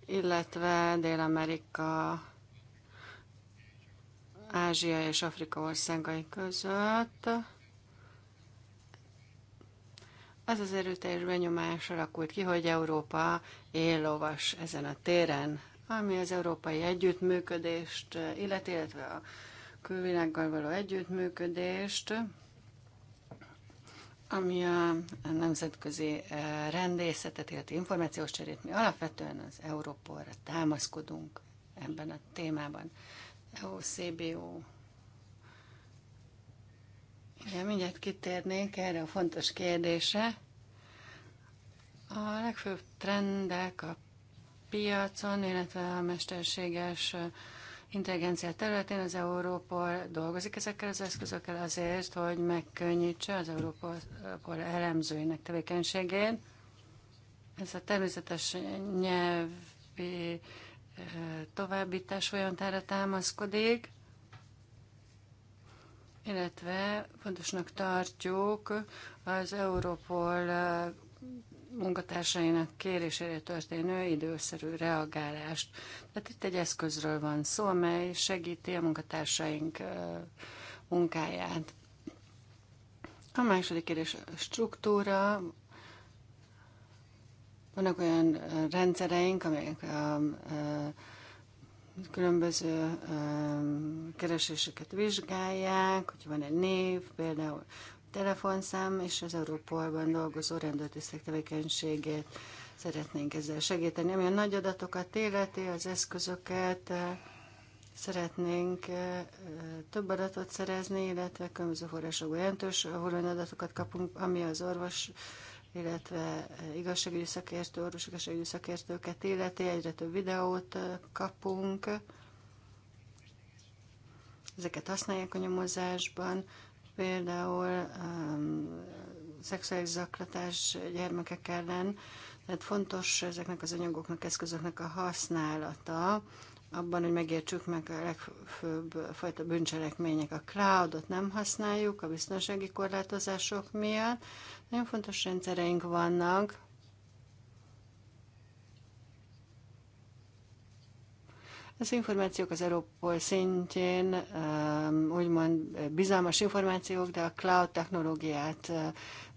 illetve Dél-Amerika, Ázsia és Afrika országai között. Az az erőteljes benyomás alakult ki, hogy Európa élovas ezen a téren, ami az európai együttműködést, illet, illetve a külvilággal való együttműködést. Ami a nemzetközi eh, rendészetet, illetve információs cserét, mi alapvetően az Európolra támaszkodunk ebben a témában. EU, CBO. Igen, mindjárt kitérnék erre a fontos kérdése. A legfőbb trendek a piacon, illetve a mesterséges uh, intelligencia területén az Európol dolgozik ezekkel az eszközökkel azért, hogy megkönnyítse az Európol elemzőinek tevékenységén. Ez a természetes nyelvi továbbítás olyantára támaszkodik, illetve fontosnak tartjuk az Európol munkatársainak kérésére történő időszerű reagálást. Tehát itt egy eszközről van szó, amely segíti a munkatársaink munkáját. A második kérdés a struktúra. Vannak olyan rendszereink, amelyek a, a különböző kereséseket vizsgálják, hogy van egy név, például telefonszám és az Európolban dolgozó rendőrtisztek tevékenységét szeretnénk ezzel segíteni. Ami a nagy adatokat életi, az eszközöket, eh, szeretnénk eh, több adatot szerezni, illetve különböző forrásokból jelentős adatokat kapunk, ami az orvos illetve eh, igazságügyi szakértő, orvos igazságügyi szakértőket illeti, egyre több videót kapunk. Ezeket használják a nyomozásban, például um, szexuális zaklatás gyermekek ellen, tehát fontos ezeknek az anyagoknak, eszközöknek a használata, abban, hogy megértsük meg a legfőbb fajta bűncselekmények. A cloudot nem használjuk a biztonsági korlátozások miatt. Nagyon fontos rendszereink vannak, Az információk az Europol szintjén um, úgymond bizalmas információk, de a cloud technológiát uh,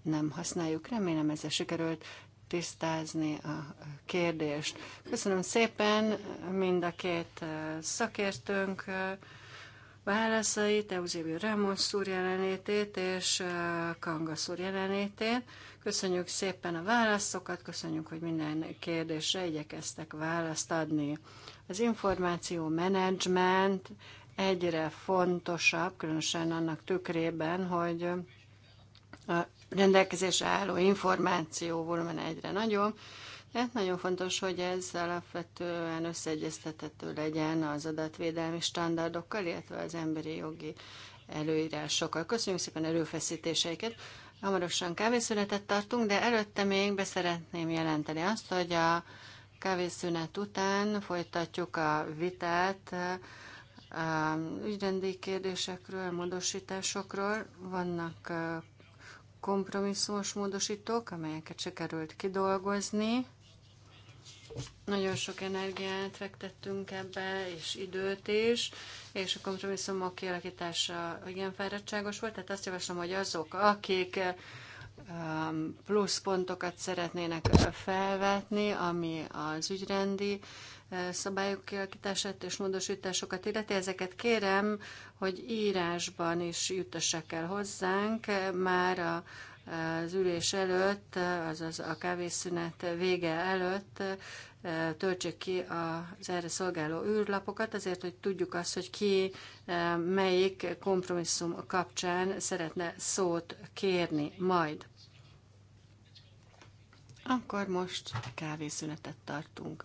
nem használjuk. Remélem ezzel sikerült tisztázni a kérdést. Köszönöm szépen mind a két uh, szakértőnk uh, válaszait, Eusebio Ramos úr jelenlétét és Kangasz úr jelenlétét. Köszönjük szépen a válaszokat, köszönjük, hogy minden kérdésre igyekeztek választ adni. Az információ menedzsment egyre fontosabb, különösen annak tükrében, hogy a rendelkezésre álló információ volumen egyre nagyobb, tehát nagyon fontos, hogy ez alapvetően összeegyeztethető legyen az adatvédelmi standardokkal, illetve az emberi jogi előírásokkal. Köszönjük szépen előfeszítéseiket! Hamarosan kávészületet tartunk, de előtte még beszeretném jelenteni azt, hogy a Kávészünet után folytatjuk a vitát a ügyrendi kérdésekről, módosításokról. Vannak kompromisszumos módosítók, amelyeket sikerült kidolgozni. Nagyon sok energiát fektettünk ebbe, és időt is, és a kompromisszumok kialakítása igen fáradtságos volt, tehát azt javaslom, hogy azok, akik Um, pluszpontokat szeretnének felvetni, ami az ügyrendi szabályok kialakítását és módosításokat illeti. Ezeket kérem, hogy írásban is juttassák el hozzánk, már a az ülés előtt, azaz a kávészünet vége előtt eh, töltsék ki az erre szolgáló űrlapokat, azért, hogy tudjuk azt, hogy ki eh, melyik kompromisszum kapcsán szeretne szót kérni majd. Akkor most kávészünetet tartunk.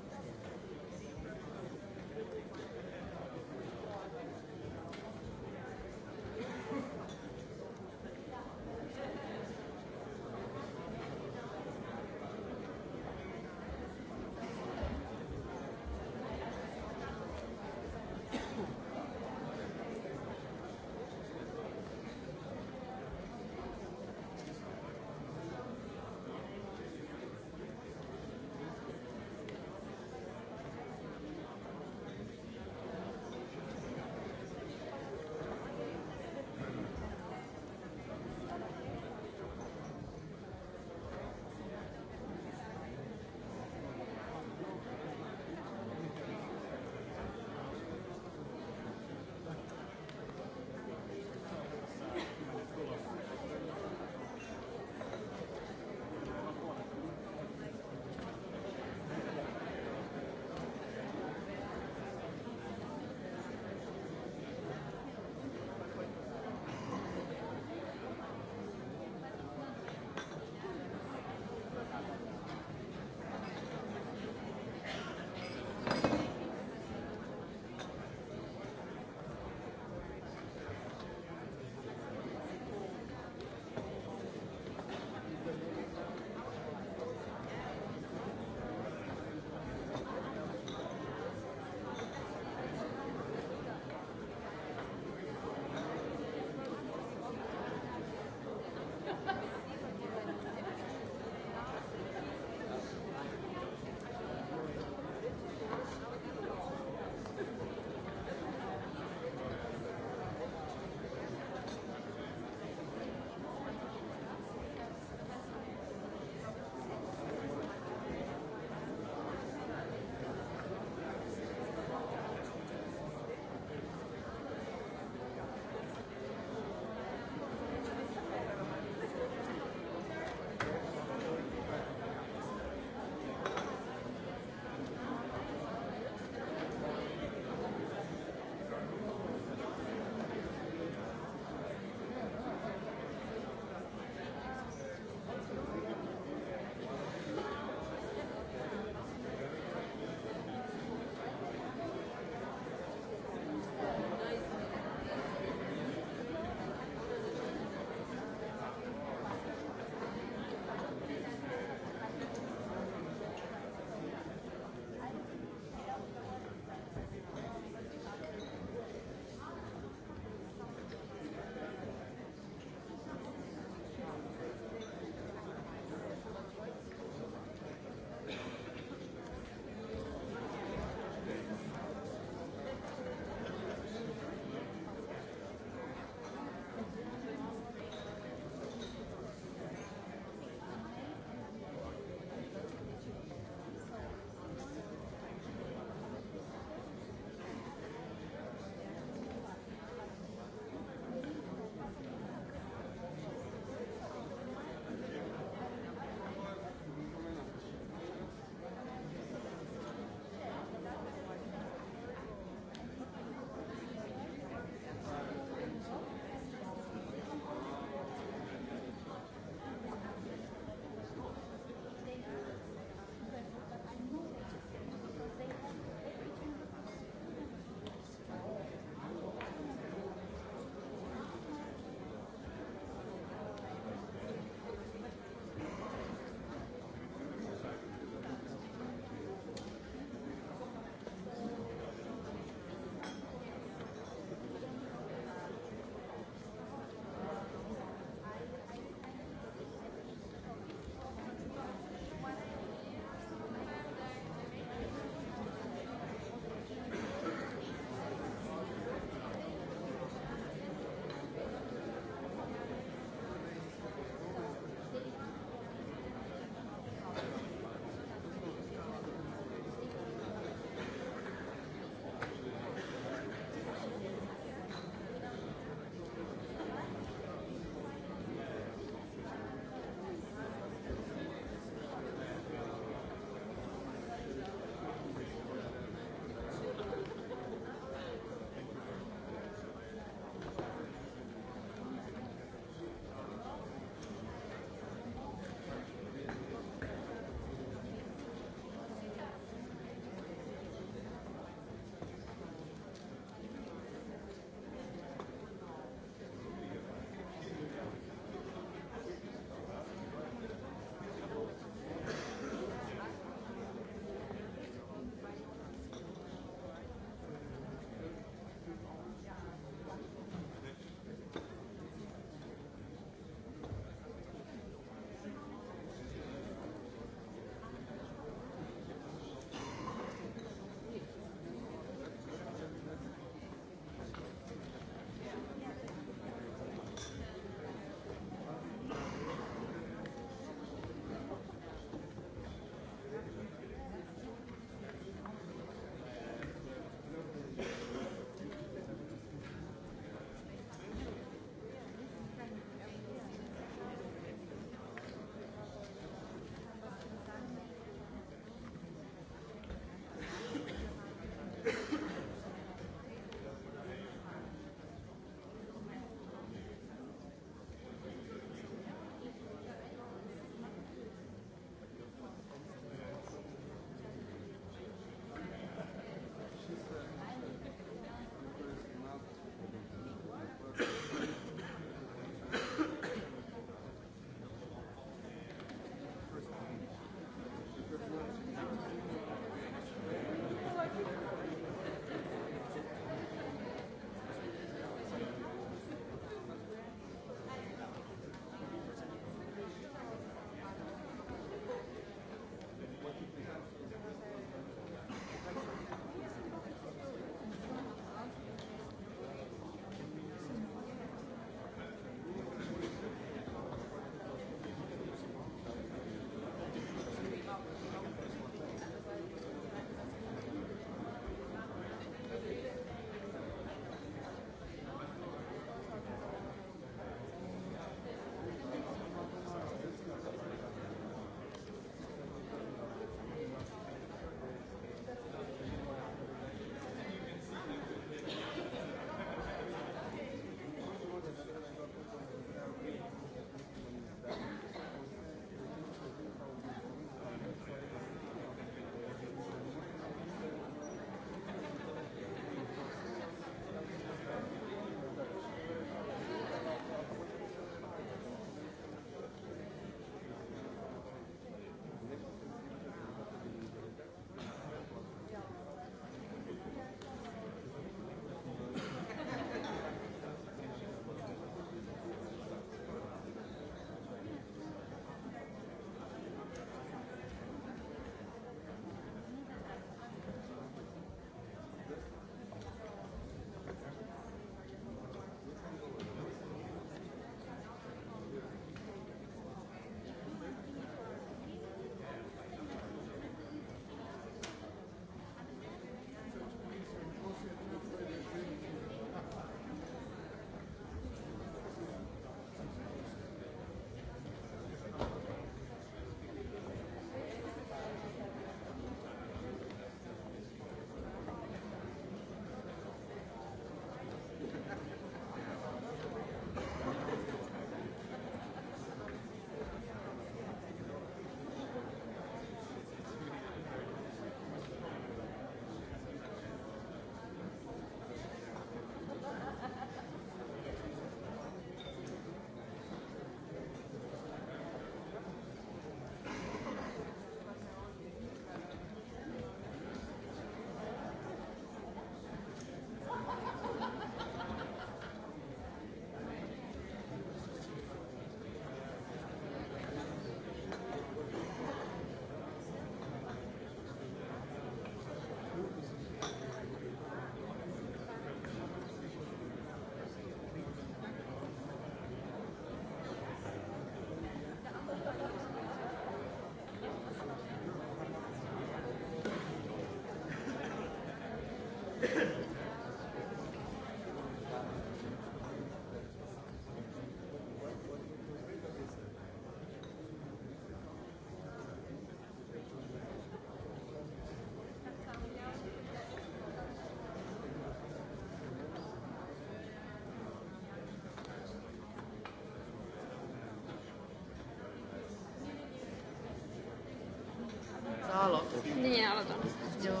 Dear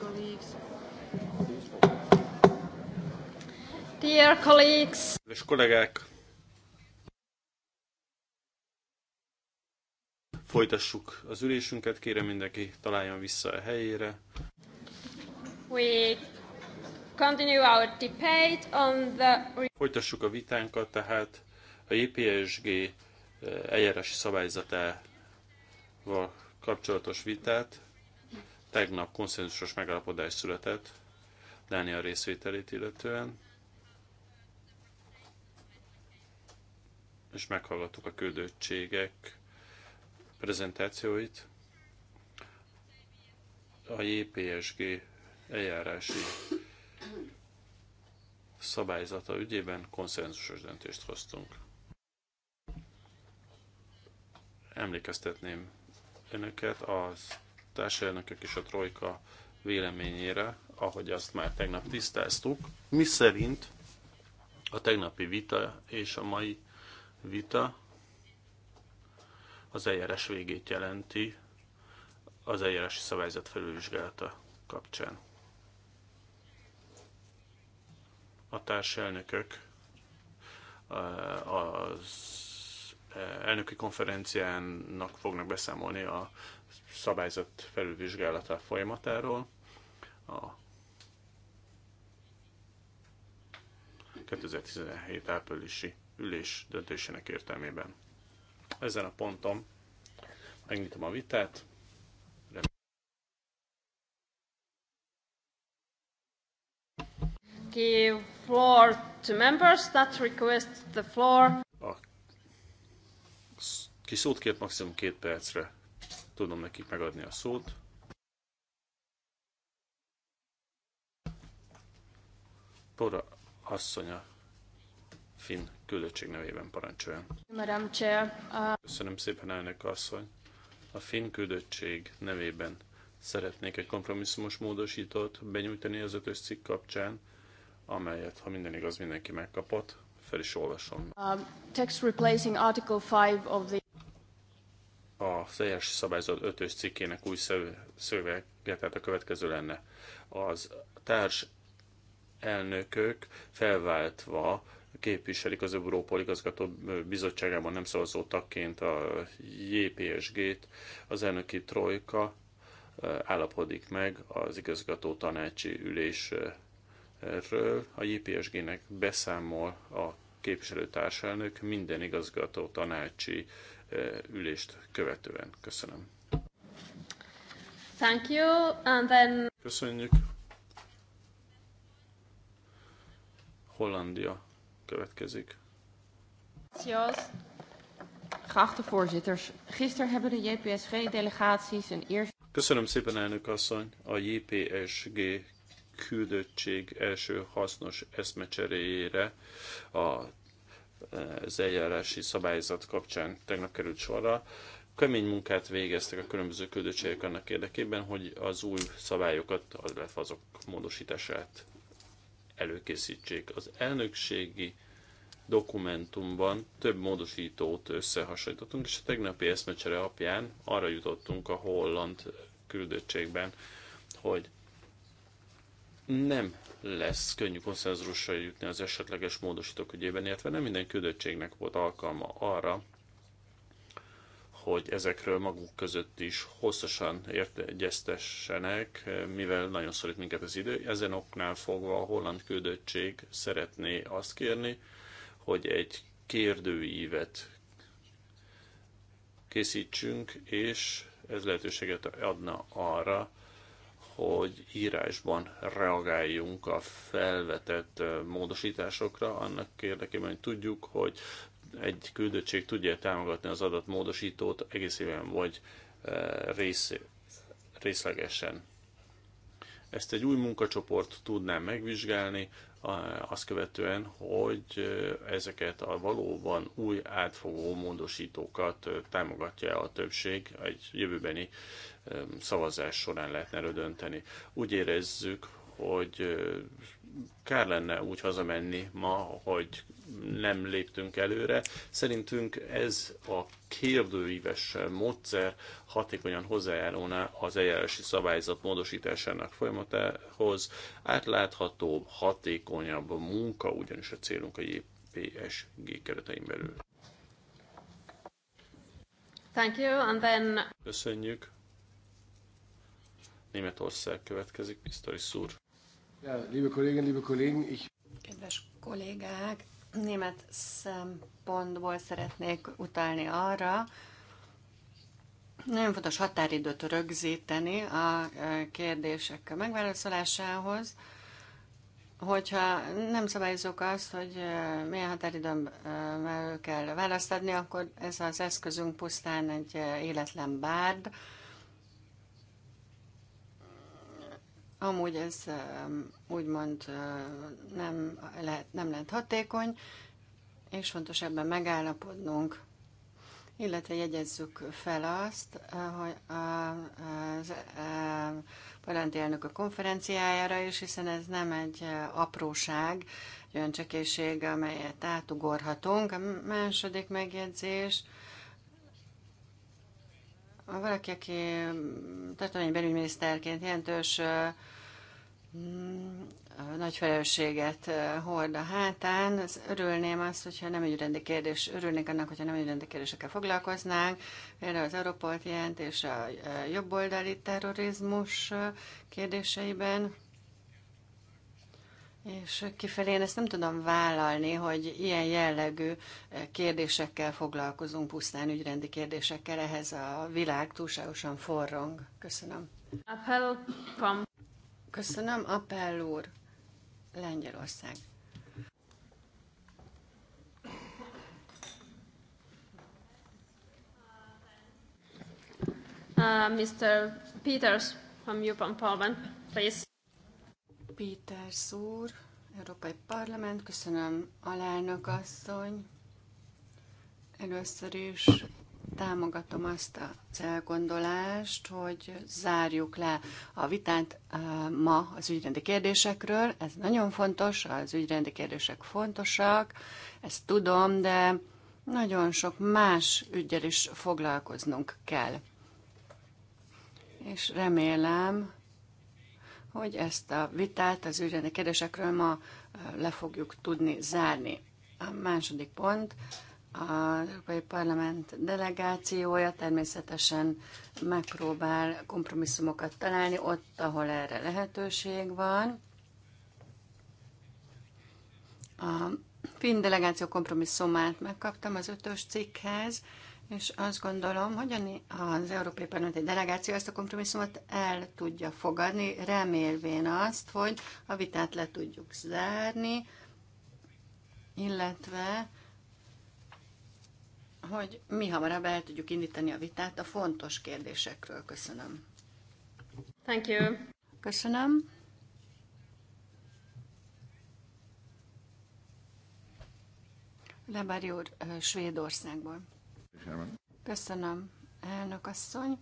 colleagues Dear colleagues Folytassuk az ülésünket, kérem mindenki találjon vissza a helyére. We continue our debate on the... Folytassuk a vitánkat, tehát a JPSG eh, eljárási szabályzata kapcsolatos vitát. Tegnap konszenzusos megállapodás született Dánia részvételét illetően, és meghallgattuk a küldöttségek prezentációit. A JPSG eljárási szabályzata ügyében konszenzusos döntést hoztunk. Emlékeztetném önöket az társelnökök és a trojka véleményére, ahogy azt már tegnap tisztáztuk, mi szerint a tegnapi vita és a mai vita az eljárás végét jelenti az eljárási szabályzat felülvizsgálata kapcsán. A társelnökök az elnöki konferenciának fognak beszámolni a szabályzat felülvizsgálata folyamatáról. A 2017 áprilisi ülés döntésének értelmében. Ezen a ponton megnyitom a vitát. Give floor to members that request the floor. Ki szót kért maximum két percre, tudom nekik megadni a szót. Pora asszonya finn küldöttség nevében parancsoljon. Köszönöm szépen, elnök asszony. A finn küldöttség nevében szeretnék egy kompromisszumos módosítót benyújtani az ötös cikk kapcsán, amelyet, ha minden igaz, mindenki megkapott. Fel is olvasom. Uh, text replacing Article 5 of the a teljes szabályzat 5-ös cikkének új szövege, tehát a következő lenne. Az társ elnökök felváltva képviselik az európai igazgató bizottságában nem szavazó tagként a JPSG-t, az elnöki trojka állapodik meg az igazgató tanácsi ülésről. A JPSG-nek beszámol a képviselő társelnök minden igazgató tanácsi ülést követően. Köszönöm. Thank you, and then... Köszönjük. Hollandia következik. Joost. Geachte voorzitters, gisteren hebben de JPSG-delegaties een eerste... Köszönöm szépen, elnök asszony! A JPSG küldöttség első hasznos eszmecseréjére a az eljárási szabályzat kapcsán tegnap került sorra. Kemény munkát végeztek a különböző küldöttségek annak érdekében, hogy az új szabályokat, illetve azok módosítását előkészítsék. Az elnökségi dokumentumban több módosítót összehasonlítottunk, és a tegnapi eszmecsere apján arra jutottunk a holland küldöttségben, hogy nem lesz könnyű konszenzusra jutni az esetleges módosítók ügyében, illetve nem minden küldöttségnek volt alkalma arra, hogy ezekről maguk között is hosszasan értegyeztessenek, mivel nagyon szorít minket az idő. Ezen oknál fogva a holland küldöttség szeretné azt kérni, hogy egy kérdőívet készítsünk, és ez lehetőséget adna arra, hogy írásban reagáljunk a felvetett módosításokra, annak érdekében, hogy tudjuk, hogy egy küldöttség tudja támogatni az adott módosítót egészében vagy rész, részlegesen. Ezt egy új munkacsoport tudná megvizsgálni, azt követően, hogy ezeket a valóban új átfogó módosítókat támogatja a többség egy jövőbeni szavazás során lehetne erről dönteni. Úgy érezzük, hogy kár lenne úgy hazamenni ma, hogy nem léptünk előre. Szerintünk ez a kérdőíves módszer hatékonyan hozzájárulna az eljárási szabályzat módosításának folyamatához. Átláthatóbb, hatékonyabb munka, ugyanis a célunk a JPSG keretein belül. Thank you, and then... Köszönjük. Németország következik, Mr. Szúr. Ja, liebe Kollegen, liebe Kollegen, ich... Kedves kollégák, német szempontból szeretnék utalni arra, nagyon fontos határidőt rögzíteni a e, kérdések megválaszolásához, hogyha nem szabályozok azt, hogy e, milyen határidőn belül kell választ adni, akkor ez az eszközünk pusztán egy e, életlen bárd, Amúgy ez úgymond nem lehet, nem lehet hatékony, és fontos ebben megállapodnunk, illetve jegyezzük fel azt, hogy az parlamenti elnök a konferenciájára is, hiszen ez nem egy apróság, egy olyan csekéség, amelyet átugorhatunk. A második megjegyzés, valaki, aki mm, tartományi belügyminiszterként jelentős mm, nagy felelősséget hord a hátán. Az örülném azt, hogyha nem rendi kérdés, örülnék annak, hogyha nem rendi kérdésekkel foglalkoznánk. Például az Europolt jelentés a jobboldali terrorizmus kérdéseiben. És kifelé én ezt nem tudom vállalni, hogy ilyen jellegű kérdésekkel foglalkozunk, pusztán ügyrendi kérdésekkel, ehhez a világ túlságosan forrong. Köszönöm. Appel, pam. Köszönöm, Appel úr, Lengyelország. Uh, Mr. Peters from UPAM Parliament, please. Péter Szúr, Európai Parlament, köszönöm alelnök asszony. Először is támogatom azt az elgondolást, hogy zárjuk le a vitát eh, ma az ügyrendi kérdésekről. Ez nagyon fontos, az ügyrendi kérdések fontosak, ezt tudom, de nagyon sok más ügyel is foglalkoznunk kell. És remélem, hogy ezt a vitát az ügyrendi kérdésekről ma le fogjuk tudni zárni. A második pont, az Európai Parlament delegációja természetesen megpróbál kompromisszumokat találni ott, ahol erre lehetőség van. A finn delegáció kompromisszumát megkaptam az ötös cikkhez, és azt gondolom, hogy az Európai Parlament egy delegáció ezt a kompromisszumot el tudja fogadni, remélvén azt, hogy a vitát le tudjuk zárni, illetve hogy mi hamarabb el tudjuk indítani a vitát a fontos kérdésekről. Köszönöm. Thank you. Köszönöm. Lebár úr Svédországból. Chairman. Köszönöm, elnök asszony.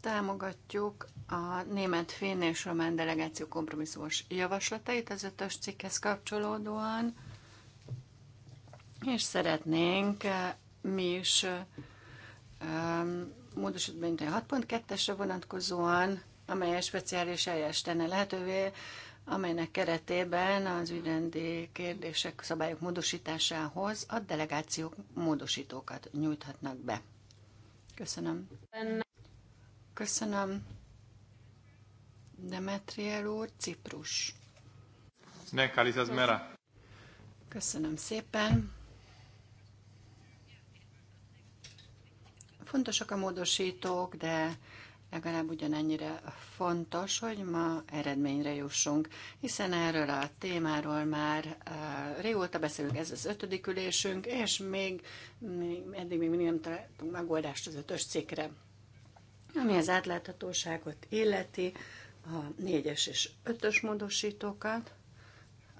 Támogatjuk a német, finn és román delegáció kompromisszumos javaslatait az ötös cikkhez kapcsolódóan, és szeretnénk eh, mi is eh, módosítani a 6.2-esre vonatkozóan, amely speciális eljárást tenne lehetővé amelynek keretében az ügyrendi kérdések szabályok módosításához a delegációk módosítókat nyújthatnak be. Köszönöm. Köszönöm. Demetriel úr, Ciprus. Nekalizaz mera. Köszönöm szépen. Fontosak a módosítók, de legalább ugyanennyire fontos, hogy ma eredményre jussunk, hiszen erről a témáról már eh, régóta beszélünk, ez az ötödik ülésünk, és még, még eddig még nem találtunk megoldást az ötös cikkre. Ami az átláthatóságot illeti, a négyes és ötös módosítókat,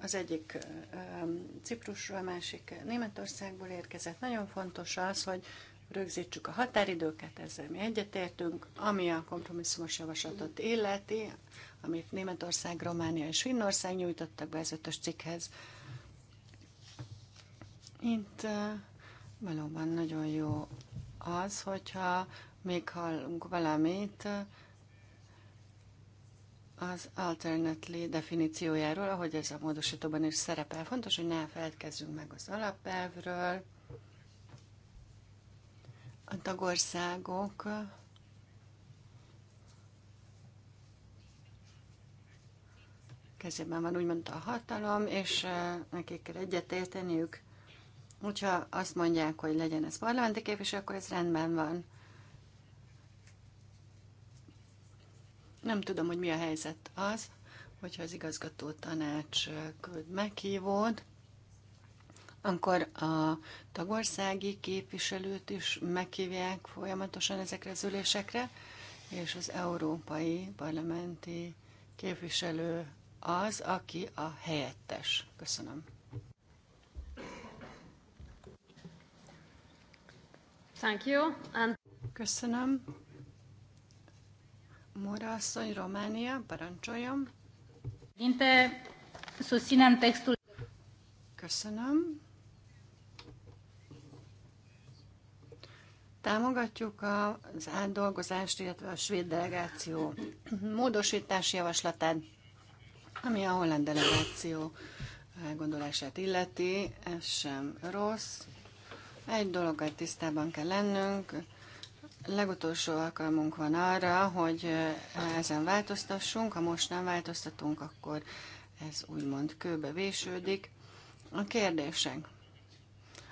az egyik eh, Ciprusról, a másik Németországból érkezett. Nagyon fontos az, hogy rögzítsük a határidőket, ezzel mi egyetértünk, ami a kompromisszumos javaslatot illeti, amit Németország, Románia és Finnország nyújtottak be az ötös cikkhez. Itt valóban nagyon jó az, hogyha még hallunk valamit az alternately definíciójáról, ahogy ez a módosítóban is szerepel. Fontos, hogy ne feledkezzünk meg az alapelvről, a tagországok kezében van úgymond a hatalom, és nekik kell egyetérteniük. Hogyha azt mondják, hogy legyen ez parlamenti képviselő, akkor ez rendben van. Nem tudom, hogy mi a helyzet az, hogyha az igazgató tanács küld meghívót, Ankor a tagországi képviselőt is meghívják folyamatosan ezekre az ülésekre, és az európai parlamenti képviselő az, aki a helyettes. Köszönöm. Thank you. And... Köszönöm. Mora asszony, Románia, parancsoljam. Köszönöm. Támogatjuk az átdolgozást, illetve a svéd delegáció módosítási javaslatát, ami a holland delegáció elgondolását illeti. Ez sem rossz. Egy dologgal tisztában kell lennünk. Legutolsó alkalmunk van arra, hogy ezen változtassunk. Ha most nem változtatunk, akkor ez úgymond kőbe vésődik. A kérdések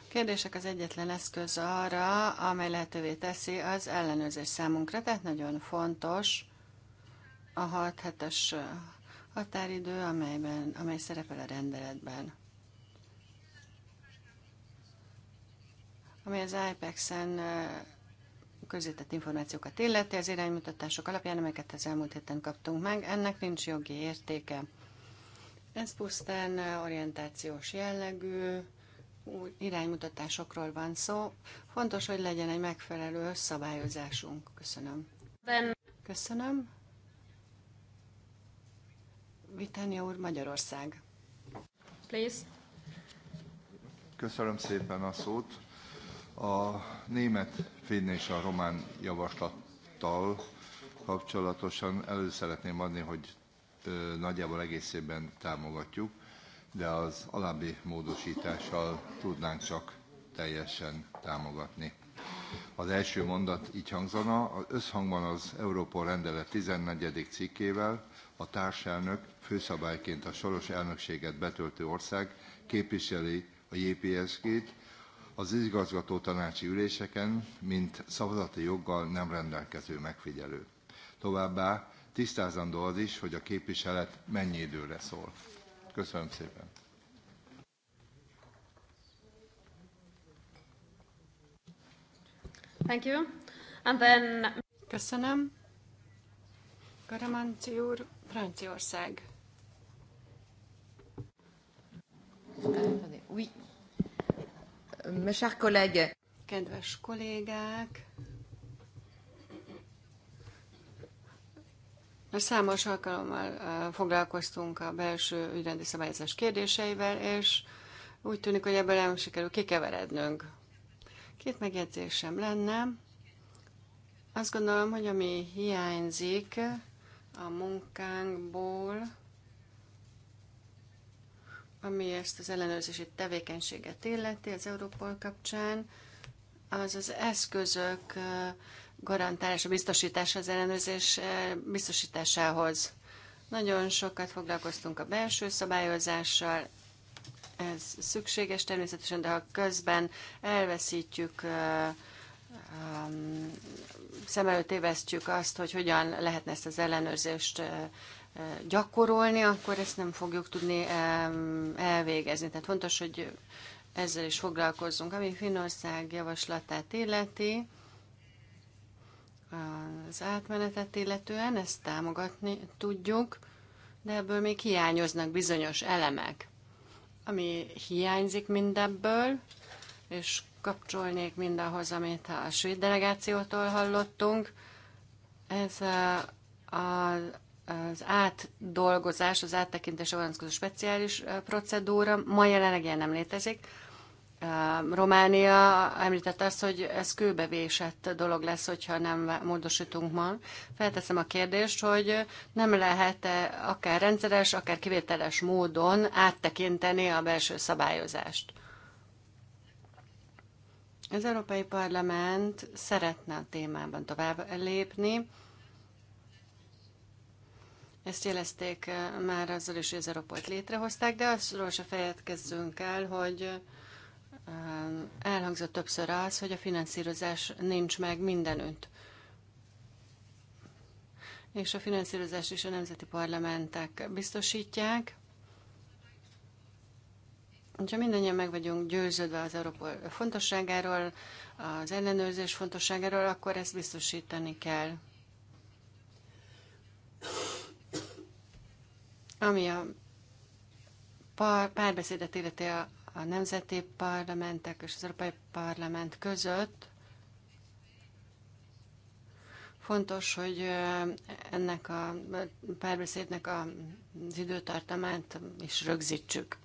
kérdések az egyetlen eszköz arra, amely lehetővé teszi az ellenőrzés számunkra, tehát nagyon fontos a 6 hetes határidő, amelyben, amely szerepel a rendeletben. Ami az IPEX-en közített információkat illeti, az iránymutatások alapján, amelyeket az elmúlt héten kaptunk meg, ennek nincs jogi értéke. Ez pusztán orientációs jellegű, új iránymutatásokról van szó. Fontos, hogy legyen egy megfelelő szabályozásunk. Köszönöm. Ben. Köszönöm. Vitánia úr, Magyarország. Please. Köszönöm szépen a szót. A német, finn és a román javaslattal kapcsolatosan elő szeretném adni, hogy nagyjából egészében támogatjuk de az alábbi módosítással tudnánk csak teljesen támogatni. Az első mondat így hangzana, az összhangban az Európol rendelet 14. cikkével a társelnök főszabályként a soros elnökséget betöltő ország képviseli a JPSG-t az igazgató tanácsi üléseken, mint szavazati joggal nem rendelkező megfigyelő. Továbbá tisztázandó az is, hogy a képviselet mennyi időre szól. Köszönöm szépen. Thank you. And then... Köszönöm. Garamanci úr, Franciaország. Oui. Euh, mes chers collègues. Kedves kollégák, Számos alkalommal foglalkoztunk a belső ügyrendi szabályozás kérdéseivel, és úgy tűnik, hogy ebből nem sikerül kikeverednünk. Két megjegyzésem lenne. Azt gondolom, hogy ami hiányzik a munkánkból, ami ezt az ellenőrzési tevékenységet illeti az Európol kapcsán, az az eszközök garantálása, biztosítása az ellenőrzés eh, biztosításához. Nagyon sokat foglalkoztunk a belső szabályozással, ez szükséges természetesen, de ha közben elveszítjük, eh, szem előtt évesztjük azt, hogy hogyan lehetne ezt az ellenőrzést eh, gyakorolni, akkor ezt nem fogjuk tudni elvégezni. Tehát fontos, hogy ezzel is foglalkozzunk. Ami Finország javaslatát illeti, az átmenetet illetően, ezt támogatni tudjuk, de ebből még hiányoznak bizonyos elemek. Ami hiányzik mindebből, és kapcsolnék mindahhoz, amit a svéd delegációtól hallottunk, ez a, a, az átdolgozás, az áttekintés vonatkozó speciális procedúra ma jelenleg ilyen nem létezik. Ehm, Románia említette azt, hogy ez kőbevésett dolog lesz, hogyha nem módosítunk ma. Felteszem a kérdést, hogy nem lehet-e akár rendszeres, akár kivételes módon áttekinteni a belső szabályozást. Az Európai Parlament szeretne a témában tovább lépni. Ezt jelezték eh, már azzal is, hogy az Európolt létrehozták, de azról se fejedkezzünk el, hogy elhangzott többször az, hogy a finanszírozás nincs meg mindenütt. És a finanszírozást is a nemzeti parlamentek biztosítják. Ha mindannyian meg vagyunk győződve az Európa fontosságáról, az ellenőrzés fontosságáról, akkor ezt biztosítani kell. Ami a párbeszédet illeti a a nemzeti parlamentek és az Európai Parlament között. Fontos, hogy ennek a párbeszédnek az időtartamát is rögzítsük.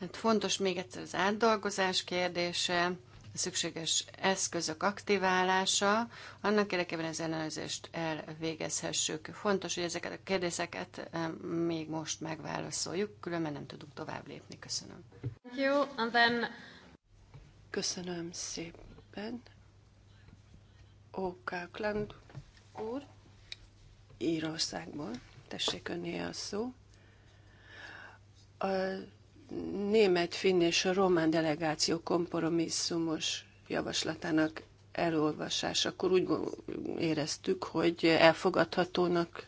Hát fontos még egyszer az átdolgozás kérdése, szükséges eszközök aktiválása, annak érdekében az ellenőrzést elvégezhessük. Fontos, hogy ezeket a kérdéseket eh, még most megválaszoljuk, különben nem tudunk tovább lépni. Köszönöm. Thank you. And then... Köszönöm szépen. Kákland úr, Írországból. Tessék önné a szó. A német, finn és román delegáció kompromisszumos javaslatának elolvasásakor úgy éreztük, hogy elfogadhatónak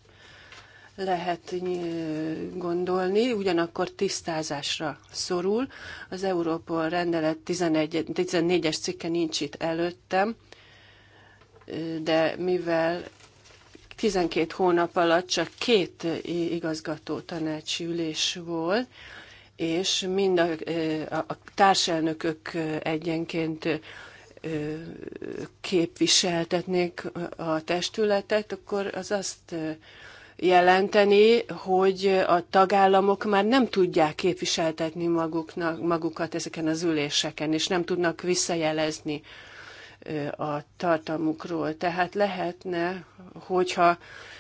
lehet gondolni, ugyanakkor tisztázásra szorul. Az Európol rendelet 11, 14-es cikke nincs itt előttem, de mivel 12 hónap alatt csak két igazgató tanácsi ülés volt, és mind a, a társelnökök egyenként képviseltetnék a testületet, akkor az azt jelenteni, hogy a tagállamok már nem tudják képviseltetni maguknak, magukat ezeken az üléseken, és nem tudnak visszajelezni a tartalmukról. Tehát lehetne, hogyha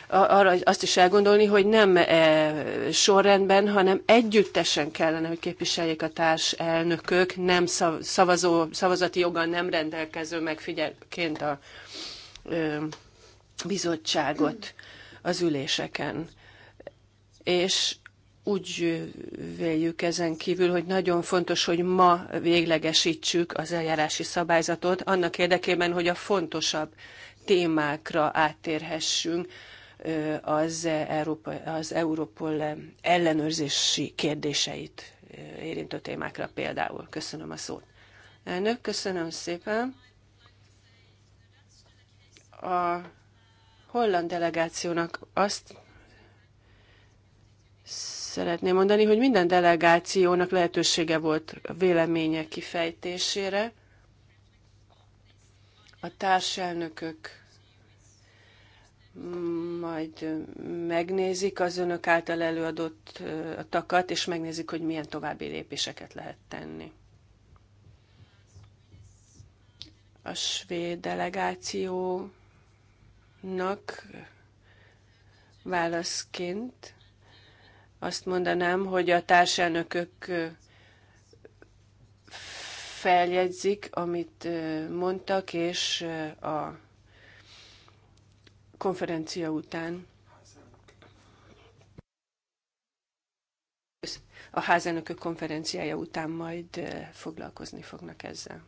arra azt is elgondolni, hogy nem e, sorrendben, hanem együttesen kellene, hogy képviseljék a társ elnökök, nem szavazó, szavazati joggal nem rendelkező megfigyelként a bizottságot az üléseken. És úgy véljük ezen kívül, hogy nagyon fontos, hogy ma véglegesítsük az eljárási szabályzatot, annak érdekében, hogy a fontosabb témákra áttérhessünk, az, Európa, az Európol ellenőrzési kérdéseit érintő témákra például. Köszönöm a szót. Elnök, köszönöm szépen. A holland delegációnak azt szeretném mondani, hogy minden delegációnak lehetősége volt a vélemények kifejtésére. A társelnökök majd megnézik az önök által előadott takat és megnézik, hogy milyen további lépéseket lehet tenni. A svéd delegációnak válaszként azt mondanám, hogy a társelnökök feljegyzik, amit mondtak, és a konferencia után a házelnökök konferenciája után majd eh, foglalkozni fognak ezzel.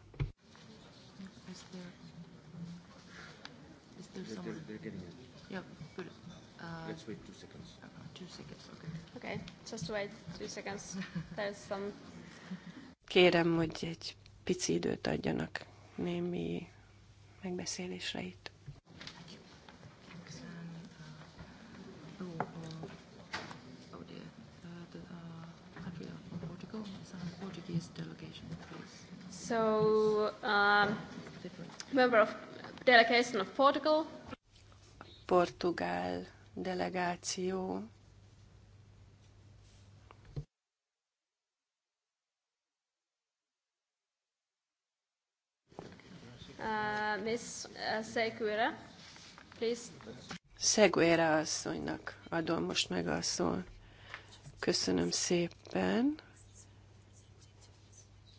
Kérem, hogy egy pici időt adjanak némi megbeszélésre itt. member of delegation of Portugal. Portugal delegáció. Uh, Miss uh, Seguera, please. Seguera asszonynak adom most meg a szót. Köszönöm szépen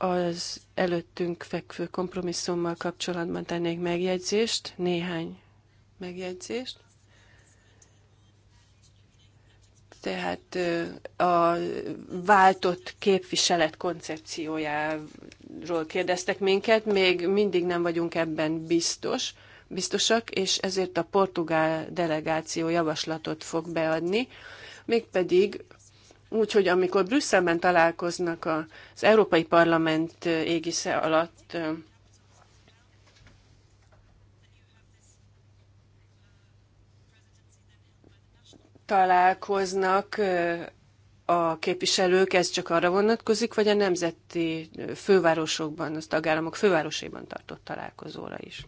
az előttünk fekvő kompromisszummal kapcsolatban tennék megjegyzést, néhány megjegyzést. Tehát a váltott képviselet koncepciójáról kérdeztek minket, még mindig nem vagyunk ebben biztos, biztosak, és ezért a portugál delegáció javaslatot fog beadni, mégpedig Úgyhogy amikor Brüsszelben találkoznak az Európai Parlament égisze alatt, találkoznak a képviselők, ez csak arra vonatkozik, vagy a nemzeti fővárosokban, az tagállamok fővárosaiban tartott találkozóra is?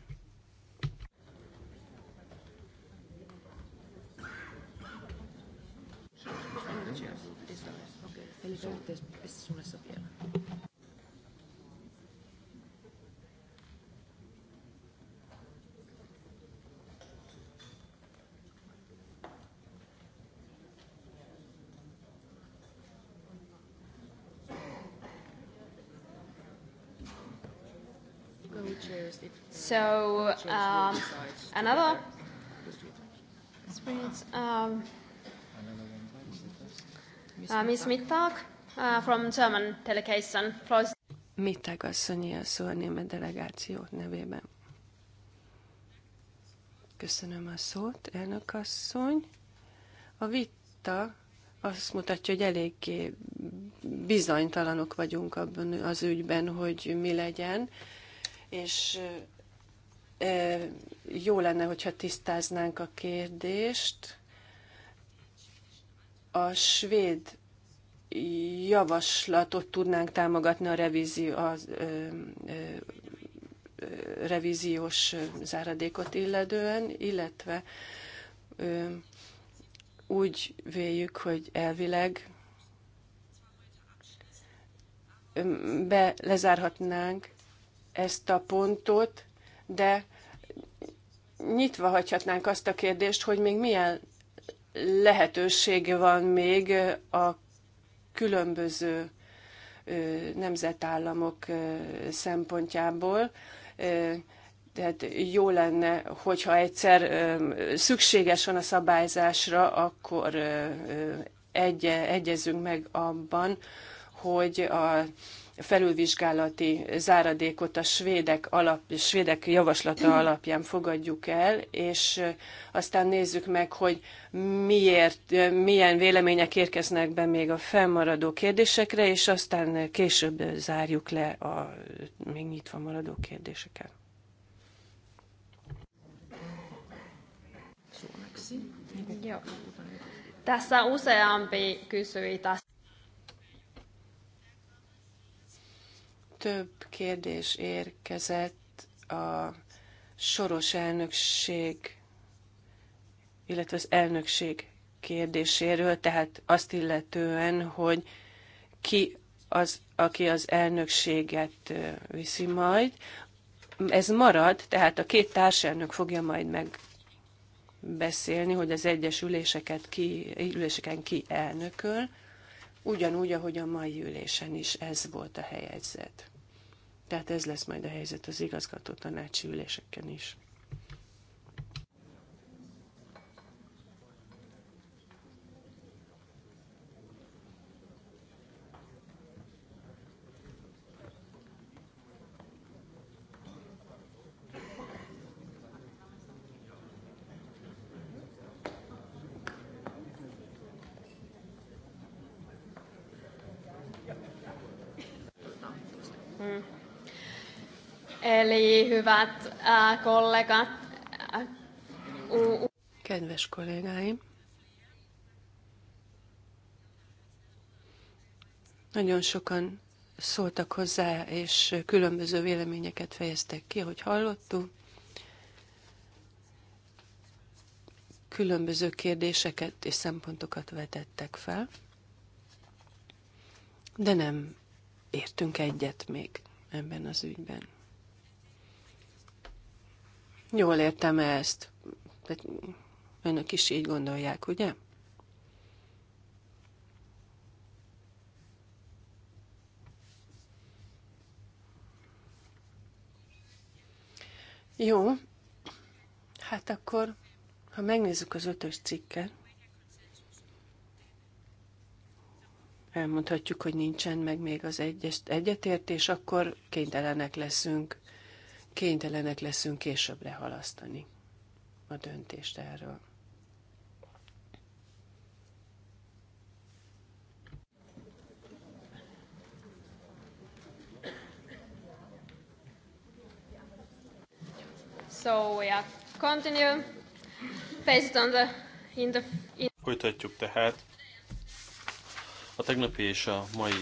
So um, another experience. Um, uh, Ms. Mittag uh, from German delegation. Mittag asszonyi a szó a német delegáció nevében. Köszönöm a szót, elnök asszony. A vita azt mutatja, hogy eléggé bizonytalanok vagyunk abban az ügyben, hogy mi legyen, és jó lenne, hogyha tisztáznánk a kérdést. A svéd javaslatot tudnánk támogatni a revízió, a, ö, ö, ö, revíziós záradékot illetően, illetve ö, úgy véljük, hogy elvileg be lezárhatnánk ezt a pontot, de nyitva hagyhatnánk azt a kérdést, hogy még milyen lehetősége van még a különböző nemzetállamok szempontjából. Tehát jó lenne, hogyha egyszer szükséges van a szabályzásra, akkor egy, egyezünk meg abban, hogy a felülvizsgálati záradékot a svédek, alap, svédek javaslata alapján fogadjuk el, és aztán nézzük meg, hogy miért, milyen vélemények érkeznek be még a fennmaradó kérdésekre, és aztán később zárjuk le a még nyitva maradó kérdéseket. Tässä useampi kysyi tästä. több kérdés érkezett a soros elnökség, illetve az elnökség kérdéséről, tehát azt illetően, hogy ki az, aki az elnökséget viszi majd. Ez marad, tehát a két társelnök fogja majd megbeszélni, hogy az egyes üléseket ki, üléseken ki elnököl, ugyanúgy, ahogy a mai ülésen is ez volt a helyzet. Tehát ez lesz majd a helyzet az igazgató tanácsi üléseken is. Eli hyvät äh, kollegat. Äh, u- Kedves kollégáim! Nagyon sokan szóltak hozzá, és különböző véleményeket fejeztek ki, ahogy hallottuk. Különböző kérdéseket és szempontokat vetettek fel, de nem értünk egyet még ebben az ügyben. Jól értem -e ezt? de önök is így gondolják, ugye? Jó, hát akkor, ha megnézzük az ötös cikket, elmondhatjuk, hogy nincsen meg még az egyetértés, akkor kénytelenek leszünk kénytelenek leszünk későbbre halasztani a döntést erről. So yeah, continue based on the in the in Folytatjuk tehát a tegnapi és a mai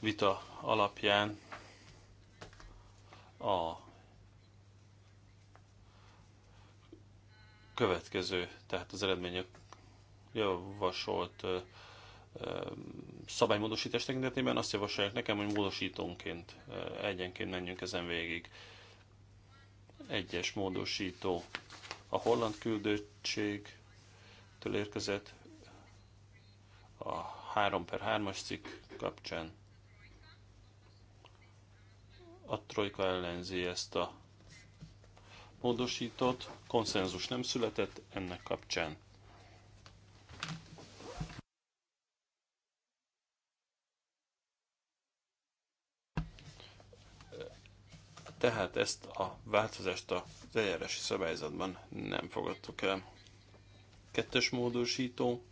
vita alapján a következő, tehát az eredmények javasolt szabálymódosítás tekintetében azt javasolják nekem, hogy módosítónként egyenként menjünk ezen végig. Egyes módosító a holland küldöttségtől érkezett a 3 per 3-as cikk kapcsán a trojka ellenzi ezt a módosított, konszenzus nem született ennek kapcsán. Tehát ezt a változást az eljárási szabályzatban nem fogadtuk el. Kettes módosító,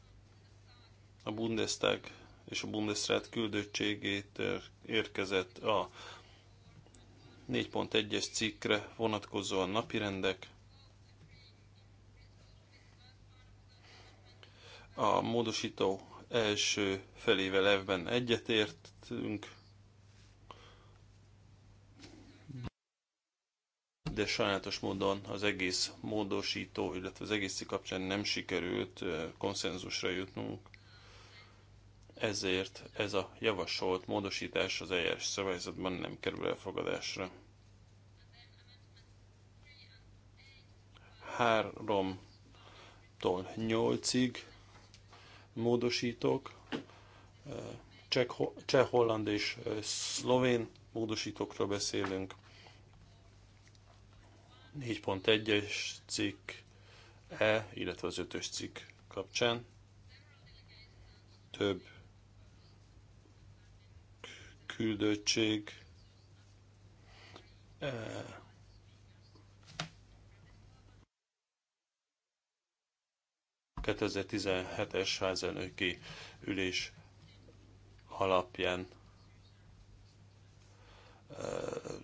a Bundestag és a Bundesrat küldöttségét érkezett a 4.1-es cikkre vonatkozóan napirendek. A módosító első felével elvben egyetértünk, de sajnálatos módon az egész módosító, illetve az egész cikk kapcsán nem sikerült konszenzusra jutnunk ezért ez a javasolt módosítás az eljárás szabályzatban nem kerül elfogadásra. 3-tól 8-ig módosítók, cseh, holland és szlovén módosítókról beszélünk. 4.1-es cikk E, illetve az 5-ös cikk kapcsán több küldöttség ...2017-es eh, házelnöki ülés alapján eh,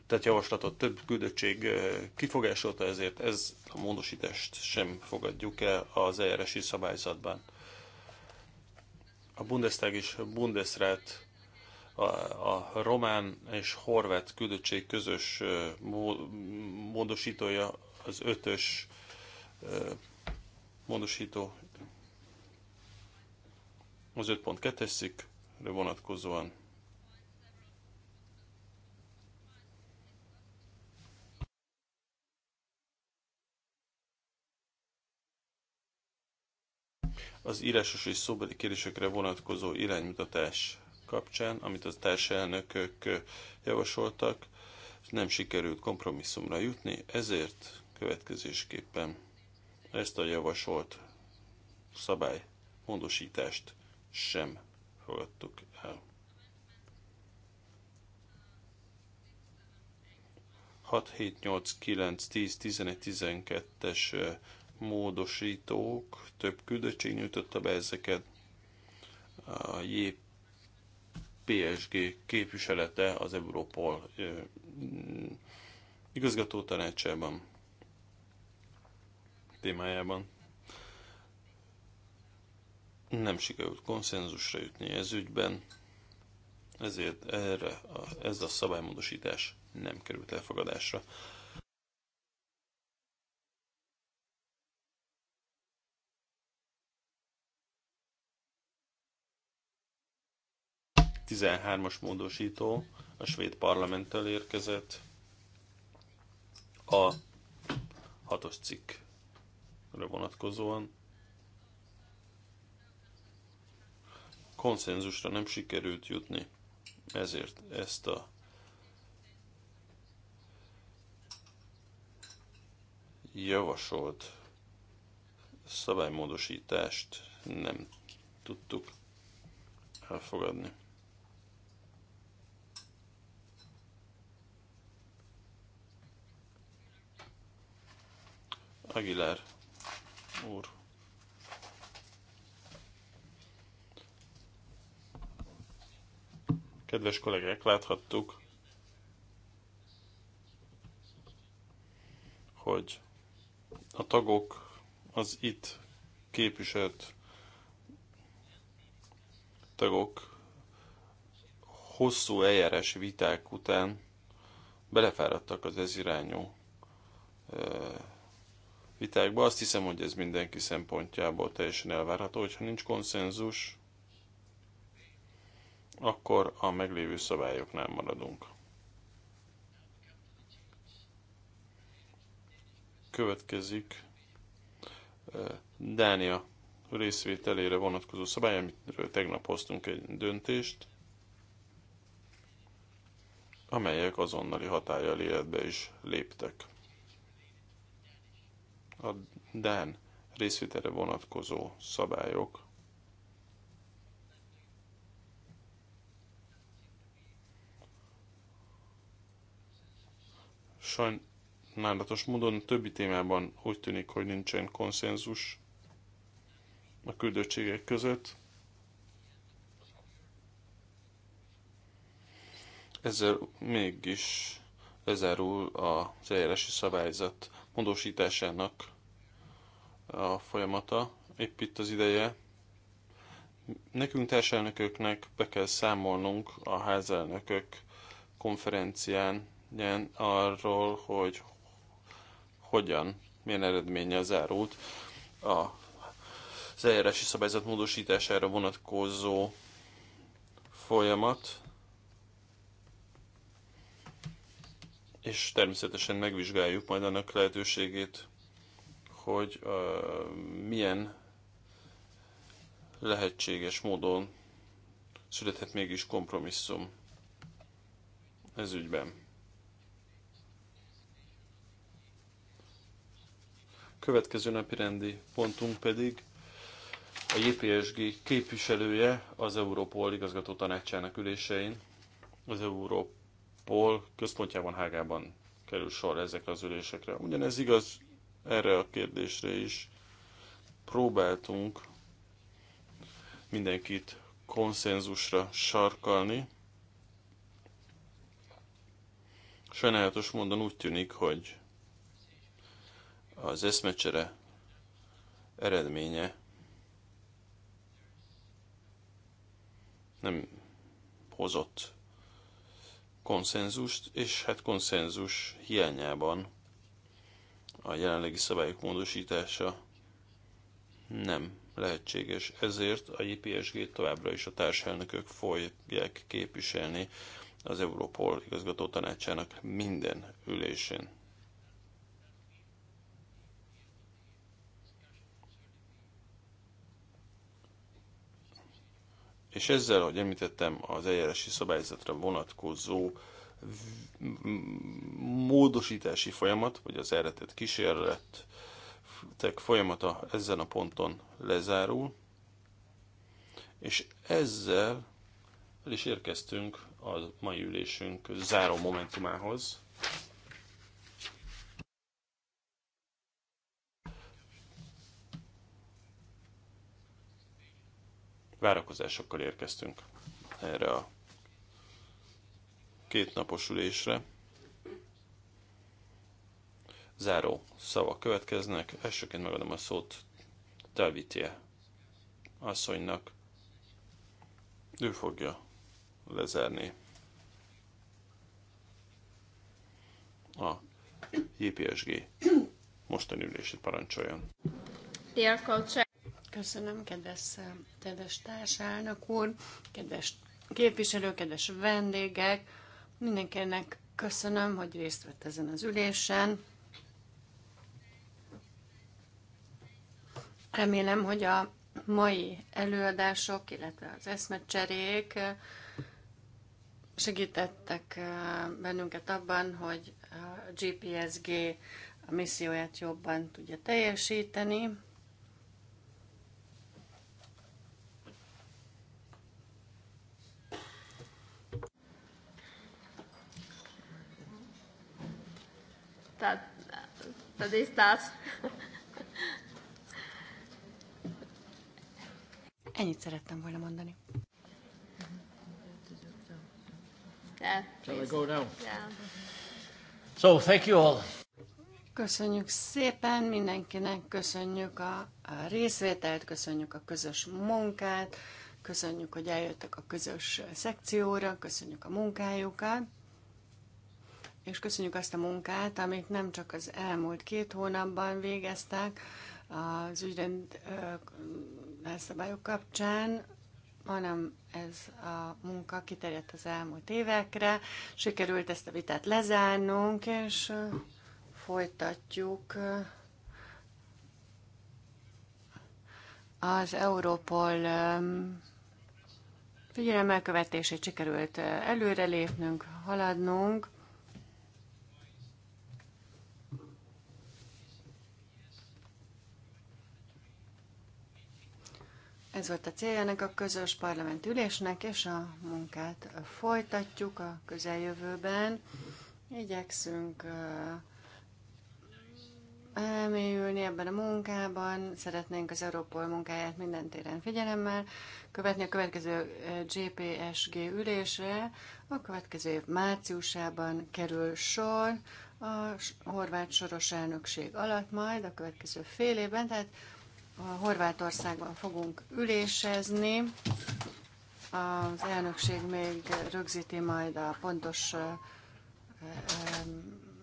tehát javaslatot több küldöttség eh, kifogásolta, ezért ez a módosítást sem fogadjuk el az eljárási szabályzatban. A Bundestag és Bundesrat a, román és horvát küldöttség közös módosítója az ötös módosító az 5.2-es szikre vonatkozóan. Az írásos és szóbeli kérdésekre vonatkozó iránymutatás kapcsán, amit az társelnökök javasoltak, nem sikerült kompromisszumra jutni, ezért következésképpen ezt a javasolt szabály módosítást sem fogadtuk el. 6, 7, 8, 9, 10, 11, 12-es módosítók, több küldöttség nyújtotta be ezeket. A JP PSG képviselete az Európol igazgató tanácsában témájában. Nem sikerült konszenzusra jutni ez ügyben, ezért erre a, ez a szabálymódosítás nem került elfogadásra. 13-as módosító a svéd parlamenttől érkezett a hatos cikkre vonatkozóan. Konszenzusra nem sikerült jutni, ezért ezt a javasolt szabálymódosítást nem tudtuk elfogadni. Aguilar úr. Kedves kollégák, láthattuk, hogy a tagok az itt képviselt tagok hosszú eljárási viták után belefáradtak az irányú vitákba. Azt hiszem, hogy ez mindenki szempontjából teljesen elvárható, hogyha nincs konszenzus, akkor a meglévő szabályoknál maradunk. Következik eh, Dánia részvételére vonatkozó szabály, amiről tegnap hoztunk egy döntést, amelyek azonnali hatája életbe is léptek a Dán részvételre vonatkozó szabályok sajnálatos módon a többi témában úgy tűnik, hogy nincsen konszenzus a küldöttségek között. Ezzel mégis lezárul az eljárási szabályzat módosításának a folyamata. Épp itt az ideje. Nekünk társelnököknek be kell számolnunk a házelnökök konferencián ilyen, arról, hogy hogyan, milyen eredménye zárult a az eljárási szabályzat módosítására vonatkozó folyamat. és természetesen megvizsgáljuk majd annak lehetőségét, hogy uh, milyen lehetséges módon születhet mégis kompromisszum ez ügyben. Következő napi rendi pontunk pedig a JPSG képviselője az Európol igazgató tanácsának ülésein, az Európa Pól központjában Hágában kerül sor ezekre az ülésekre. Ugyanez igaz erre a kérdésre is. Próbáltunk mindenkit konszenzusra sarkalni. Sajnálatos módon úgy tűnik, hogy az eszmecsere eredménye nem hozott konszenzust, és hát konszenzus hiányában a jelenlegi szabályok módosítása nem lehetséges. Ezért a JPSG továbbra is a társelnökök fogják képviselni az Európol igazgató tanácsának minden ülésén. És ezzel, ahogy említettem, az eljárási szabályzatra vonatkozó módosítási folyamat, vagy az erre kísérletek folyamata ezen a ponton lezárul, és ezzel el is érkeztünk a mai ülésünk záró momentumához. várakozásokkal érkeztünk erre a kétnapos ülésre. Záró szavak következnek. Elsőként megadom a szót Telvitie asszonynak. Ő fogja lezárni a JPSG mostani ülését parancsoljon. Dear Köszönöm, kedves, kedves társelnök úr, kedves képviselő, kedves vendégek. Mindenkinek köszönöm, hogy részt vett ezen az ülésen. Remélem, hogy a mai előadások, illetve az eszmecserék segítettek eh, bennünket abban, hogy a GPSG a misszióját jobban tudja teljesíteni. Tehát, tehát is Ennyit szerettem volna mondani. Yeah, go now? Yeah. So, thank you all. Köszönjük szépen mindenkinek, köszönjük a, a részvételt, köszönjük a közös munkát, köszönjük, hogy eljöttek a közös szekcióra, köszönjük a munkájukat és köszönjük azt a munkát, amit nem csak az elmúlt két hónapban végeztek az ügyrend elszabályok kapcsán, hanem ez a munka kiterjedt az elmúlt évekre. Sikerült ezt a vitát lezárnunk, és folytatjuk az Európol figyelemelkövetését sikerült előrelépnünk, haladnunk, Ez volt a célja ennek a közös parlament ülésnek, és a munkát folytatjuk a közeljövőben. Igyekszünk elmélyülni ebben a munkában, szeretnénk az Európol munkáját minden téren figyelemmel követni a következő GPSG ülésre. A következő év márciusában kerül sor a horvát soros elnökség alatt, majd a következő fél évben, tehát a Horvátországban fogunk ülésezni. Az elnökség még rögzíti majd a pontos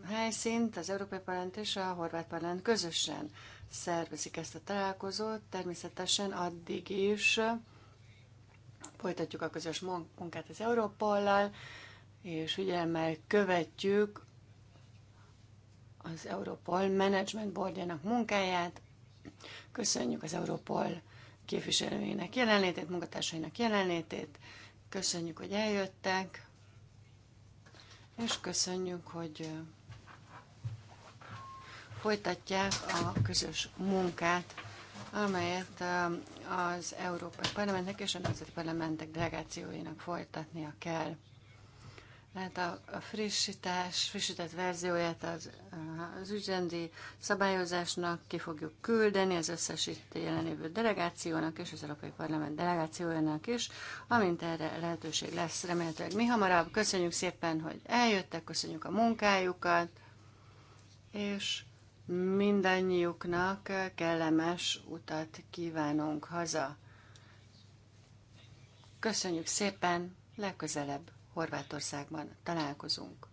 helyszínt, az Európai Parlament és a Horvát Parlament közösen szervezik ezt a találkozót. Természetesen addig is folytatjuk a közös munkát az Európollal, és figyelemmel követjük az Európol Management Boardjának munkáját, Köszönjük az Európol képviselőinek jelenlétét, munkatársainak jelenlétét, köszönjük, hogy eljöttek, és köszönjük, hogy folytatják a közös munkát, amelyet az Európai Parlamentnek és a Nemzeti Parlamentek delegációinak folytatnia kell lehet a, a frissítás, frissített verzióját az, az ügyrendi szabályozásnak ki fogjuk küldeni az összes itt jelenlévő delegációnak és az Európai Parlament delegációjának is, amint erre lehetőség lesz remélhetőleg mi hamarabb. Köszönjük szépen, hogy eljöttek, köszönjük a munkájukat, és mindannyiuknak kellemes utat kívánunk haza. Köszönjük szépen, legközelebb Horvátországban találkozunk.